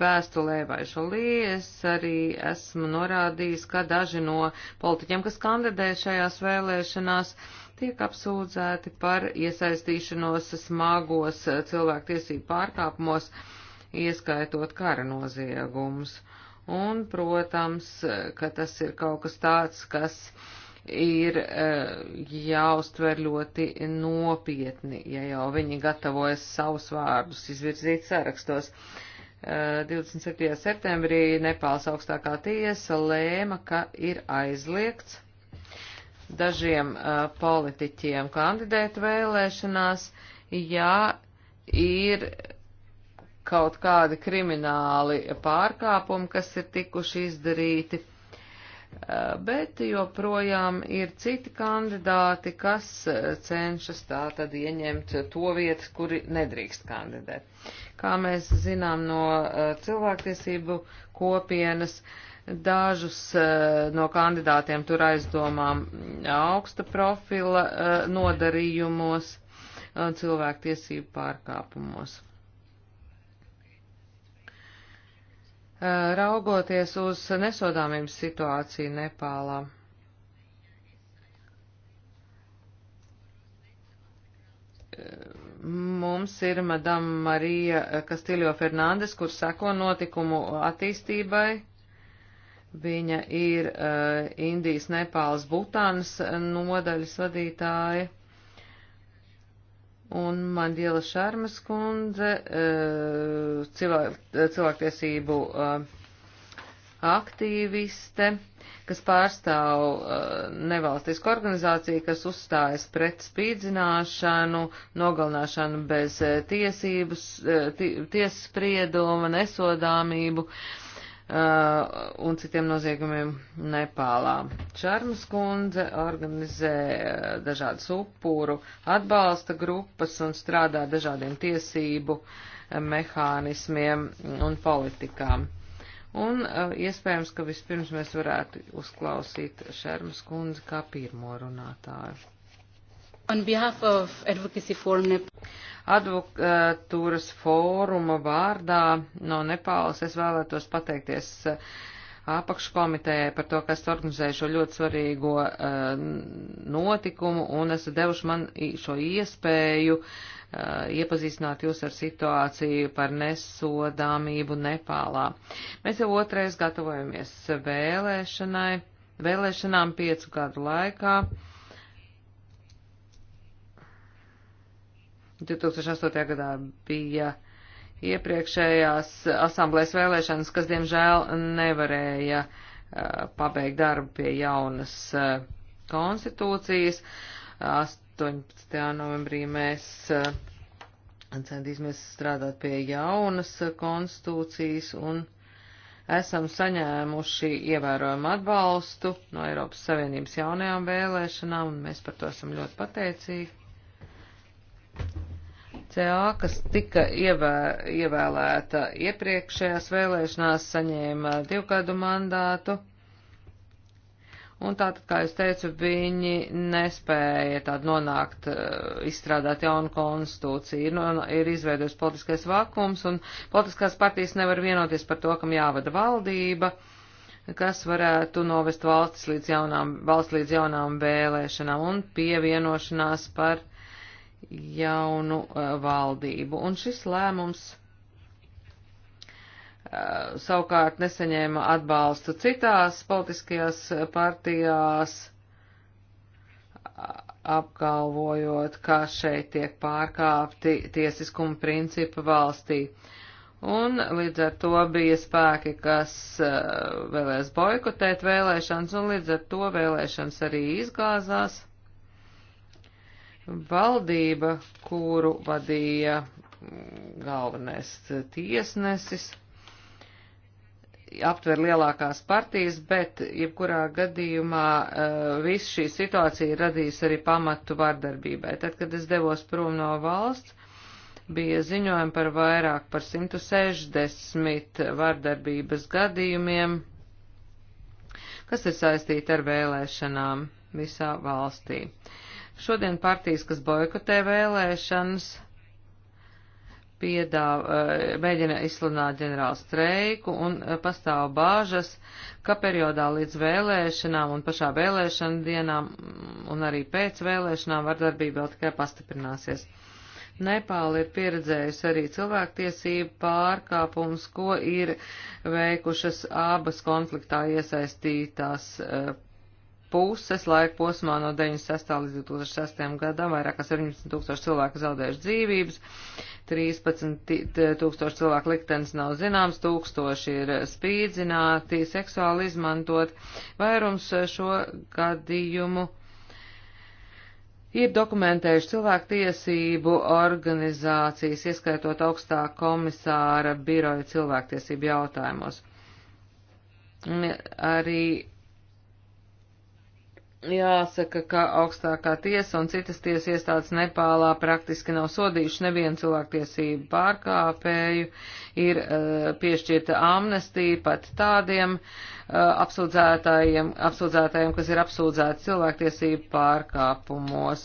vēstulē Vaišolī es arī esmu norādījis, ka daži no politiķiem, kas kandidē šajās vēlēšanās, tiek apsūdzēti par iesaistīšanos smagos cilvēktiesību pārkāpumos, ieskaitot kara noziegumus. Un, protams, ka tas ir kaut kas tāds, kas ir eh, jāuztver ļoti nopietni, ja jau viņi gatavojas savus vārdus izvirzīt sarakstos. 27. Eh, septembrī Nepāls augstākā tiesa lēma, ka ir aizliegts dažiem uh, politiķiem kandidēt vēlēšanās, ja ir kaut kādi krimināli pārkāpumi, kas ir tikuši izdarīti Eh, bet joprojām ir citi kandidāti, kas eh, cenšas tā tad ieņemt to vietu, kuri nedrīkst kandidēt. Kā mēs zinām no eh, cilvēktiesību kopienas, dažus no kandidātiem tur aizdomām augsta profila nodarījumos cilvēktiesību pārkāpumos. Eh, raugoties uz nesodāmības situāciju Nepālā. Eh, mums ir Madama Marija Kastiljo Fernandes, kur seko notikumu attīstībai. Viņa ir uh, Indijas Nepālas Butānas nodaļas vadītāja un Mandiela Šarmas kundze, eh, cilvēk, cilvēktiesību eh, aktīviste, kas pārstāv eh, nevalstisku organizāciju, kas uzstājas pret spīdzināšanu, nogalināšanu bez tiesības, tiesas sprieduma, nesodāmību. Uh, Uh, un citiem noziegumiem Nepālā. Čarmas kundze organizē uh, dažādas upuru atbalsta grupas un strādā dažādiem tiesību uh, mehānismiem un politikām. Un iespējams, ka vispirms mēs varētu uzklausīt Šermas kundzi kā pirmo runātāju. Advokatūras fóruma vārdā no Nepālas es vēlētos pateikties eh, apakškomitējai par to, kas organizēja šo ļoti svarīgo uh, notikumu un esat devuši man šo iespēju uh, iepazīstināt jūs ar situāciju par nesodāmību Nepālā. Mēs jau otrais gatavojamies vēlēšanai, vēlēšanām piecu gadu laikā. Uh, 2008. gadā bija iepriekšējās asamblēs vēlēšanas, kas diemžēl nevarēja uh, pabeigt darbu pie jaunas uh, konstitūcijas. 18. novembrī mēs uh, centīsimies strādāt pie jaunas uh, konstitūcijas un esam saņēmuši ievērojumu atbalstu no Eiropas Savienības jaunajām vēlēšanām, un mēs par to esam ļoti pateicīgi. CA, kas tika ievē, ievēlēta iepriekšējās vēlēšanās, saņēma divgadu mandātu. Un tātad, kā es teicu, viņi nespēja tādu nonākt, eh, izstrādāt jaunu konstitūciju. Ir, no, ir izveidojis politiskais vakums, un politiskās partijas nevar vienoties par to, kam jāvada valdība, kas varētu novest valsts līdz jaunām, valsts līdz jaunām vēlēšanām un pievienošanās par jaunu uh, valdību. Un šis lēmums uh, savukārt nesaņēma atbalstu citās politiskajās partijās, apgalvojot, ka šeit tiek pārkāpti tiesiskuma principi valstī. Un līdz ar to bija spēki, kas uh, vēlēs boikotēt vēlēšanas, un līdz ar to vēlēšanas arī izgāzās valdība, kuru vadīja galvenais tiesnesis, aptver lielākās partijas, bet jebkurā gadījumā eh, viss šī situācija radīs arī pamatu vardarbībai. Tad, kad es devos prom no valsts, bija ziņojumi par vairāk par 160 vardarbības gadījumiem, kas ir saistīti ar vēlēšanām visā valstī. Uh, Šodien partijas, kas boikotē vēlēšanas, piedāv, eh, mēģina izsludināt ģenerālu streiku un eh, pastāv bāžas, ka periodā līdz vēlēšanām un pašā vēlēšana dienām mm, un arī pēc vēlēšanām vardarbība vēl tikai pastiprināsies. Nepāla ir pieredzējusi arī cilvēktiesību pārkāpums, ko ir veikušas abas konfliktā iesaistītās eh, puses laika posmā no 96. līdz 2006. gadam vairāk kā 17 tūkstoši cilvēku zaudējuši dzīvības, 13 tūkstoši cilvēku liktenis nav zināms, tūkstoši ir spīdzināti, seksuāli izmantot. Vairums šo gadījumu ir dokumentējuši cilvēku tiesību organizācijas, ieskaitot augstā komisāra biroja cilvēktiesību jautājumos. Arī Jāsaka, ka augstākā tiesa un citas tiesas iestādes Nepālā praktiski nav sodījuši nevienu cilvēktiesību pārkāpēju, ir uh, piešķirta amnestija pat tādiem uh, apsūdzētājiem, apsūdzētājiem, kas ir apsūdzēti cilvēktiesību pārkāpumos.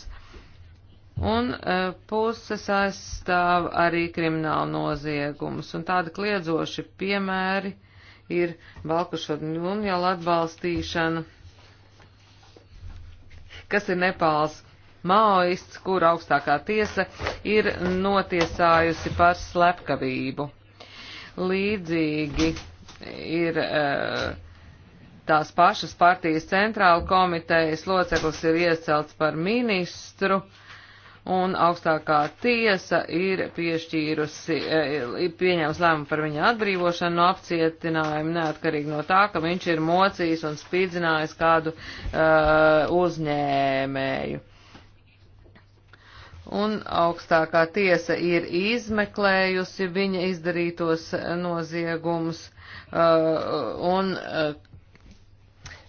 Un uh, puses aizstāv arī kriminālu noziegumus, un tādi kliedzoši piemēri ir Balkušo un Jāla atbalstīšana kas ir Nepāls maoists, kur augstākā tiesa ir notiesājusi par slepkavību. Līdzīgi ir eh, tās pašas partijas centrāla komitejas loceklis ir iecelts par ministru, uh, un augstākā tiesa ir piešķīrusi, eh, pieņēmusi lēmumu par viņa atbrīvošanu no apcietinājuma, neatkarīgi no tā, ka viņš ir mocījis un spīdzinājis kādu uh, uzņēmēju. Un augstākā tiesa ir izmeklējusi viņa izdarītos eh, noziegumus uh, un uh,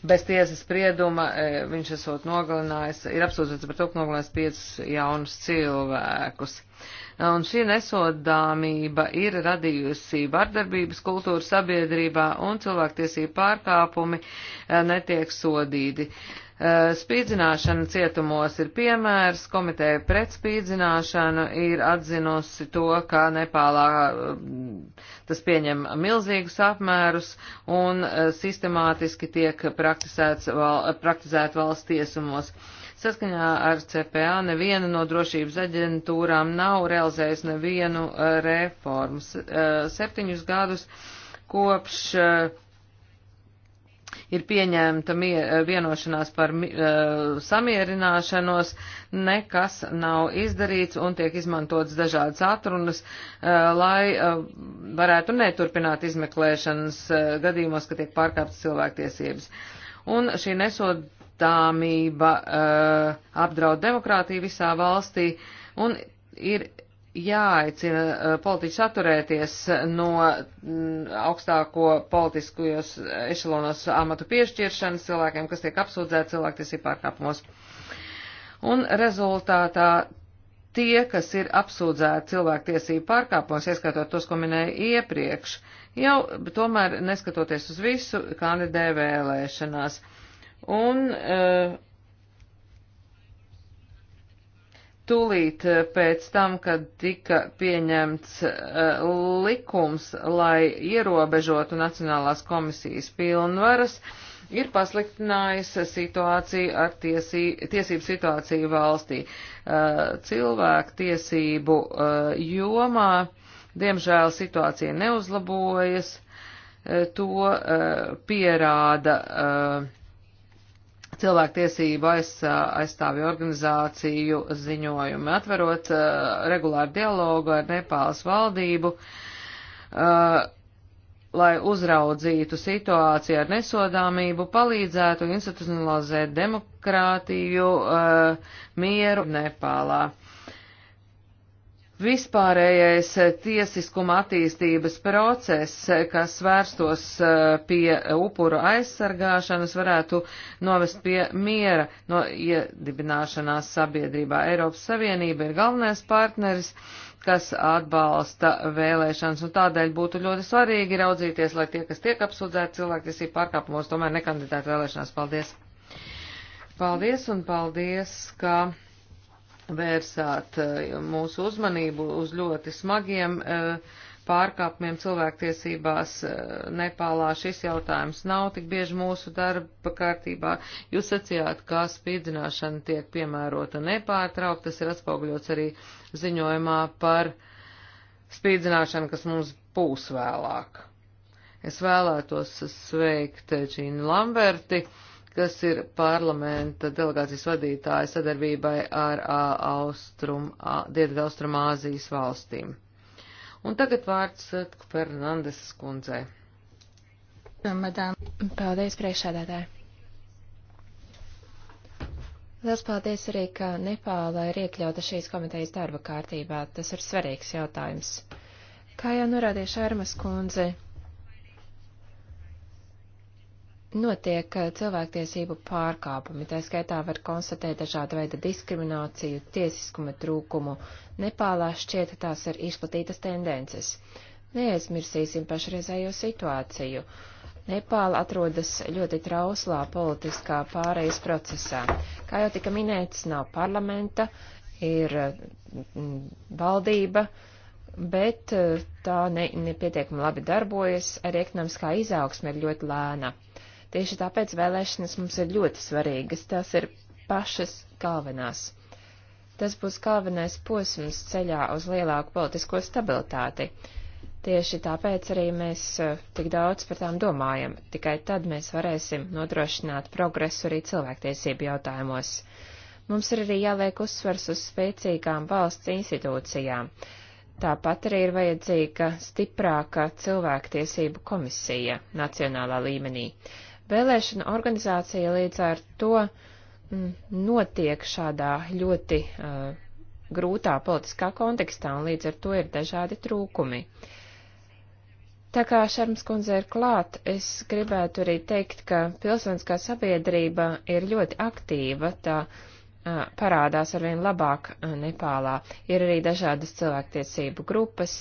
bez tiesas sprieduma e, viņš esot nogalinājis, ir apsūdzēts par to, ka nogalinājis piecus jaunus cilvēkus. Un šī nesodāmība ir radījusi vardarbības kultūru sabiedrībā un cilvēktiesību pārkāpumi e, netiek sodīti. Uh, Eh, spīdzināšana cietumos ir piemērs, komiteja pret spīdzināšanu ir atzinusi to, ka Nepālā eh, tas pieņem milzīgus apmērus un eh, sistemātiski tiek praktizēts, val, praktizēt valsts tiesumos. Saskaņā ar CPA neviena no drošības aģentūrām nav realizējusi nevienu reformu. Septiņus gadus kopš ir pieņemta eh, vienošanās par eh, samierināšanos, nekas nav izdarīts un tiek izmantotas dažādas atrunas, eh, lai varētu neturpināt izmeklēšanas gadījumos, ka tiek pārkāptas cilvēktiesības. Un šī nesodāmība apdraud demokrātiju visā valstī un ir jāaicina eh, politiķis atturēties no mm, augstāko politiskajos ešalonos amatu piešķiršanas cilvēkiem, kas tiek apsūdzēti cilvēktiesību pārkāpumos. Un rezultātā tie, kas ir apsūdzēti cilvēktiesību pārkāpumos, ieskatot tos, ko minēju iepriekš, jau tomēr neskatoties uz visu, kandidē vēlēšanās. Un, uh, Tūlīt eh, pēc tam, kad tika pieņemts uh, likums, lai ierobežotu Nacionālās komisijas pilnvaras, ir pasliktinājis situāciju ar tiesī, tiesību situāciju valstī. Uh, eh, cilvēku tiesību uh, jomā, diemžēl, situācija neuzlabojas, to pierāda cilvēktiesību aizstāvju organizāciju ziņojumu, atverot uh, regulāru dialogu ar Nepāles valdību, uh, lai uzraudzītu situāciju ar nesodāmību, palīdzētu institucionalizēt demokrātiju, uh, mieru Nepālā. Vispārējais eh, tiesiskuma attīstības process, eh, kas vērstos eh, pie upuru aizsargāšanas, varētu novest pie miera no iedibināšanās sabiedrībā. Eiropas Savienība ir galvenais partneris kas atbalsta vēlēšanas, un tādēļ būtu ļoti svarīgi raudzīties, lai tie, kas tiek apsūdzēti cilvēktiesību pārkāpumos, tomēr nekandidētu vēlēšanās. Paldies! Paldies un paldies, ka vērsāt eh, mūsu uzmanību uz ļoti smagiem eh, pārkāpumiem cilvēktiesībās eh, Nepālā. Šis jautājums nav tik bieži mūsu darba kārtībā. Jūs sacījāt, kā spīdzināšana tiek piemērota nepārtraukt. Tas ir atspoguļots arī ziņojumā par spīdzināšanu, kas mums būs vēlāk. Es vēlētos sveikt Čīnu Lamberti kas ir parlamenta delegācijas vadītāja sadarbībai ar Austrum, Dienvidu Austrumāzijas valstīm. Un tagad vārds Fernandes skundzē. Madām, paldies priekšādātāji. Liels paldies arī, ka Nepāla ir iekļauta šīs komitejas darba kārtībā. Tas ir svarīgs jautājums. Kā jau norādīja Šarmas kundze, notiek eh, cilvēktiesību pārkāpumi. Tā skaitā var konstatēt dažāda veida diskrimināciju, tiesiskuma trūkumu. Nepālā šķiet tās ir izplatītas tendences. Neaizmirsīsim pašreizējo situāciju. Nepāla atrodas ļoti trauslā politiskā pārejas procesā. Kā jau tika minēts, nav parlamenta, ir mm, valdība, bet eh, tā ne, nepietiekami labi darbojas, arī ekonomiskā izaugsme ir ļoti lēna. Tieši tāpēc vēlēšanas mums ir ļoti svarīgas, tās ir pašas galvenās. Tas būs galvenais posms ceļā uz lielāku politisko stabilitāti. Tieši tāpēc arī mēs eh, tik daudz par tām domājam, tikai tad mēs varēsim nodrošināt progresu arī cilvēktiesību jautājumos. Mums ir arī jāliek uzsvers uz spēcīgām valsts institūcijām. Tāpat arī ir vajadzīga stiprāka cilvēktiesību komisija nacionālā līmenī. Vēlēšana organizācija līdz ar to mm, notiek šādā ļoti uh, grūtā politiskā kontekstā, un līdz ar to ir dažādi trūkumi. Tā kā Šarms kundze ir klāt, es gribētu arī teikt, ka pilsoniskā sabiedrība ir ļoti aktīva, tā uh, parādās arvien labāk uh, Nepālā. Ir arī dažādas cilvēktiesību grupas,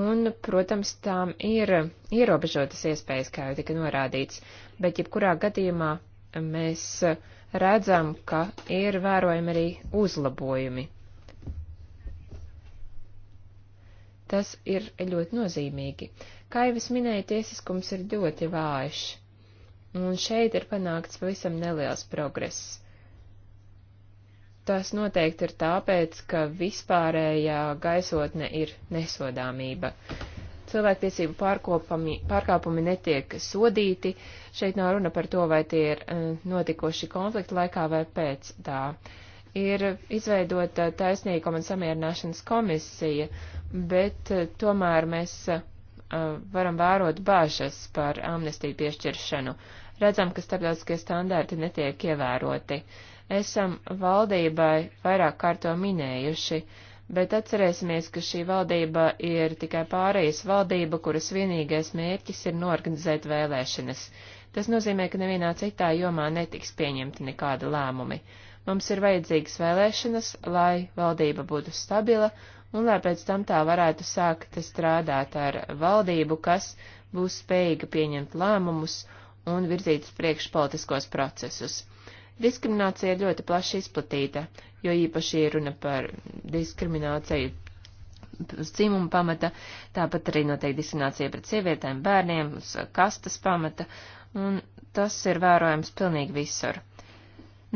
un, protams, tām ir ierobežotas iespējas, kā jau tika norādīts. Uh, bet jebkurā gadījumā mēs redzam, ka ir vērojami arī uzlabojumi. Tas ir ļoti nozīmīgi. Kā jau es minēju, tiesiskums ir ļoti vājš, un šeit ir panākts pavisam neliels progress. Tas noteikti ir tāpēc, ka vispārējā gaisotne ir nesodāmība. Uh, cilvēktiesību pārkāpumi netiek sodīti. Šeit nav runa par to, vai tie ir eh, notikuši konflikta laikā vai pēc tā. Ir izveidota taisnīguma un samierināšanas komisija, bet eh, tomēr mēs eh, varam vērot bāžas par amnestiju piešķiršanu. Redzam, ka starptautiskie standarti netiek ievēroti. Esam valdībai vairāk kārto minējuši, uh, bet atcerēsimies, ka šī valdība ir tikai pārējais valdība, kuras vienīgais mērķis ir norganizēt vēlēšanas. Tas nozīmē, ka nevienā citā jomā netiks pieņemti nekādi lēmumi. Mums ir vajadzīgas vēlēšanas, lai valdība būtu stabila un lai pēc tam tā varētu sākt strādāt ar valdību, kas būs spējīga pieņemt lēmumus un virzīt uz priekšu politiskos procesus. Diskriminācija ir ļoti plaši izplatīta, jo īpaši ir runa par diskrimināciju uz dzimumu pamata, tāpat arī notiek diskriminācija pret sievietēm, bērniem, uz kastas pamata, un tas ir vērojams pilnīgi visur.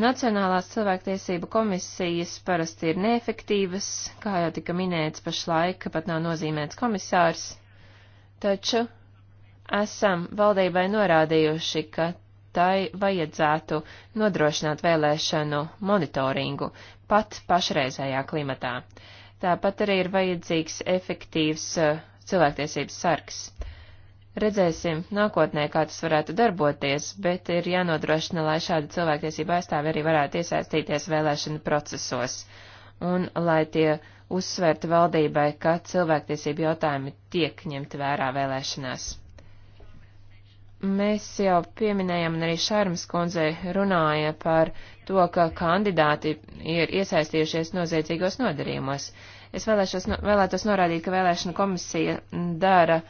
Nacionālās cilvēktiesību komisijas parasti ir neefektīvas, kā jau tika minēts pašlaik, pat nav nozīmēts komisārs, taču esam valdībai norādījuši, ka tai vajadzētu nodrošināt vēlēšanu monitoringu pat pašreizējā klimatā. Tāpat arī ir vajadzīgs efektīvs uh, cilvēktiesības sargs. Redzēsim nākotnē, kā tas varētu darboties, bet ir jānodrošina, lai šādi cilvēktiesība aizstāvi arī varētu iesaistīties vēlēšanu procesos, un lai tie uzsvērtu valdībai, ka cilvēktiesību jautājumi tiek ņemti vērā vēlēšanās. Mēs jau pieminējām, un arī Šarmas kundze runāja par to, ka kandidāti ir iesaistījušies noziedzīgos nodarījumos. Es vēlēšos, vēlētos norādīt, ka vēlēšana komisija dara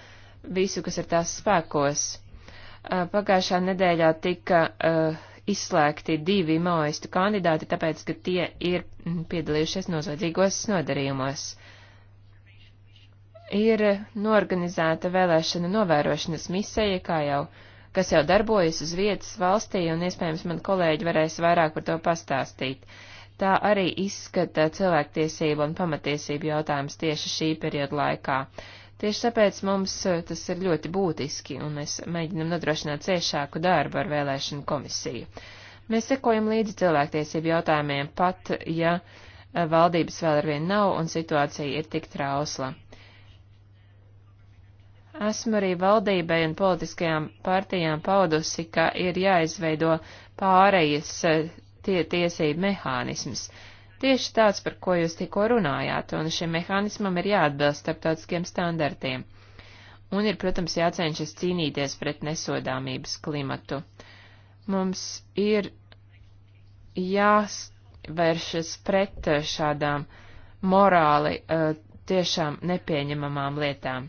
visu, kas ir tās spēkos. Eh, pagājušā nedēļā tika uh, izslēgti divi maoistu kandidāti, tāpēc, ka tie ir mm, piedalījušies noziedzīgos nodarījumos ir norganizēta vēlēšana novērošanas misija, kā jau, kas jau darbojas uz vietas valstī, un iespējams man kolēģi varēs vairāk par to pastāstīt. Tā arī izskata cilvēktiesību un pamatiesību jautājums tieši šī perioda laikā. Tieši tāpēc mums eh, tas ir ļoti būtiski, un mēs mēģinam nodrošināt ciešāku darbu ar vēlēšanu komisiju. Mēs sekojam līdzi cilvēktiesību jautājumiem, pat ja eh, valdības vēl arvien nav un situācija ir tik trausla. Esmu arī valdībai un politiskajām partijām paudusi, ka ir jāizveido pārējas e, tie, tiesību mehānisms. Tieši tāds, par ko jūs tikko runājāt, un šim mehānismam ir jāatbilst starptautiskiem standartiem. Un ir, protams, jācenšas cīnīties pret nesodāmības klimatu. Mums ir jāvēršas pret šādām morāli e, tiešām nepieņemamām lietām.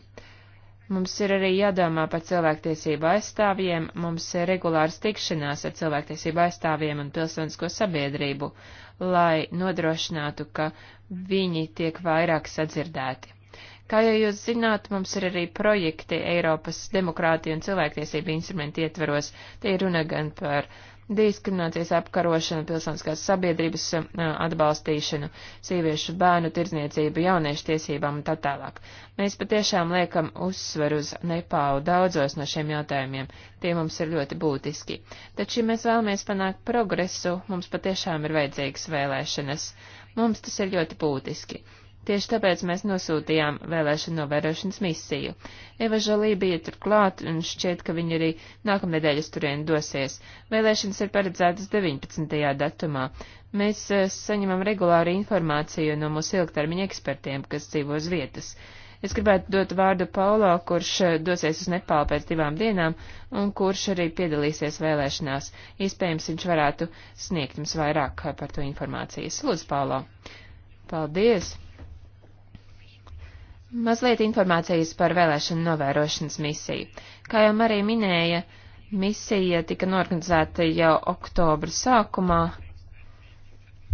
Mums ir arī jādomā par cilvēktiesību aizstāvjiem, mums ir regulārs tikšanās ar cilvēktiesību aizstāvjiem un pilsonisko sabiedrību, lai nodrošinātu, ka viņi tiek vairāk sadzirdēti. Kā jau jūs zināt, mums ir arī projekti Eiropas demokrātija un cilvēktiesība instrumenti ietveros. Te ir runa gan par diskriminācijas apkarošanu, pilsoniskās sabiedrības um, atbalstīšanu, sieviešu bērnu tirdzniecību, jauniešu tiesībām un tā tālāk. Mēs patiešām liekam uzsveru uz Nepālu daudzos no šiem jautājumiem, tie mums ir ļoti būtiski. Taču, ja mēs vēlamies panākt progresu, mums patiešām ir vajadzīgas vēlēšanas. Mums tas ir ļoti būtiski. Tieši tāpēc mēs nosūtījām vēlēšanu novērošanas misiju. Eva Žalī bija tur klāt, un šķiet, ka viņa arī nākamnedēļ uz turieni dosies. Vēlēšanas ir paredzētas 19. datumā. Mēs eh, saņemam regulāru informāciju no mūsu ilgtermiņa ekspertiem, kas dzīvo uz vietas. Es gribētu dot vārdu Paulo, kurš eh, dosies uz Nepālu pēc divām dienām, un kurš arī piedalīsies vēlēšanās. Iespējams, viņš varētu sniegt jums vairāk eh, par to informācijas. Lūdzu, Paulo! Paldies! Mazliet informācijas par vēlēšanu novērošanas misiju. Kā jau Marija minēja, misija tika norganizēta jau oktobra sākumā.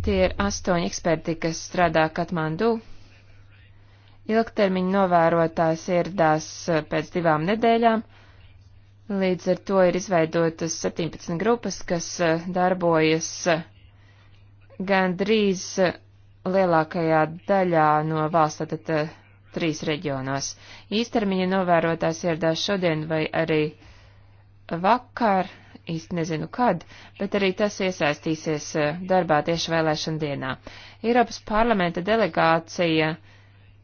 Tie ir astoņi eksperti, kas strādā Katmandu. Ilgtermiņa novērotājs ieradās pēc divām nedēļām. Līdz ar to ir izveidotas 17 grupas, kas eh, darbojas eh, gandrīz eh, lielākajā daļā no valsts, tātad trīs reģionos. Īstermiņa novērotās ieradās šodien vai arī vakar, īsti nezinu kad, bet arī tas iesaistīsies eh, darbā tieši vēlēšana dienā. Eiropas parlamenta delegācija,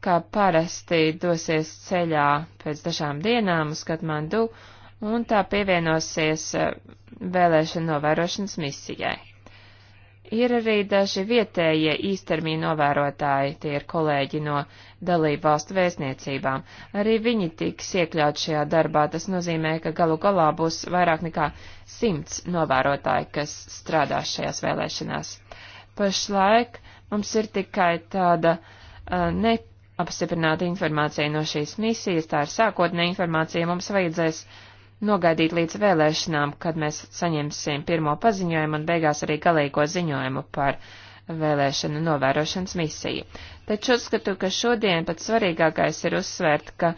kā parasti, dosies ceļā pēc dažām dienām uz Katmandu, un tā pievienosies eh, vēlēšana novērošanas misijai. Ir arī daži vietējie īstermiņa novērotāji, tie ir kolēģi no dalību valstu vēstniecībām. Arī viņi tiks iekļaut šajā darbā. Tas nozīmē, ka galu galā būs vairāk nekā simts novērotāji, kas strādās šajās vēlēšanās. Pašlaik mums ir tikai tāda uh, ne apstiprināta informācija no šīs misijas, tā ir sākotnē informācija, mums vajadzēs nogaidīt līdz vēlēšanām, kad mēs saņemsim pirmo paziņojumu un beigās arī galīgo ziņojumu par vēlēšanu novērošanas misiju. Taču uzskatu, ka šodien pats svarīgākais ir uzsvērt, ka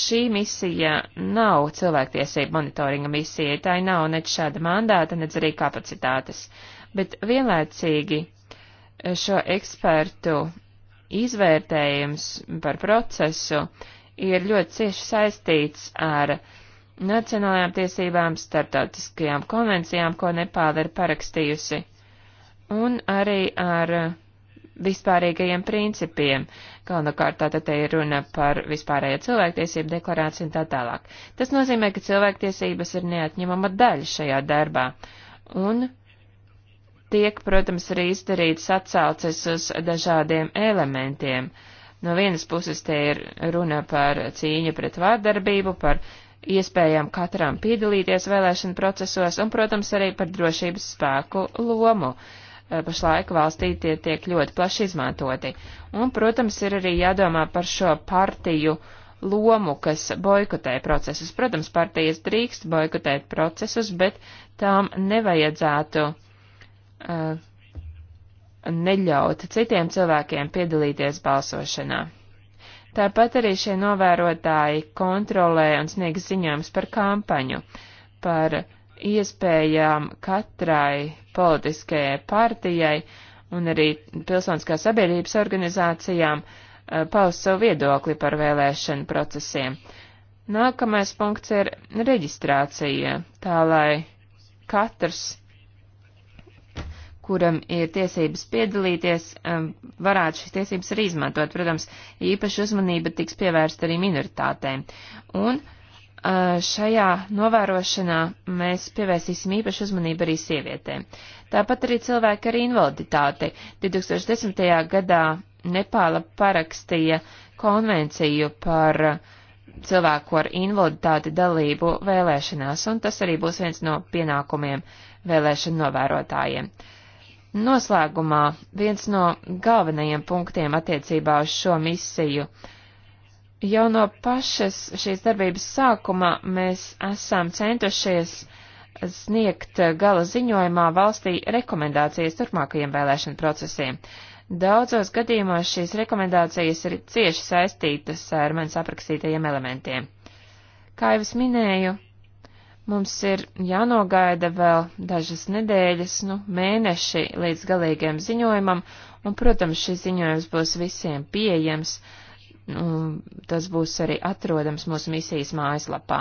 šī misija nav cilvēktiesība monitoringa misija, tā nav nec šāda mandāta, nec arī kapacitātes, bet vienlaicīgi eh, šo ekspertu izvērtējums par procesu ir ļoti cieši saistīts ar uh, nacionālajām tiesībām, startautiskajām konvencijām, ko Nepāla ir parakstījusi, un arī ar vispārīgajiem principiem. Galvenokārt tātad te ir runa par vispārējo cilvēktiesību deklarāciju un tā tālāk. Tas nozīmē, ka cilvēktiesības ir neatņemama daļa šajā darbā. Un tiek, protams, arī izdarīts atsauces uz dažādiem elementiem. No vienas puses te ir runa par cīņu pret vārdarbību, par iespējām katram piedalīties vēlēšana procesos un, protams, arī par drošības spēku lomu. Eh, pašlaik valstī tie tiek ļoti plaši izmantoti. Un, protams, ir arī jādomā par šo partiju lomu, kas boikotē procesus. Protams, partijas drīkst boikotēt procesus, bet tām nevajadzētu uh, neļaut citiem cilvēkiem piedalīties balsošanā. Tāpat arī šie novērotāji kontrolē un sniegs ziņojums par kampaņu, par iespējām katrai politiskajai partijai un arī pilsoniskā sabiedrības organizācijām eh, paust savu viedokli par vēlēšanu procesiem. Nākamais punkts ir reģistrācija, tā lai katrs kuram ir tiesības piedalīties, um, varētu šīs tiesības arī izmantot. Protams, īpaši uzmanība tiks pievērsta arī minoritātēm. Un uh, šajā novērošanā mēs pievērsīsim īpašu uzmanību arī sievietēm. Tāpat arī cilvēki ar invaliditāti. 2010. gadā Nepāla parakstīja konvenciju par uh, cilvēku ar invaliditāti dalību vēlēšanās, un tas arī būs viens no pienākumiem vēlēšanu novērotājiem. Uh, Noslēgumā viens no galvenajiem punktiem attiecībā uz šo misiju. Jau no pašas šīs darbības sākuma mēs esam centušies sniegt gala ziņojumā valstī rekomendācijas turpmākajiem vēlēšanu procesiem. Daudzos gadījumos šīs rekomendācijas ir cieši saistītas ar manis aprakstītajiem elementiem. Kā jau es minēju, Mums ir jānogaida vēl dažas nedēļas, nu, mēneši līdz galīgiem ziņojumam, un, protams, šis ziņojums būs visiem pieejams, un nu, tas būs arī atrodams mūsu misijas mājaslapā.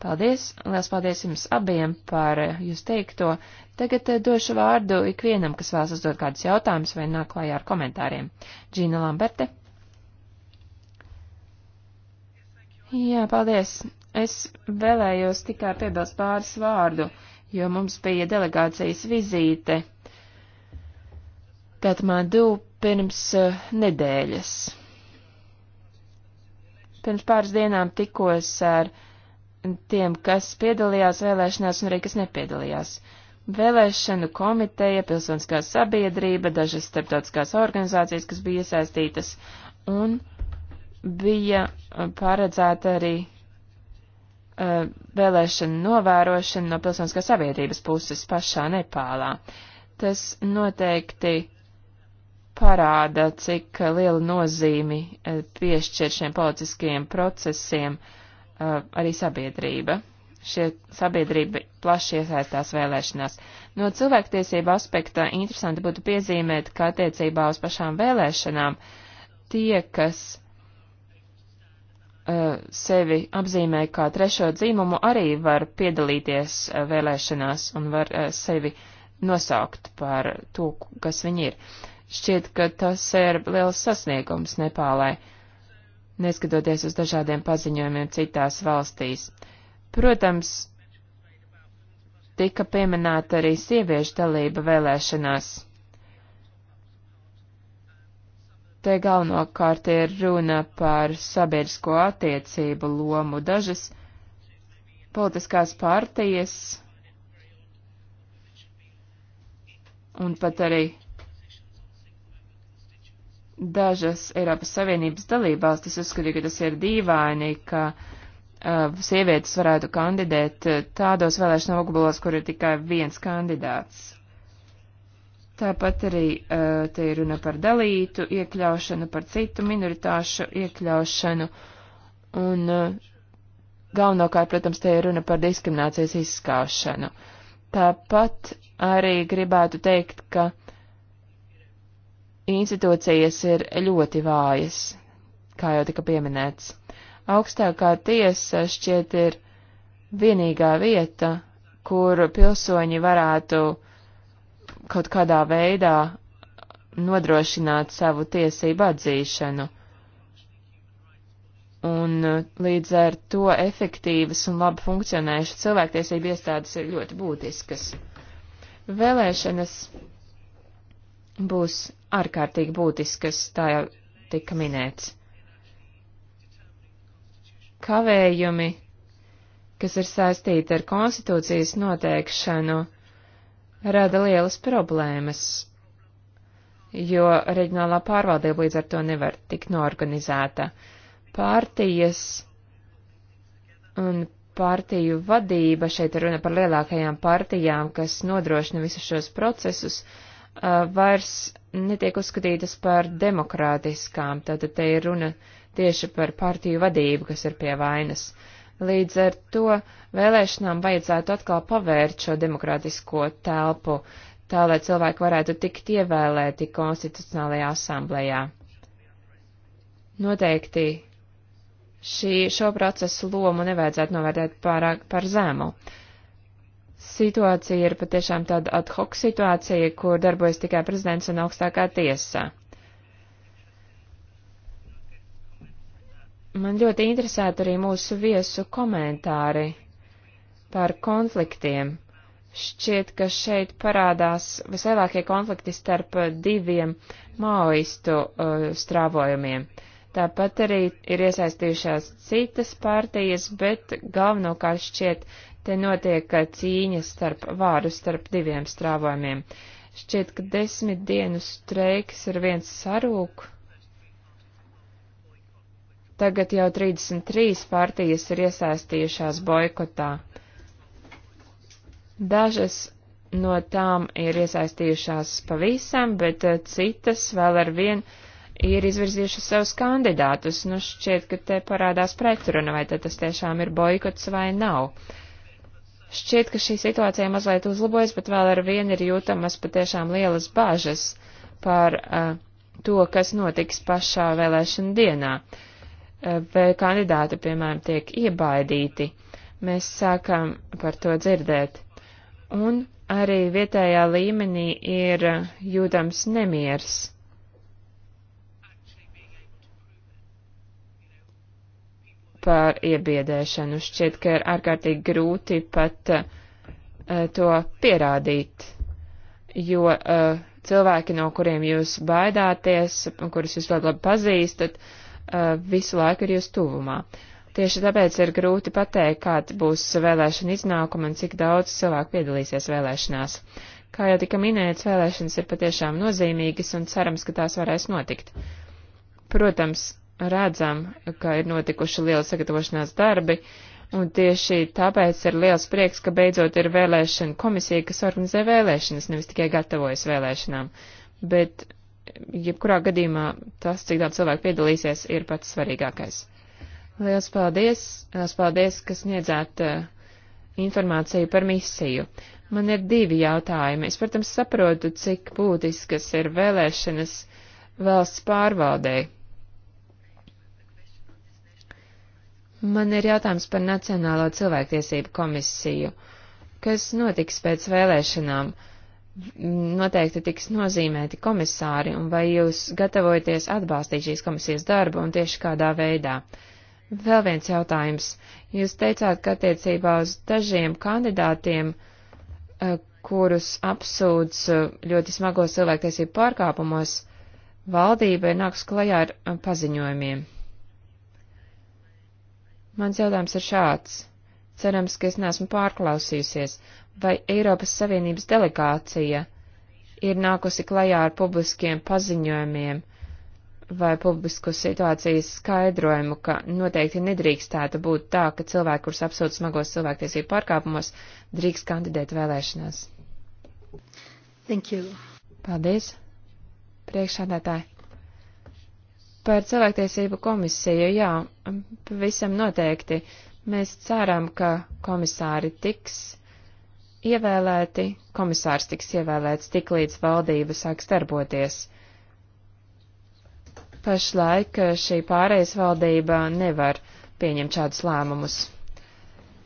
Paldies, liels paldies jums abiem par jūs teikto. Tagad eh, došu vārdu ikvienam, kas vēlas uzdot kādus jautājumus vai nāk klājā ar komentāriem. Džīna Lamberte. Jā, paldies. Es vēlējos tikai piebilst pāris vārdu, jo mums bija delegācijas vizīte Katmandu pirms uh, nedēļas. Pirms pāris dienām tikos ar tiem, kas piedalījās vēlēšanās un arī kas nepiedalījās. Vēlēšanu komiteja, pilsoniskā sabiedrība, dažas starptautiskās organizācijas, kas bija iesaistītas, un bija eh, paredzēta arī Eh, vēlēšanu novērošanu no pilsoniskās sabiedrības puses pašā Nepālā. Tas noteikti parāda, cik lielu nozīmi eh, piešķir šiem politiskajiem procesiem eh, arī sabiedrība. Šie sabiedrība plaši iesaistās vēlēšanās. No cilvēktiesība aspekta interesanti būtu piezīmēt, ka attiecībā uz pašām vēlēšanām tie, kas Uh, sevi apzīmē kā trešo dzīmumu, arī var piedalīties uh, vēlēšanās un var uh, sevi nosaukt par to, kas viņi ir. Šķiet, ka tas ir liels sasniegums Nepālē, neskatoties uz dažādiem paziņojumiem citās valstīs. Protams, tika pieminēta arī sieviešu dalība vēlēšanās. Te galvenokārt ir runa par sabiedrisko attiecību lomu. Dažas politiskās partijas un pat arī dažas Eiropas Savienības dalībvalstis uzskatīja, ka tas ir dīvaini, ka uh, sievietes varētu kandidēt uh, tādos vēlēšana augubulos, kur ir tikai viens kandidāts. Tāpat arī eh, te ir runa par dalītu iekļaušanu, par citu minoritāšu iekļaušanu. Un eh, galvenokārt, protams, te ir runa par diskriminācijas izskaušanu. Tāpat arī gribētu teikt, ka institūcijas ir ļoti vājas, kā jau tika pieminēts. Augstākā tiesa šķiet ir vienīgā vieta, kur pilsoņi varētu uh, kaut kādā veidā nodrošināt savu tiesību atzīšanu. Un uh, līdz ar to efektīvas un labi funkcionējušas cilvēktiesība iestādes ir ļoti būtiskas. Vēlēšanas būs ārkārtīgi būtiskas, tā jau tika minēts. Kavējumi, kas ir saistīti ar konstitūcijas noteikšanu, rada lielas problēmas, jo reģionālā pārvaldība līdz ar to nevar tik norganizēta. Pārtijas un pārtiju vadība, šeit runa par lielākajām pārtijām, kas nodrošina visus šos procesus, vairs netiek uzskatītas par demokrātiskām, tātad te ir runa tieši par pārtiju vadību, kas ir pie vainas. Uh, Līdz ar to vēlēšanām vajadzētu atkal pavērt šo demokrātisko telpu, tā lai cilvēki varētu tikt ievēlēti konstitucionālajā asamblējā. Noteikti šī, šo procesu lomu nevajadzētu novērtēt pārāk par zemu. Situācija ir patiešām tāda ad hoc situācija, kur darbojas tikai prezidents un augstākā tiesā. Man ļoti interesētu arī mūsu viesu komentāri par konfliktiem. Šķiet, ka šeit parādās vislielākie konflikti starp diviem maoistu uh, strāvojumiem. Tāpat arī ir iesaistījušās citas partijas, bet galvenokārt šķiet, te notiek uh, cīņa starp vāru, starp diviem strāvojumiem. Šķiet, ka desmit dienu streiks ir viens sarūk. Tagad jau 33 partijas ir iesaistījušās boikotā. Dažas no tām ir iesaistījušās pavisam, bet eh, citas vēl ar vien ir izvirzījušas savus kandidātus. Nu, šķiet, ka te parādās pretruna, vai tad tas tiešām ir boikots vai nav. Šķiet, ka šī situācija mazliet uzlabojas, bet vēl ar vien ir jūtamas patiešām lielas bažas par uh, to, kas notiks pašā vēlēšana dienā. Uh, Eh, kandidāti, piemēram, tiek iebaidīti. Mēs sākam par to dzirdēt. Un arī vietējā līmenī ir jūtams nemiers. Par iebiedēšanu šķiet, ka ir ārkārtīgi grūti pat uh, to pierādīt, jo uh, cilvēki, no kuriem jūs baidāties, kurus jūs ļoti labi pazīstat, uh, Eh, visu laiku ir jūs tuvumā. Tieši tāpēc ir grūti pateikt, kāds būs vēlēšana iznākuma un cik daudz cilvēku piedalīsies vēlēšanās. Kā jau tika minēts, vēlēšanas ir patiešām nozīmīgas un cerams, ka tās varēs notikt. Protams, redzam, ka ir notikuši liela sagatavošanās darbi, un tieši tāpēc ir liels prieks, ka beidzot ir vēlēšana komisija, kas organizē vēlēšanas, nevis tikai gatavojas vēlēšanām. Bet jebkurā gadījumā tas, cik daudz cilvēku piedalīsies, ir pats svarīgākais. Liels paldies, liels paldies, ka sniedzāt uh, informāciju par misiju. Man ir divi jautājumi. Es, protams, saprotu, cik būtiskas ir vēlēšanas valsts pārvaldē. Man ir jautājums par Nacionālo cilvēktiesību komisiju. Kas notiks pēc vēlēšanām? Uh, noteikti tiks nozīmēti komisāri, un vai jūs gatavojaties atbalstīt šīs komisijas darbu un tieši kādā veidā? Vēl viens jautājums. Jūs teicāt, ka attiecībā uz dažiem kandidātiem, eh, kurus apsūdz eh, ļoti smagos cilvēktiesību pārkāpumos, valdība ir nāks klajā ar eh, paziņojumiem. Mans jautājums ir šāds. Cerams, ka es neesmu pārklausījusies vai Eiropas Savienības delegācija ir nākusi klajā ar publiskiem paziņojumiem vai publisku situācijas skaidrojumu, ka noteikti nedrīkstētu būt tā, ka cilvēki, kurus apsūdz smagos cilvēktiesību pārkāpumos, drīkst kandidēt vēlēšanās. Thank you. Paldies. Priekšādātāji. Par cilvēktiesību komisiju, jā, pavisam noteikti. Mēs ceram, ka komisāri tiks ievēlēti, komisārs tiks ievēlēts tik līdz valdība sāks darboties. Pašlaik eh, šī pārējais valdība nevar pieņemt šādus lēmumus.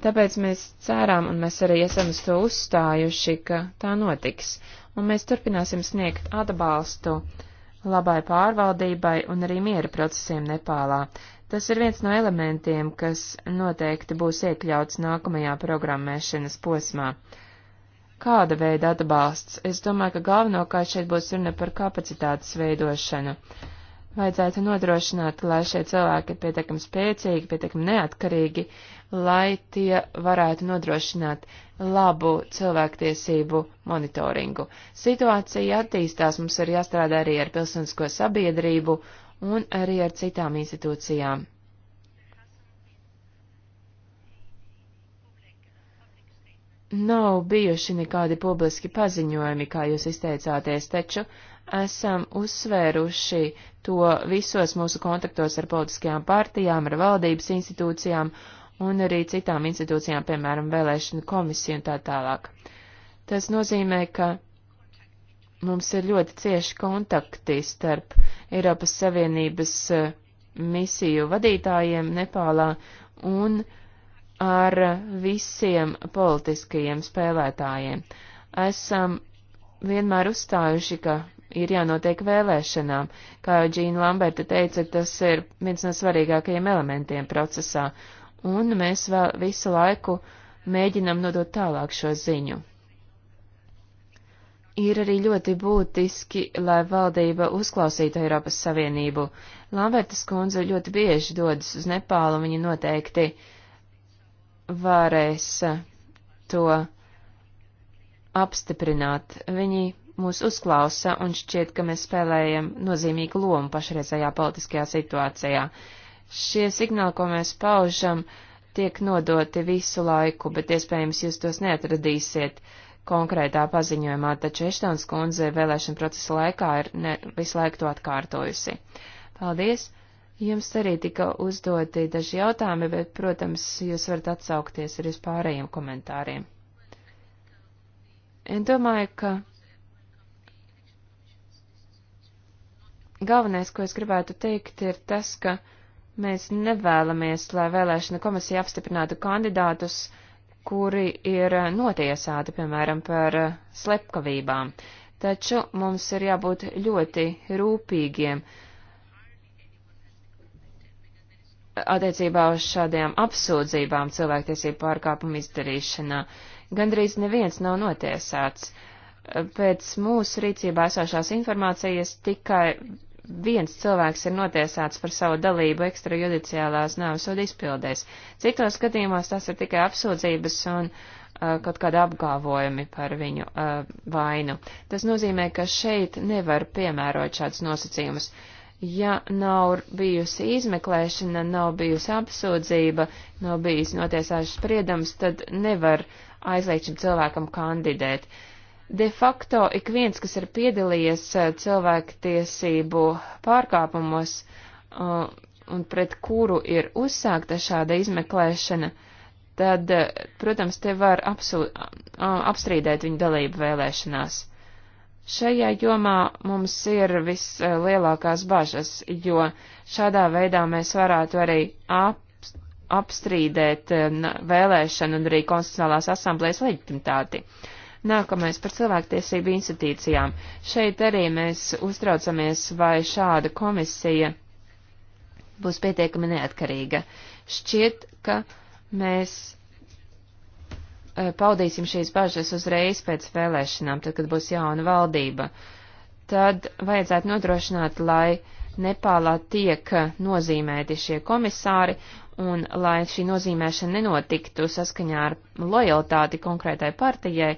Tāpēc mēs cerām, un mēs arī esam uz to uzstājuši, ka tā notiks, un mēs turpināsim sniegt atbalstu labai pārvaldībai un arī miera procesiem Nepālā. Tas ir viens no elementiem, kas noteikti būs iekļauts nākamajā programmēšanas posmā kāda veida atbalsts. Es domāju, ka galvenokārt šeit būs runa par kapacitātes veidošanu. Vajadzētu nodrošināt, lai šie cilvēki ir pietiekami spēcīgi, pietiekami neatkarīgi, lai tie varētu nodrošināt labu cilvēktiesību monitoringu. Situācija attīstās, mums ir jāstrādā arī ar pilsonisko sabiedrību un arī ar citām institūcijām. nav bijuši nekādi publiski paziņojumi, kā jūs izteicāties, taču esam uzsvēruši to visos mūsu kontaktos ar politiskajām partijām, ar valdības institūcijām un arī citām institūcijām, piemēram, vēlēšanu komisiju un tā tālāk. Tas nozīmē, ka mums ir ļoti cieši kontakti starp Eiropas Savienības eh, misiju vadītājiem Nepālā un uh, ar visiem politiskajiem spēlētājiem. Esam vienmēr uzstājuši, ka ir jānotiek vēlēšanām. Kā jau Džīna Lamberta teica, tas ir viens no svarīgākajiem elementiem procesā, un mēs vēl visu laiku mēģinam nodot tālāk šo ziņu. Ir arī ļoti būtiski, lai valdība uzklausītu Eiropas Savienību. Lambertas kundze ļoti bieži dodas uz Nepālu, viņa noteikti uh, varēs eh, to apstiprināt. Viņi mūs uzklausa un šķiet, ka mēs spēlējam nozīmīgu lomu pašreizējā politiskajā situācijā. Šie signāli, ko mēs paužam, tiek nodoti visu laiku, bet iespējams jūs tos neatradīsiet konkrētā paziņojumā, taču Eštons kundze vēlēšana procesa laikā ir ne, visu laiku to atkārtojusi. Paldies! Jums arī tika uzdoti daži jautājumi, bet, protams, jūs varat atsaukties arī uz pārējiem komentāriem. Es domāju, ka galvenais, ko es gribētu teikt, ir tas, ka mēs nevēlamies, lai vēlēšana komisija apstiprinātu kandidātus, kuri ir notiesāti, piemēram, par slepkavībām. Taču mums ir jābūt ļoti rūpīgiem attiecībā uz šādiem apsūdzībām cilvēktiesību pārkāpumu izdarīšanā. Gandrīz neviens nav notiesāts. Pēc mūsu rīcībā esošās informācijas tikai viens cilvēks ir notiesāts par savu dalību ekstrajudiciālās nāvesodu izpildēs. Citos gadījumos tas ir tikai apsūdzības un uh, kaut kāda apgāvojumi par viņu uh, vainu. Tas nozīmē, ka šeit nevar piemērot šādus nosacījumus. Uh, ja nav bijusi izmeklēšana, nav bijusi apsūdzība, nav bijis notiesāšas spriedums, tad nevar aizliegt šim cilvēkam kandidēt. De facto ik viens, kas ir piedalījies eh, cilvēktiesību pārkāpumos uh, un pret kuru ir uzsākta šāda izmeklēšana, tad, eh, protams, te var apsū, uh, apstrīdēt viņu dalību vēlēšanās. Šajā jomā mums ir vislielākās bažas, jo šādā veidā mēs varētu arī ap, apstrīdēt eh, vēlēšanu un arī konstitucionālās asamblējas leģitimitāti. Nākamais par cilvēktiesību institīcijām. Šeit arī mēs uztraucamies, vai šāda komisija būs pietiekami neatkarīga. Šķiet, ka mēs Eh, paudīsim šīs bažas uzreiz pēc vēlēšanām, tad, kad būs jauna valdība, tad vajadzētu nodrošināt, lai Nepālā tiek nozīmēti šie komisāri un lai šī nozīmēšana nenotiktu saskaņā ar lojaltāti konkrētai partijai,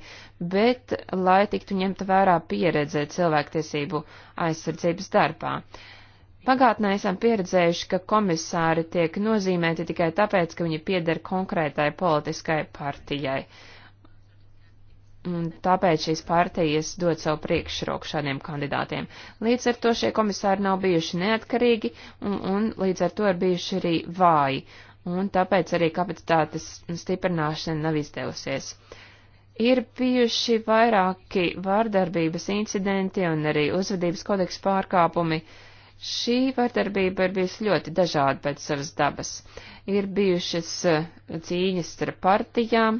bet lai tiktu ņemta vērā pieredze cilvēktiesību aizsardzības darbā. Uh, Pagātnē esam pieredzējuši, ka komisāri tiek nozīmēti tikai tāpēc, ka viņi pieder konkrētai politiskai partijai. Un tāpēc šīs partijas dod savu priekšroku šādiem kandidātiem. Līdz ar to šie komisāri nav bijuši neatkarīgi un, un līdz ar to ir bijuši arī vāji. Un tāpēc arī kapacitātes stiprināšana nav izdevusies. Ir bijuši vairāki vārdarbības incidenti un arī uzvedības kodeks pārkāpumi. Uh, Šī vardarbība ir bijusi ļoti dažāda pēc savas dabas. Ir bijušas eh, cīņas starp partijām,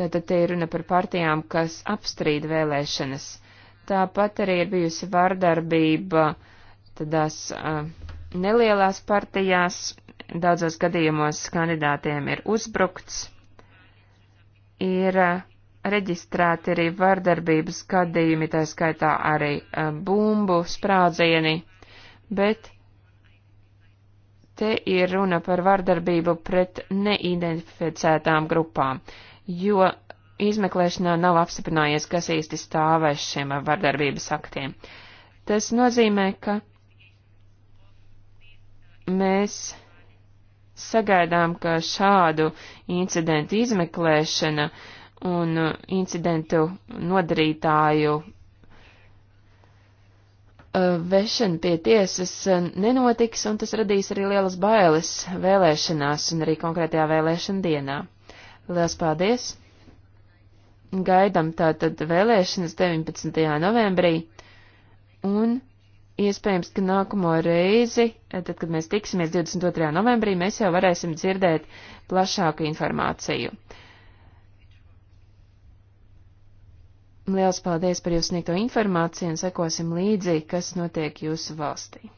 tātad te ir runa par partijām, kas apstrīd vēlēšanas. Tāpat arī ir bijusi vardarbība tādās uh, nelielās partijās, daudzos gadījumos kandidātiem ir uzbrukts, ir uh, reģistrēti arī vardarbības gadījumi, tā skaitā arī eh, bumbu sprādzieni, bet te ir runa par vardarbību pret neidentificētām grupām, jo izmeklēšanā nav apstiprinājies, kas īsti stāvēs šiem vardarbības aktiem. Tas nozīmē, ka mēs sagaidām, ka šādu incidentu izmeklēšana uh, un uh, incidentu nodarītāju uh, vešana pie tiesas uh, nenotiks, un tas radīs arī lielas bailes vēlēšanās un arī konkrētajā vēlēšana dienā. Lielas paldies! Gaidam tātad vēlēšanas 19. novembrī, un iespējams, ka nākamo reizi, tad, kad mēs tiksimies 22. novembrī, mēs jau varēsim dzirdēt plašāku informāciju. Liels paldies par jūsu sniegto informāciju un sekosim līdzi, kas notiek jūsu valstī.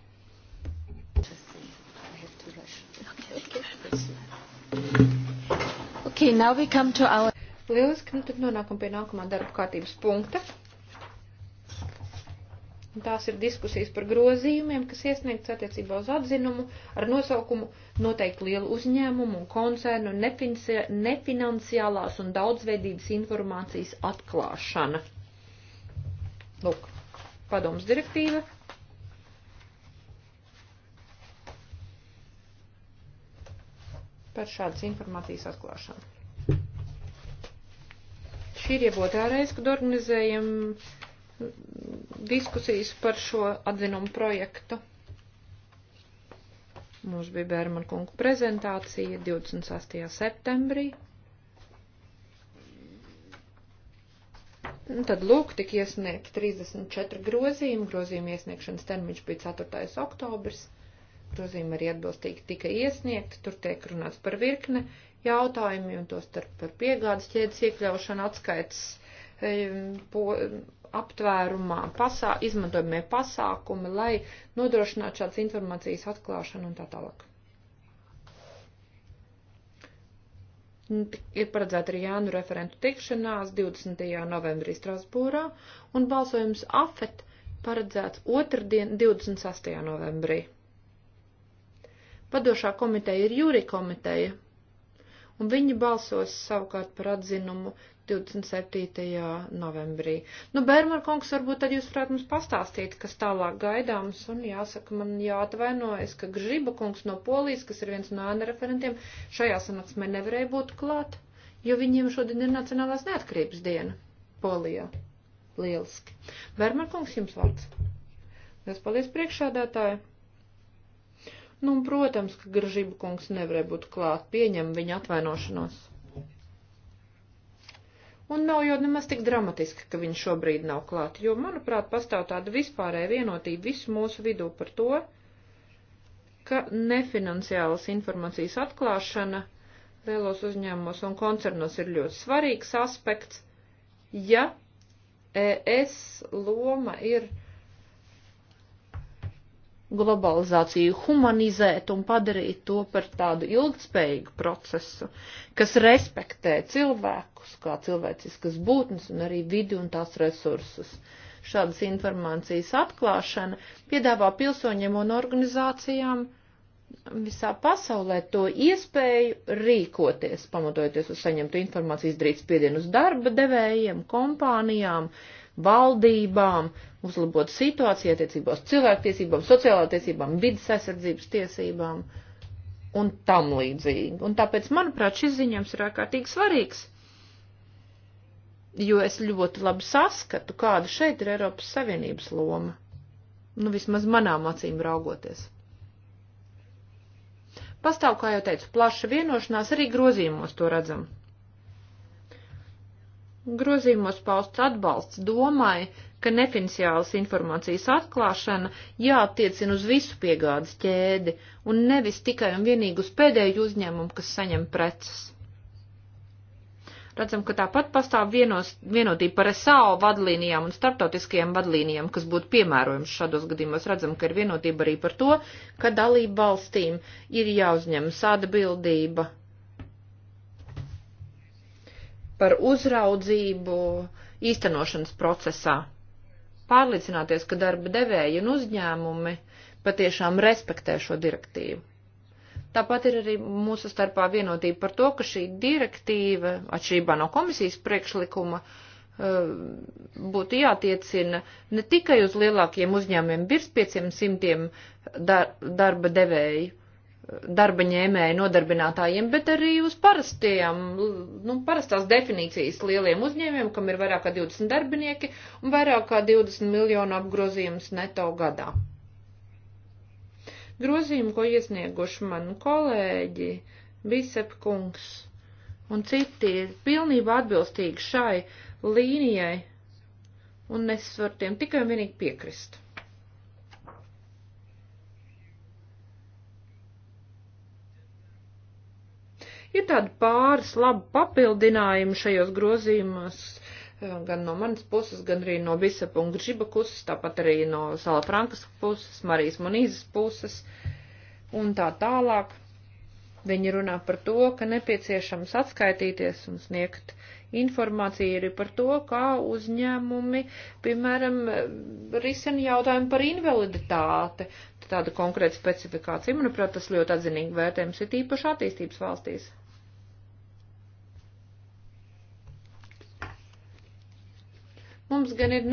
Okay, our... Lieliski, nu tad nonākam pie nākamā darba kārtības punkta. Tās ir diskusijas par grozījumiem, kas iesniegts attiecībā uz atzinumu ar nosaukumu noteikti lielu uzņēmumu un koncernu nefinanciālās un daudzveidības informācijas atklāšana. Lūk, padoms direktīva. Par šādas informācijas atklāšanu. Šī ir jau otrā reize, kad organizējam uh, diskusijas par šo atzinumu projektu. Mums bija Bērman kungu prezentācija 28. septembrī. Un tad lūk, tik iesniegt 34 grozījumi, grozījumi iesniegšanas termiņš bija 4. oktobrs, grozījumi arī atbilstīgi tika iesniegti, tur tiek runāts par virkne jautājumi un tos starp par piegādes ķēdes iekļaušanu atskaits eh, po, aptvērumā pasā, izmantojamie pasākumi, lai nodrošinātu šādas informācijas atklāšanu un tā tālāk. ir paredzēta arī Jānu referentu tikšanās 20. novembrī Strasbūrā, un balsojums AFET paredzēts otrdien 26. novembrī. Padošā komiteja ir jūri komiteja, un viņi balsos savukārt par atzinumu 27. novembrī. Nu, Bērmar kungs, varbūt tad jūs varētu mums pastāstīt, kas tālāk gaidāms, un jāsaka, man jāatvainojas, ka Gžiba kungs no Polijas, kas ir viens no ēna referentiem, šajā sanāksmē nevarēja būt klāt, jo viņiem šodien ir Nacionālās neatkarības diena Polijā. Lieliski. Bērmar kungs, jums vārds. Liels paldies priekšādātāji! Nu, un, protams, ka Gražība kungs nevarēja būt klāt, pieņem viņa atvainošanos. Un nav jau nemaz tik dramatiski, ka viņš šobrīd nav klāt, jo, manuprāt, pastāv tāda vispārēja vienotība visu mūsu vidū par to, ka nefinanciālas informācijas atklāšana lielos uzņēmumos un koncernos ir ļoti svarīgs aspekts, ja ES loma ir globalizāciju, humanizēt un padarīt to par tādu ilgtspējīgu procesu, kas respektē cilvēkus kā cilvēciskas būtnes un arī vidi un tās resursus. Šādas informācijas atklāšana piedāvā pilsoņiem un organizācijām visā pasaulē to iespēju rīkoties, pamatojoties uz saņemtu informāciju, izdarīt spiedienu uz darba devējiem, kompānijām, valdībām, uzlabot situāciju attiecībā uz cilvēktiesībām, sociālā tiesībām, vidas aizsardzības tiesībām un tam līdzīgi. Un tāpēc, manuprāt, šis ziņojums ir ārkārtīgi svarīgs, jo es ļoti labi saskatu, kāda šeit ir Eiropas Savienības loma. Nu, vismaz manām acīm raugoties. Pastāv, kā jau teicu, plaša vienošanās, arī grozījumos to redzam. Grozījumos pausts atbalsts domai, ka nefinansiālas informācijas atklāšana jātiecina uz visu piegādes ķēdi un nevis tikai un vienīgi uz pēdēju uzņēmumu, kas saņem preces. Redzam, ka tāpat pastāv vienos, vienotība par SAO vadlīnijām un starptautiskajām vadlīnijām, kas būtu piemērojams šādos gadījumos. Redzam, ka ir vienotība arī par to, ka dalību valstīm ir jāuzņemas atbildība par uzraudzību īstenošanas procesā pārliecināties, ka darba devēji un uzņēmumi patiešām respektē šo direktīvu. Tāpat ir arī mūsu starpā vienotība par to, ka šī direktīva, atšķirībā no komisijas priekšlikuma, eh, būtu jātiecina ne tikai uz lielākiem uzņēmumiem virs 500 darba devēju, darba ņēmēju nodarbinātājiem, bet arī uz parastajām, nu, parastās definīcijas lieliem uzņēmiem, kam ir vairāk kā 20 darbinieki un vairāk kā 20 miljonu apgrozījums neto gadā. Grozījumi, ko iesnieguši mani kolēģi, Bisep kungs un citi, ir pilnībā atbilstīgi šai līnijai, un es varu tiem tikai un vienīgi piekrist. Ir tādi pāris labi papildinājumi šajos grozījumos, eh, gan no manas puses, gan arī no Bisepa un Gžiba puses, tāpat arī no Salafrankas puses, Marijas Monīzes puses un tā tālāk. Viņi runā par to, ka nepieciešams atskaitīties un sniegt informāciju arī par to, kā uzņēmumi, piemēram, risina jautājumu par invaliditāti. Tāda konkrēta specifikācija, manuprāt, tas ļoti atzinīgi vērtējums ir tīpaši attīstības valstīs. Mums gan ir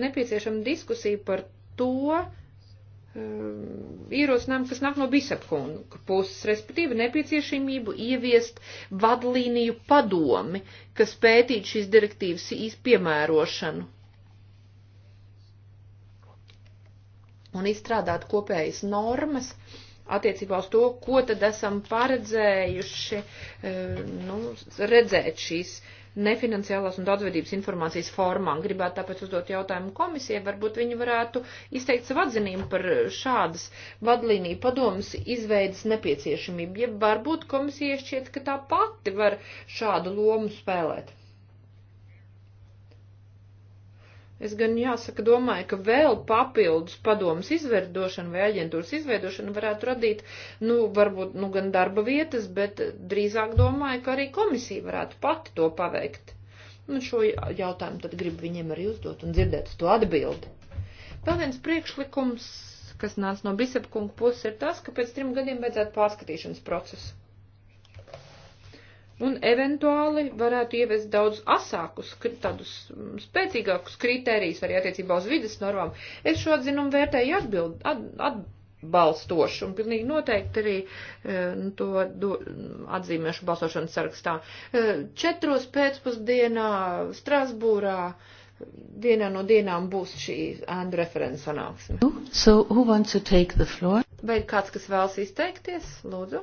nepieciešama diskusija par to um, ierosinājumu, kas nāk no bisapkunga puses, respektīvi nepieciešamību ieviest vadlīniju padomi, kas pētītu šīs direktīvas piemērošanu. un izstrādāt kopējas normas attiecībā uz to, ko tad esam paredzējuši, eh, nu, redzēt šīs nefinanciālās un daudzveidības informācijas formām. Gribētu tāpēc uzdot jautājumu komisijai, varbūt viņi varētu izteikt savu atzinību par šādas vadlīniju padomas izveidas nepieciešamību. Ja varbūt komisija šķiet, ka tā pati var šādu lomu spēlēt. Es gan jāsaka, domāju, ka vēl papildus padomus izveidošana vai aģentūras izveidošana varētu radīt, nu, varbūt, nu, gan darba vietas, bet drīzāk domāju, ka arī komisija varētu pati to paveikt. Nu, šo jautājumu tad gribu viņiem arī uzdot un dzirdēt uz to atbildi. Vēl viens priekšlikums, kas nāca no Bisepkunga puses, ir tas, ka pēc trim gadiem vajadzētu pārskatīšanas procesu un eventuāli varētu ievest daudz asākus, tādus mm, spēcīgākus kritērijus arī attiecībā uz vidas normām. Es šo atzinumu vērtēju atbild, at, atbalstošu un pilnīgi noteikti arī e, nu, to do, atzīmēšu balsošanas sarakstā. E, četros pēcpusdienā Strasbūrā dienā no dienām būs šī ēnu referents sanāksme. So, Vai ir kāds, kas vēlas izteikties? Lūdzu.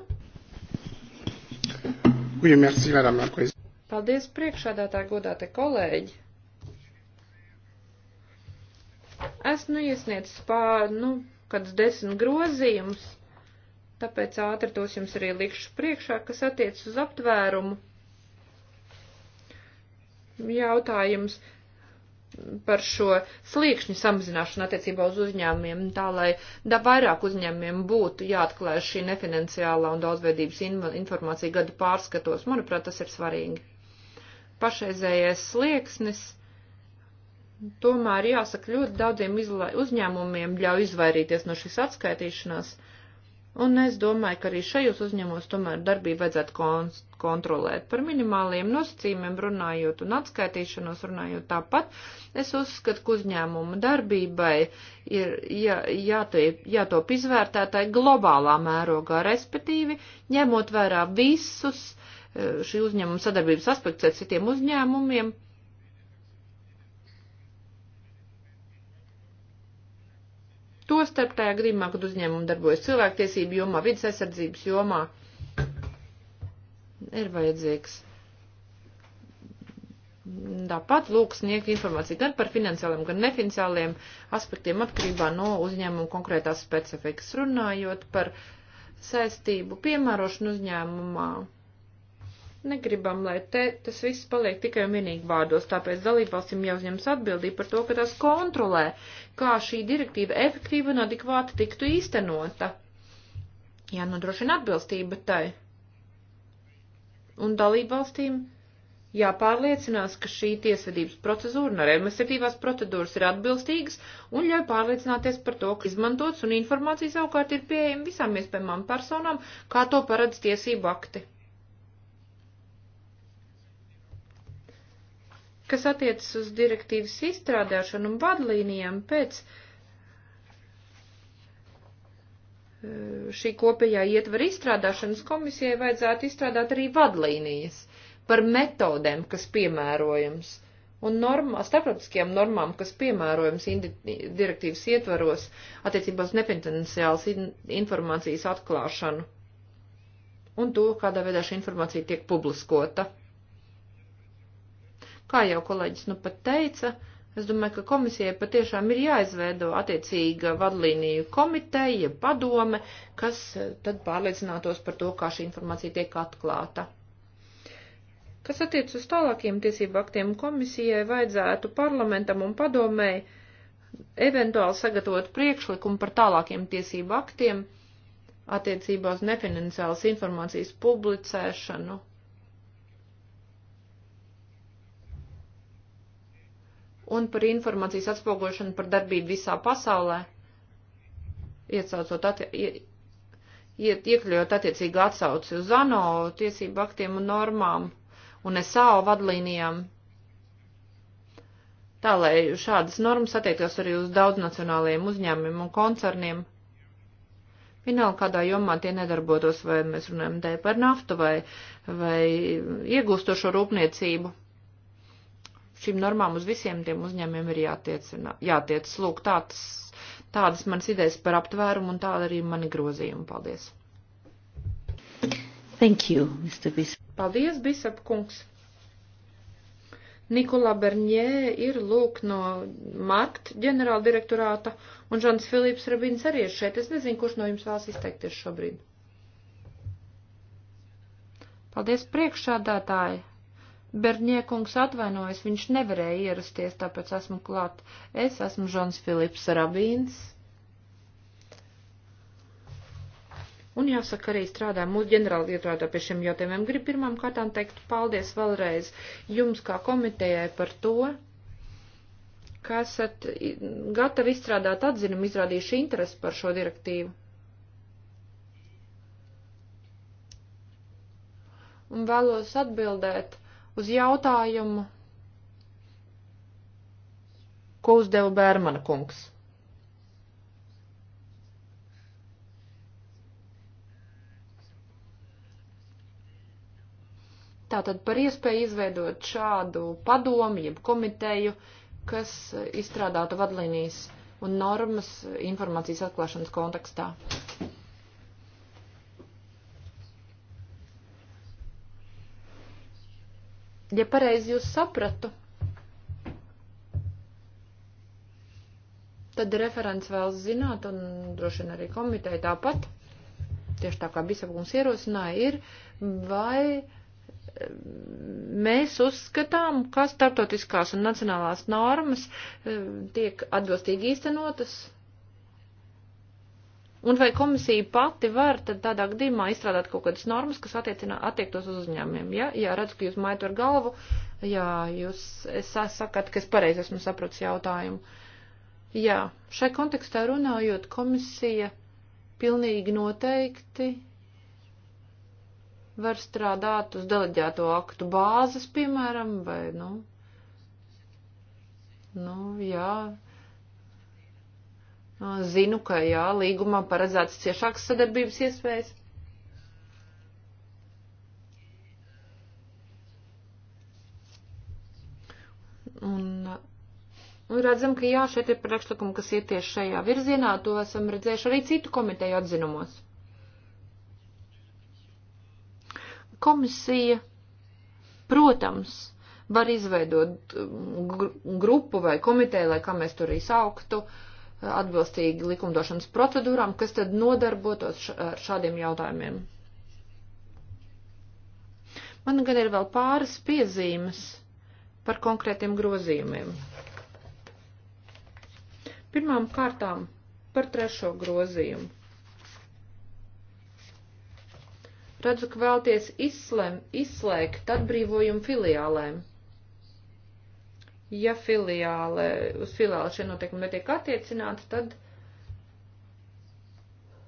Oui, merci, madame la présidente. Paldies priekšādātāji, godātie kolēģi. Esmu iesniedzis pār, nu, kāds desmit grozījumus, tāpēc ātri tos jums arī likšu priekšā, kas attiec uz aptvērumu. Jautājums par šo sliekšņu samazināšanu attiecībā uz uzņēmumiem, tā lai da vairāk uzņēmumiem būtu jāatklāj šī nefinanciālā un daudzveidības informācija gadu pārskatos. Manuprāt, tas ir svarīgi. Pašreizējais slieksnis tomēr jāsaka ļoti daudziem uzņēmumiem ļauj izvairīties no šīs atskaitīšanās. Uh, Un es domāju, ka arī šajos uzņēmumos tomēr darbību vajadzētu konst, kontrolēt. Par minimāliem nosacījumiem runājot un atskaitīšanos runājot tāpat, es uzskatu, ka uzņēmuma darbībai ir jā, jātiep, jātop izvērtētai globālā mērogā, respektīvi ņemot vērā visus eh, šī uzņēmuma sadarbības aspektus ar citiem uzņēmumiem Tostarp tajā gadījumā, kad uzņēmumi darbojas cilvēktiesību jomā, vidas aizsardzības jomā, ir vajadzīgs. Tāpat lūk sniegt informāciju gan par finansiāliem, gan nefinanciāliem aspektiem atkarībā no uzņēmuma konkrētās specifikas, runājot par saistību piemērošanu uzņēmumā Negribam, lai te tas viss paliek tikai un vienīgi vārdos, tāpēc dalībvalstīm jāuzņemas atbildība par to, ka tās kontrolē, kā šī direktīva efektīva un adekvāti tiktu īstenota. Jā, nodrošina atbilstība tai. Un dalībvalstīm jāpārliecinās, ka šī tiesvedības procedūra un arī administratīvās procedūras ir atbilstīgas un ļauj pārliecināties par to, ka izmantots un informācija savukārt ir pieejama visām iespējamām personām, kā to paredz tiesību akti. kas attiecas uz direktīvas izstrādāšanu un vadlīnijām pēc eh, šī kopējā ietvara izstrādāšanas komisijai vajadzētu izstrādāt arī vadlīnijas par metodēm, kas piemērojams, un normā, starptautiskajām normām, kas piemērojams direktīvas ietvaros attiecībā uz nefinansiālas in informācijas atklāšanu un to, kādā veidā šī informācija tiek publiskota. Kā jau kolēģis nu pat teica, es domāju, ka komisijai patiešām ir jāizveido attiecīga vadlīniju komiteja, padome, kas eh, tad pārliecinātos par to, kā šī informācija tiek atklāta. Kas attiec uz tālākiem tiesību aktiem, komisijai vajadzētu parlamentam un padomēji eventuāli sagatavot priekšlikumu par tālākiem tiesību aktiem attiecībā uz nefinanciālas informācijas publicēšanu un par informācijas atspoguļošanu par darbību visā pasaulē, iecaucot, atti, ie, iekļaujot attiecīgi atsauci uz ANO tiesību aktiem un normām un SAO vadlīnijām. Tā, lai šādas normas attiektos arī uz daudznacionālajiem uzņēmumiem un koncerniem. Vienalga, kādā jomā tie nedarbotos, vai mēs runājam te par naftu vai, vai iegūstošo rūpniecību šīm normām uz visiem tiem uzņēmiem ir jātiec. Lūk, tāds, tādas manas idejas par aptvērumu un tāda arī mani grozījumi. Paldies! Thank you, Mr. Bishop. Paldies, Bishop kungs! Nikola Berņē ir lūk no Markt ģenerāldirektorāta, un Žans Filips Rabins arī ir šeit. Es nezinu, kurš no jums vēlas izteikties šobrīd. Paldies priekšādātāji! Berniekungs atvainojas, viņš nevarēja ierasties, tāpēc esmu klāt. Es esmu Žons Filips Rabīns. Un jāsaka, arī strādā mūsu ģenerāli ietrādā pie šiem jautājumiem. Gribu pirmām kārtām teikt paldies vēlreiz jums kā komitejai par to, ka esat gatavi izstrādāt atzinumu, izrādījuši interesi par šo direktīvu. Un vēlos atbildēt uz jautājumu, ko uzdeva Bērmana kungs. Tātad par iespēju izveidot šādu padomu, jeb komiteju, kas izstrādātu vadlīnijas un normas informācijas atklāšanas kontekstā. ja pareizi jūs sapratu, tad referents vēlas zināt, un droši vien arī komiteja tāpat, tieši tā kā Bisapkungs ierosināja, ir, vai mm, mēs uzskatām, ka starptautiskās un nacionālās normas mm, tiek atbilstīgi īstenotas Un vai komisija pati var tad tādā gadījumā izstrādāt kaut kādas normas, kas attiecinā, attiektos uz uzņēmumiem? Ja, ja redzu, ka jūs mājat ar galvu, ja jūs es sakat, ka es pareizi esmu sapratis jautājumu. Jā, šai kontekstā runājot, komisija pilnīgi noteikti var strādāt uz deleģēto aktu bāzes, piemēram, vai, nu, nu, jā Zinu, ka jā, līgumā paredzētas ciešākas sadarbības iespējas. Un, un redzam, ka jā, šeit ir priekšlikumi, kas iet tieši šajā virzienā, to esam redzējuši arī citu komiteju atzinumos. Komisija, protams, var izveidot grupu vai komiteju, lai kā mēs to arī sauktu, uh, atbilstīgi likumdošanas procedūrām, kas tad nodarbotos ar šādiem jautājumiem. Man gan ir vēl pāris piezīmes par konkrētiem grozījumiem. Pirmām kārtām par trešo grozījumu. Redzu, ka vēlties izslēm, izslēgt atbrīvojumu filiālēm ja filiāle, uz filiāli šie noteikumi netiek attiecināti, tad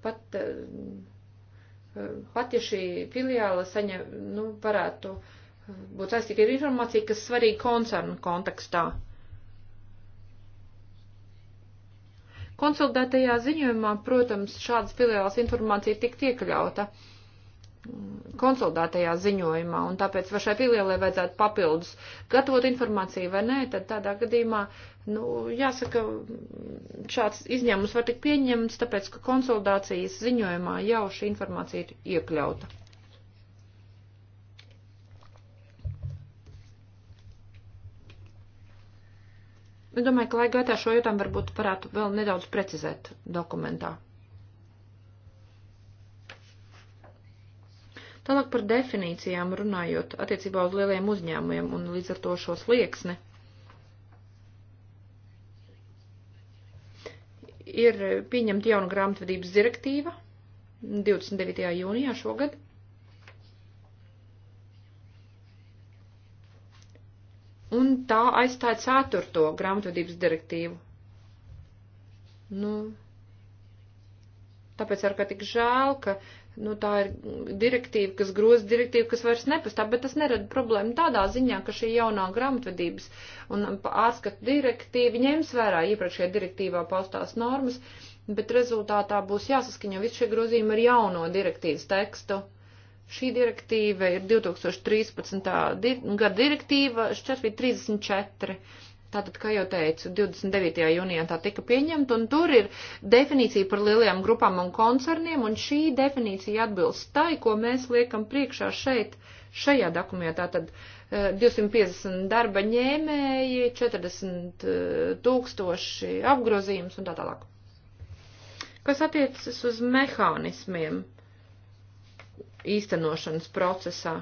pat, eh, pat ja šī filiāla saņem, nu, varētu būt saistīta ar informāciju, kas svarīga koncernu kontekstā. Konsultētajā ziņojumā, protams, šādas filiālas informācija tikt iekļauta. Uh, konsolidētajā ziņojumā, un tāpēc vai šai pilielē vajadzētu papildus gatavot informāciju vai nē, tad tādā gadījumā, nu, jāsaka, šāds izņēmums var tik pieņemts, tāpēc, ka konsolidācijas ziņojumā jau šī informācija ir iekļauta. Es domāju, ka laika gaitā šo jautājumu varbūt varētu vēl nedaudz precizēt dokumentā. Tālāk par definīcijām runājot attiecībā uz lieliem uzņēmumiem un līdz ar to šo slieksni. Ir pieņemta jauna grāmatvedības direktīva 29. jūnijā šogad. Un tā aizstāja ceturto grāmatvedības direktīvu. Nu, tāpēc ar kā tik žēl, ka uh, Nu, tā ir direktīva, kas groza direktīvu, kas vairs nepastāv, bet tas nerada problēmu tādā ziņā, ka šī jaunā grāmatvedības un ārskatu direktīva ņems vērā iepriekšējā direktīvā paustās normas, bet rezultātā būs jāsaskaņo visu šie grozījumi ar jauno direktīvas tekstu. Šī direktīva ir 2013. Di gada direktīva 434 Tātad, kā jau teicu, 29. jūnijā tā tika pieņemta, un tur ir definīcija par lielajām grupām un koncerniem, un šī definīcija atbilst tai, ko mēs liekam priekšā šeit, šajā dokumentā. Tātad 250 eh, darba ņēmēji, 40 eh, tūkstoši apgrozījums un tā tālāk. Kas attiecas uz mehānismiem īstenošanas procesā?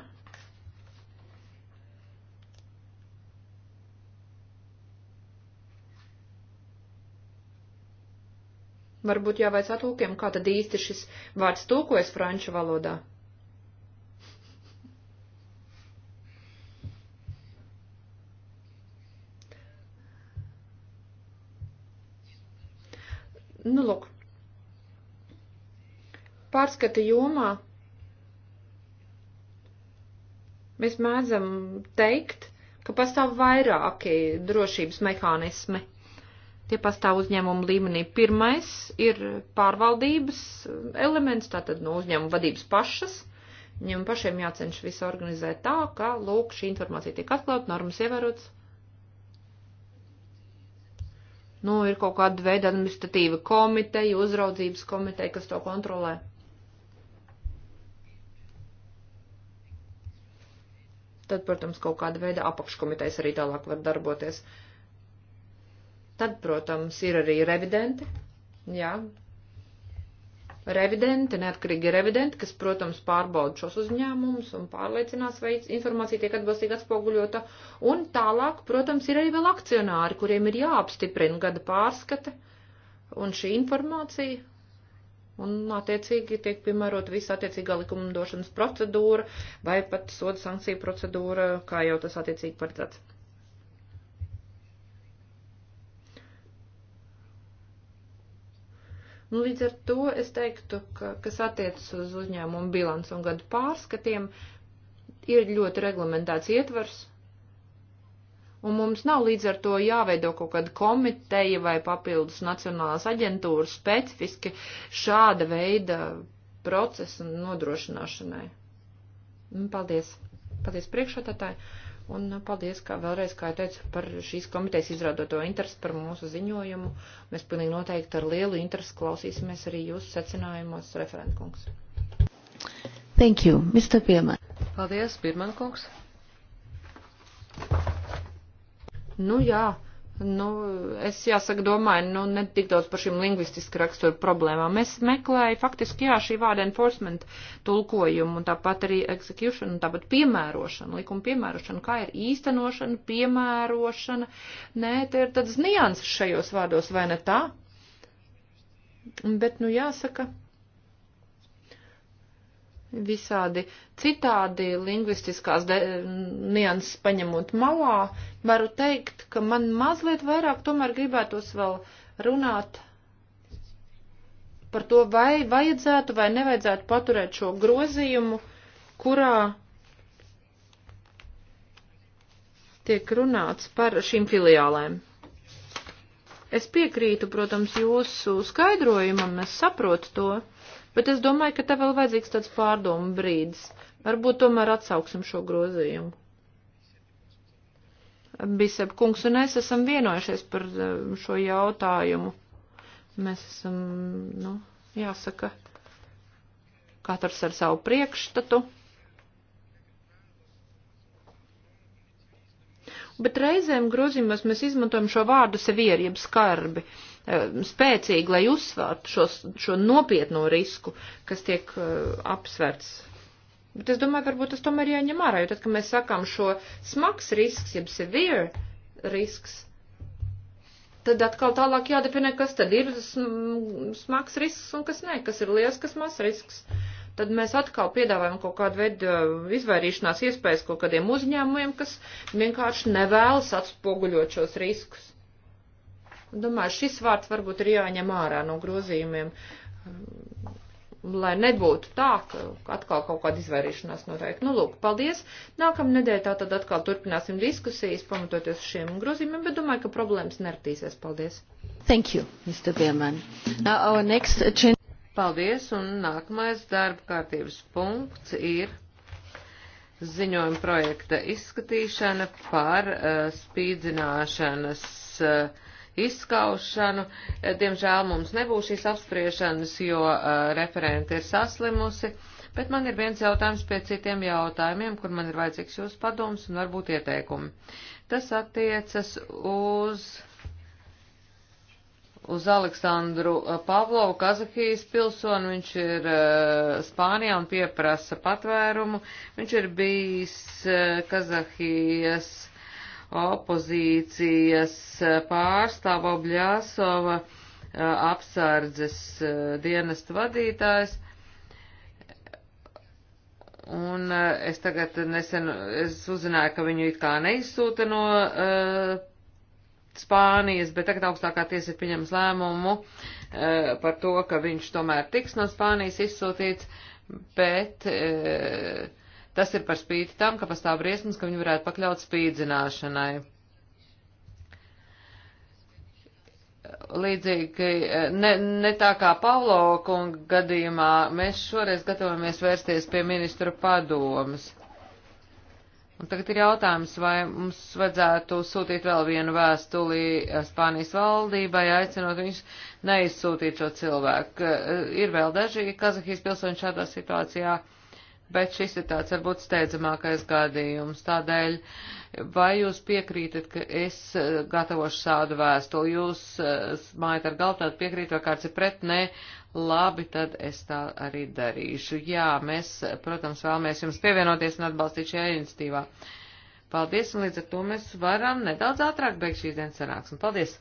Varbūt jāvaicā tūkiem, kā tad īsti šis vārds tūkojas franču valodā. Nu, lūk. Pārskata jomā mēs mēdzam teikt, ka pastāv vairāki drošības mehānismi Tie pastāv uzņēmumu līmenī. Pirmais ir pārvaldības elements, tātad no nu, uzņēmuma vadības pašas. Viņam pašiem jācenš visu organizēt tā, ka, lūk, šī informācija tiek atklāta, normas ievērotas. Nu, ir kaut kāda veida administratīva komiteja, uzraudzības komiteja, kas to kontrolē. Tad, protams, kaut kāda veida apakškomitejas arī tālāk var darboties. Uh, Tad, protams, ir arī revidenti, jā, revidenti, neatkarīgi revidenti, kas, protams, pārbauda šos uzņēmumus un pārliecinās, vai informācija tiek atbilstīgi atspoguļota. Un tālāk, protams, ir arī vēl akcionāri, kuriem ir jāapstiprina gada pārskata un šī informācija. Un, attiecīgi, tiek piemērot visa attiecīgā likumdošanas procedūra vai pat soda sankcija procedūra, kā jau tas attiecīgi paredzēts. Nu, līdz ar to es teiktu, ka, kas attiecas uz uzņēmumu bilanci un gadu pārskatiem, ir ļoti reglamentēts ietvers, un mums nav līdz ar to jāveido kaut kāda komiteja vai papildus nacionālās aģentūras specifiski šāda veida procesa nodrošināšanai. Nu, paldies! Paldies priekšotātāji! Un paldies, kā vēlreiz, kā teicu, par šīs komitejas izrādoto interesi par mūsu ziņojumu. Mēs pilnīgi noteikti ar lielu interesi klausīsimies arī jūsu secinājumos, referentkungs. Thank you, Mr. Pirman. Paldies, Pirman kungs. Nu jā. Nu, es jāsaka, domāju, nu, ne tik daudz par šīm lingvistiski raksturu problēmām. Es meklēju faktiski, jā, šī vārda enforcement tulkojumu un tāpat arī execution un tāpat piemērošana, likuma piemērošana, kā ir īstenošana, piemērošana. Nē, te ir tādas nianses šajos vārdos, vai ne tā? Bet, nu, jāsaka visādi citādi lingvistiskās nianses paņemot malā, varu teikt, ka man mazliet vairāk tomēr gribētos vēl runāt par to, vai vajadzētu vai nevajadzētu paturēt šo grozījumu, kurā tiek runāts par šīm filiālēm. Es piekrītu, protams, jūsu skaidrojumam, es saprotu to Bet es domāju, ka te vēl vajadzīgs tāds pārdomu brīdis. Varbūt tomēr atsauksim šo grozījumu. Bisep kungs un es esam vienojušies par eh, šo jautājumu. Mēs esam, nu, jāsaka, katrs ar savu priekšstatu. Bet reizēm grozījumos mēs izmantojam šo vārdu sevieri, jeb skarbi. Uh, Um, spēcīgi, lai uzsvērtu šos, šo nopietno risku, kas tiek uh, apsverts. Bet es domāju, varbūt tas tomēr jāņem ārā, jo tad, kad mēs sakām šo smags risks, jeb severe risks, tad atkal tālāk jādefinē, kas tad ir smags risks un kas nē, kas ir liels, kas mazs risks. Tad mēs atkal piedāvājam kaut kādu veidu uh, izvairīšanās iespējas kaut kādiem uzņēmumiem, kas vienkārši nevēlas atspoguļot šos riskus. Domāju, šis vārds varbūt ir jāņem ārā no grozījumiem, um, lai nebūtu tā, ka atkal kaut kāda izvairīšanās notiek. Nu, lūk, paldies. Nākamā nedēļa tā tad atkal turpināsim diskusijas, pamatoties uz šiem grozījumiem, bet domāju, ka problēmas nertīsies. Paldies. Thank you, Mr. Bierman. Now our next agenda. Paldies, un nākamais darba kārtības punkts ir ziņojuma projekta izskatīšana par uh, spīdzināšanas uh, izskaušanu. Eh, Diemžēl mums nebūs šīs apspriešanas, jo uh, eh, referente ir saslimusi, bet man ir viens jautājums pie citiem jautājumiem, kur man ir vajadzīgs jūsu padoms un varbūt ieteikumi. Tas attiecas uz uz Aleksandru eh, Pavlovu, Kazahijas pilsoni, viņš ir uh, Spānijā un pieprasa patvērumu. Viņš ir bijis uh, Kazahijas opozīcijas pārstāva Obļāsova apsardzes dienestu vadītājs. Un es tagad nesen es uzzināju, ka viņu it kā neizsūta no uh, Spānijas, bet tagad augstākā tiesa ir pieņems lēmumu uh, par to, ka viņš tomēr tiks no Spānijas izsūtīts, bet uh, Tas ir par spīti tam, ka pastāv briesmas, ka viņi varētu pakļaut spīdzināšanai. līdzīgi, ne, ne tā kā Paulo kunga gadījumā, mēs šoreiz gatavamies vērsties pie ministru padomas. Un tagad ir jautājums, vai mums vajadzētu sūtīt vēl vienu vēstuli Spānijas valdībai, aicinot viņus neizsūtīt šo cilvēku. Ir vēl daži Kazahijas pilsoņi šādā situācijā. Uh, bet šis ir tāds varbūt steidzamākais gadījums. Tādēļ, vai jūs piekrītat, ka es eh, gatavošu šādu vēstuli, jūs eh, mājat ar galvu tādu piekrīt, vai kāds ir pret, nē, labi, tad es tā arī darīšu. Jā, mēs, protams, vēlamies jums pievienoties un atbalstīt šajā iniciatīvā. Paldies, un līdz ar to mēs varam nedaudz ātrāk beigt šīs dienas sanāksmi. Paldies!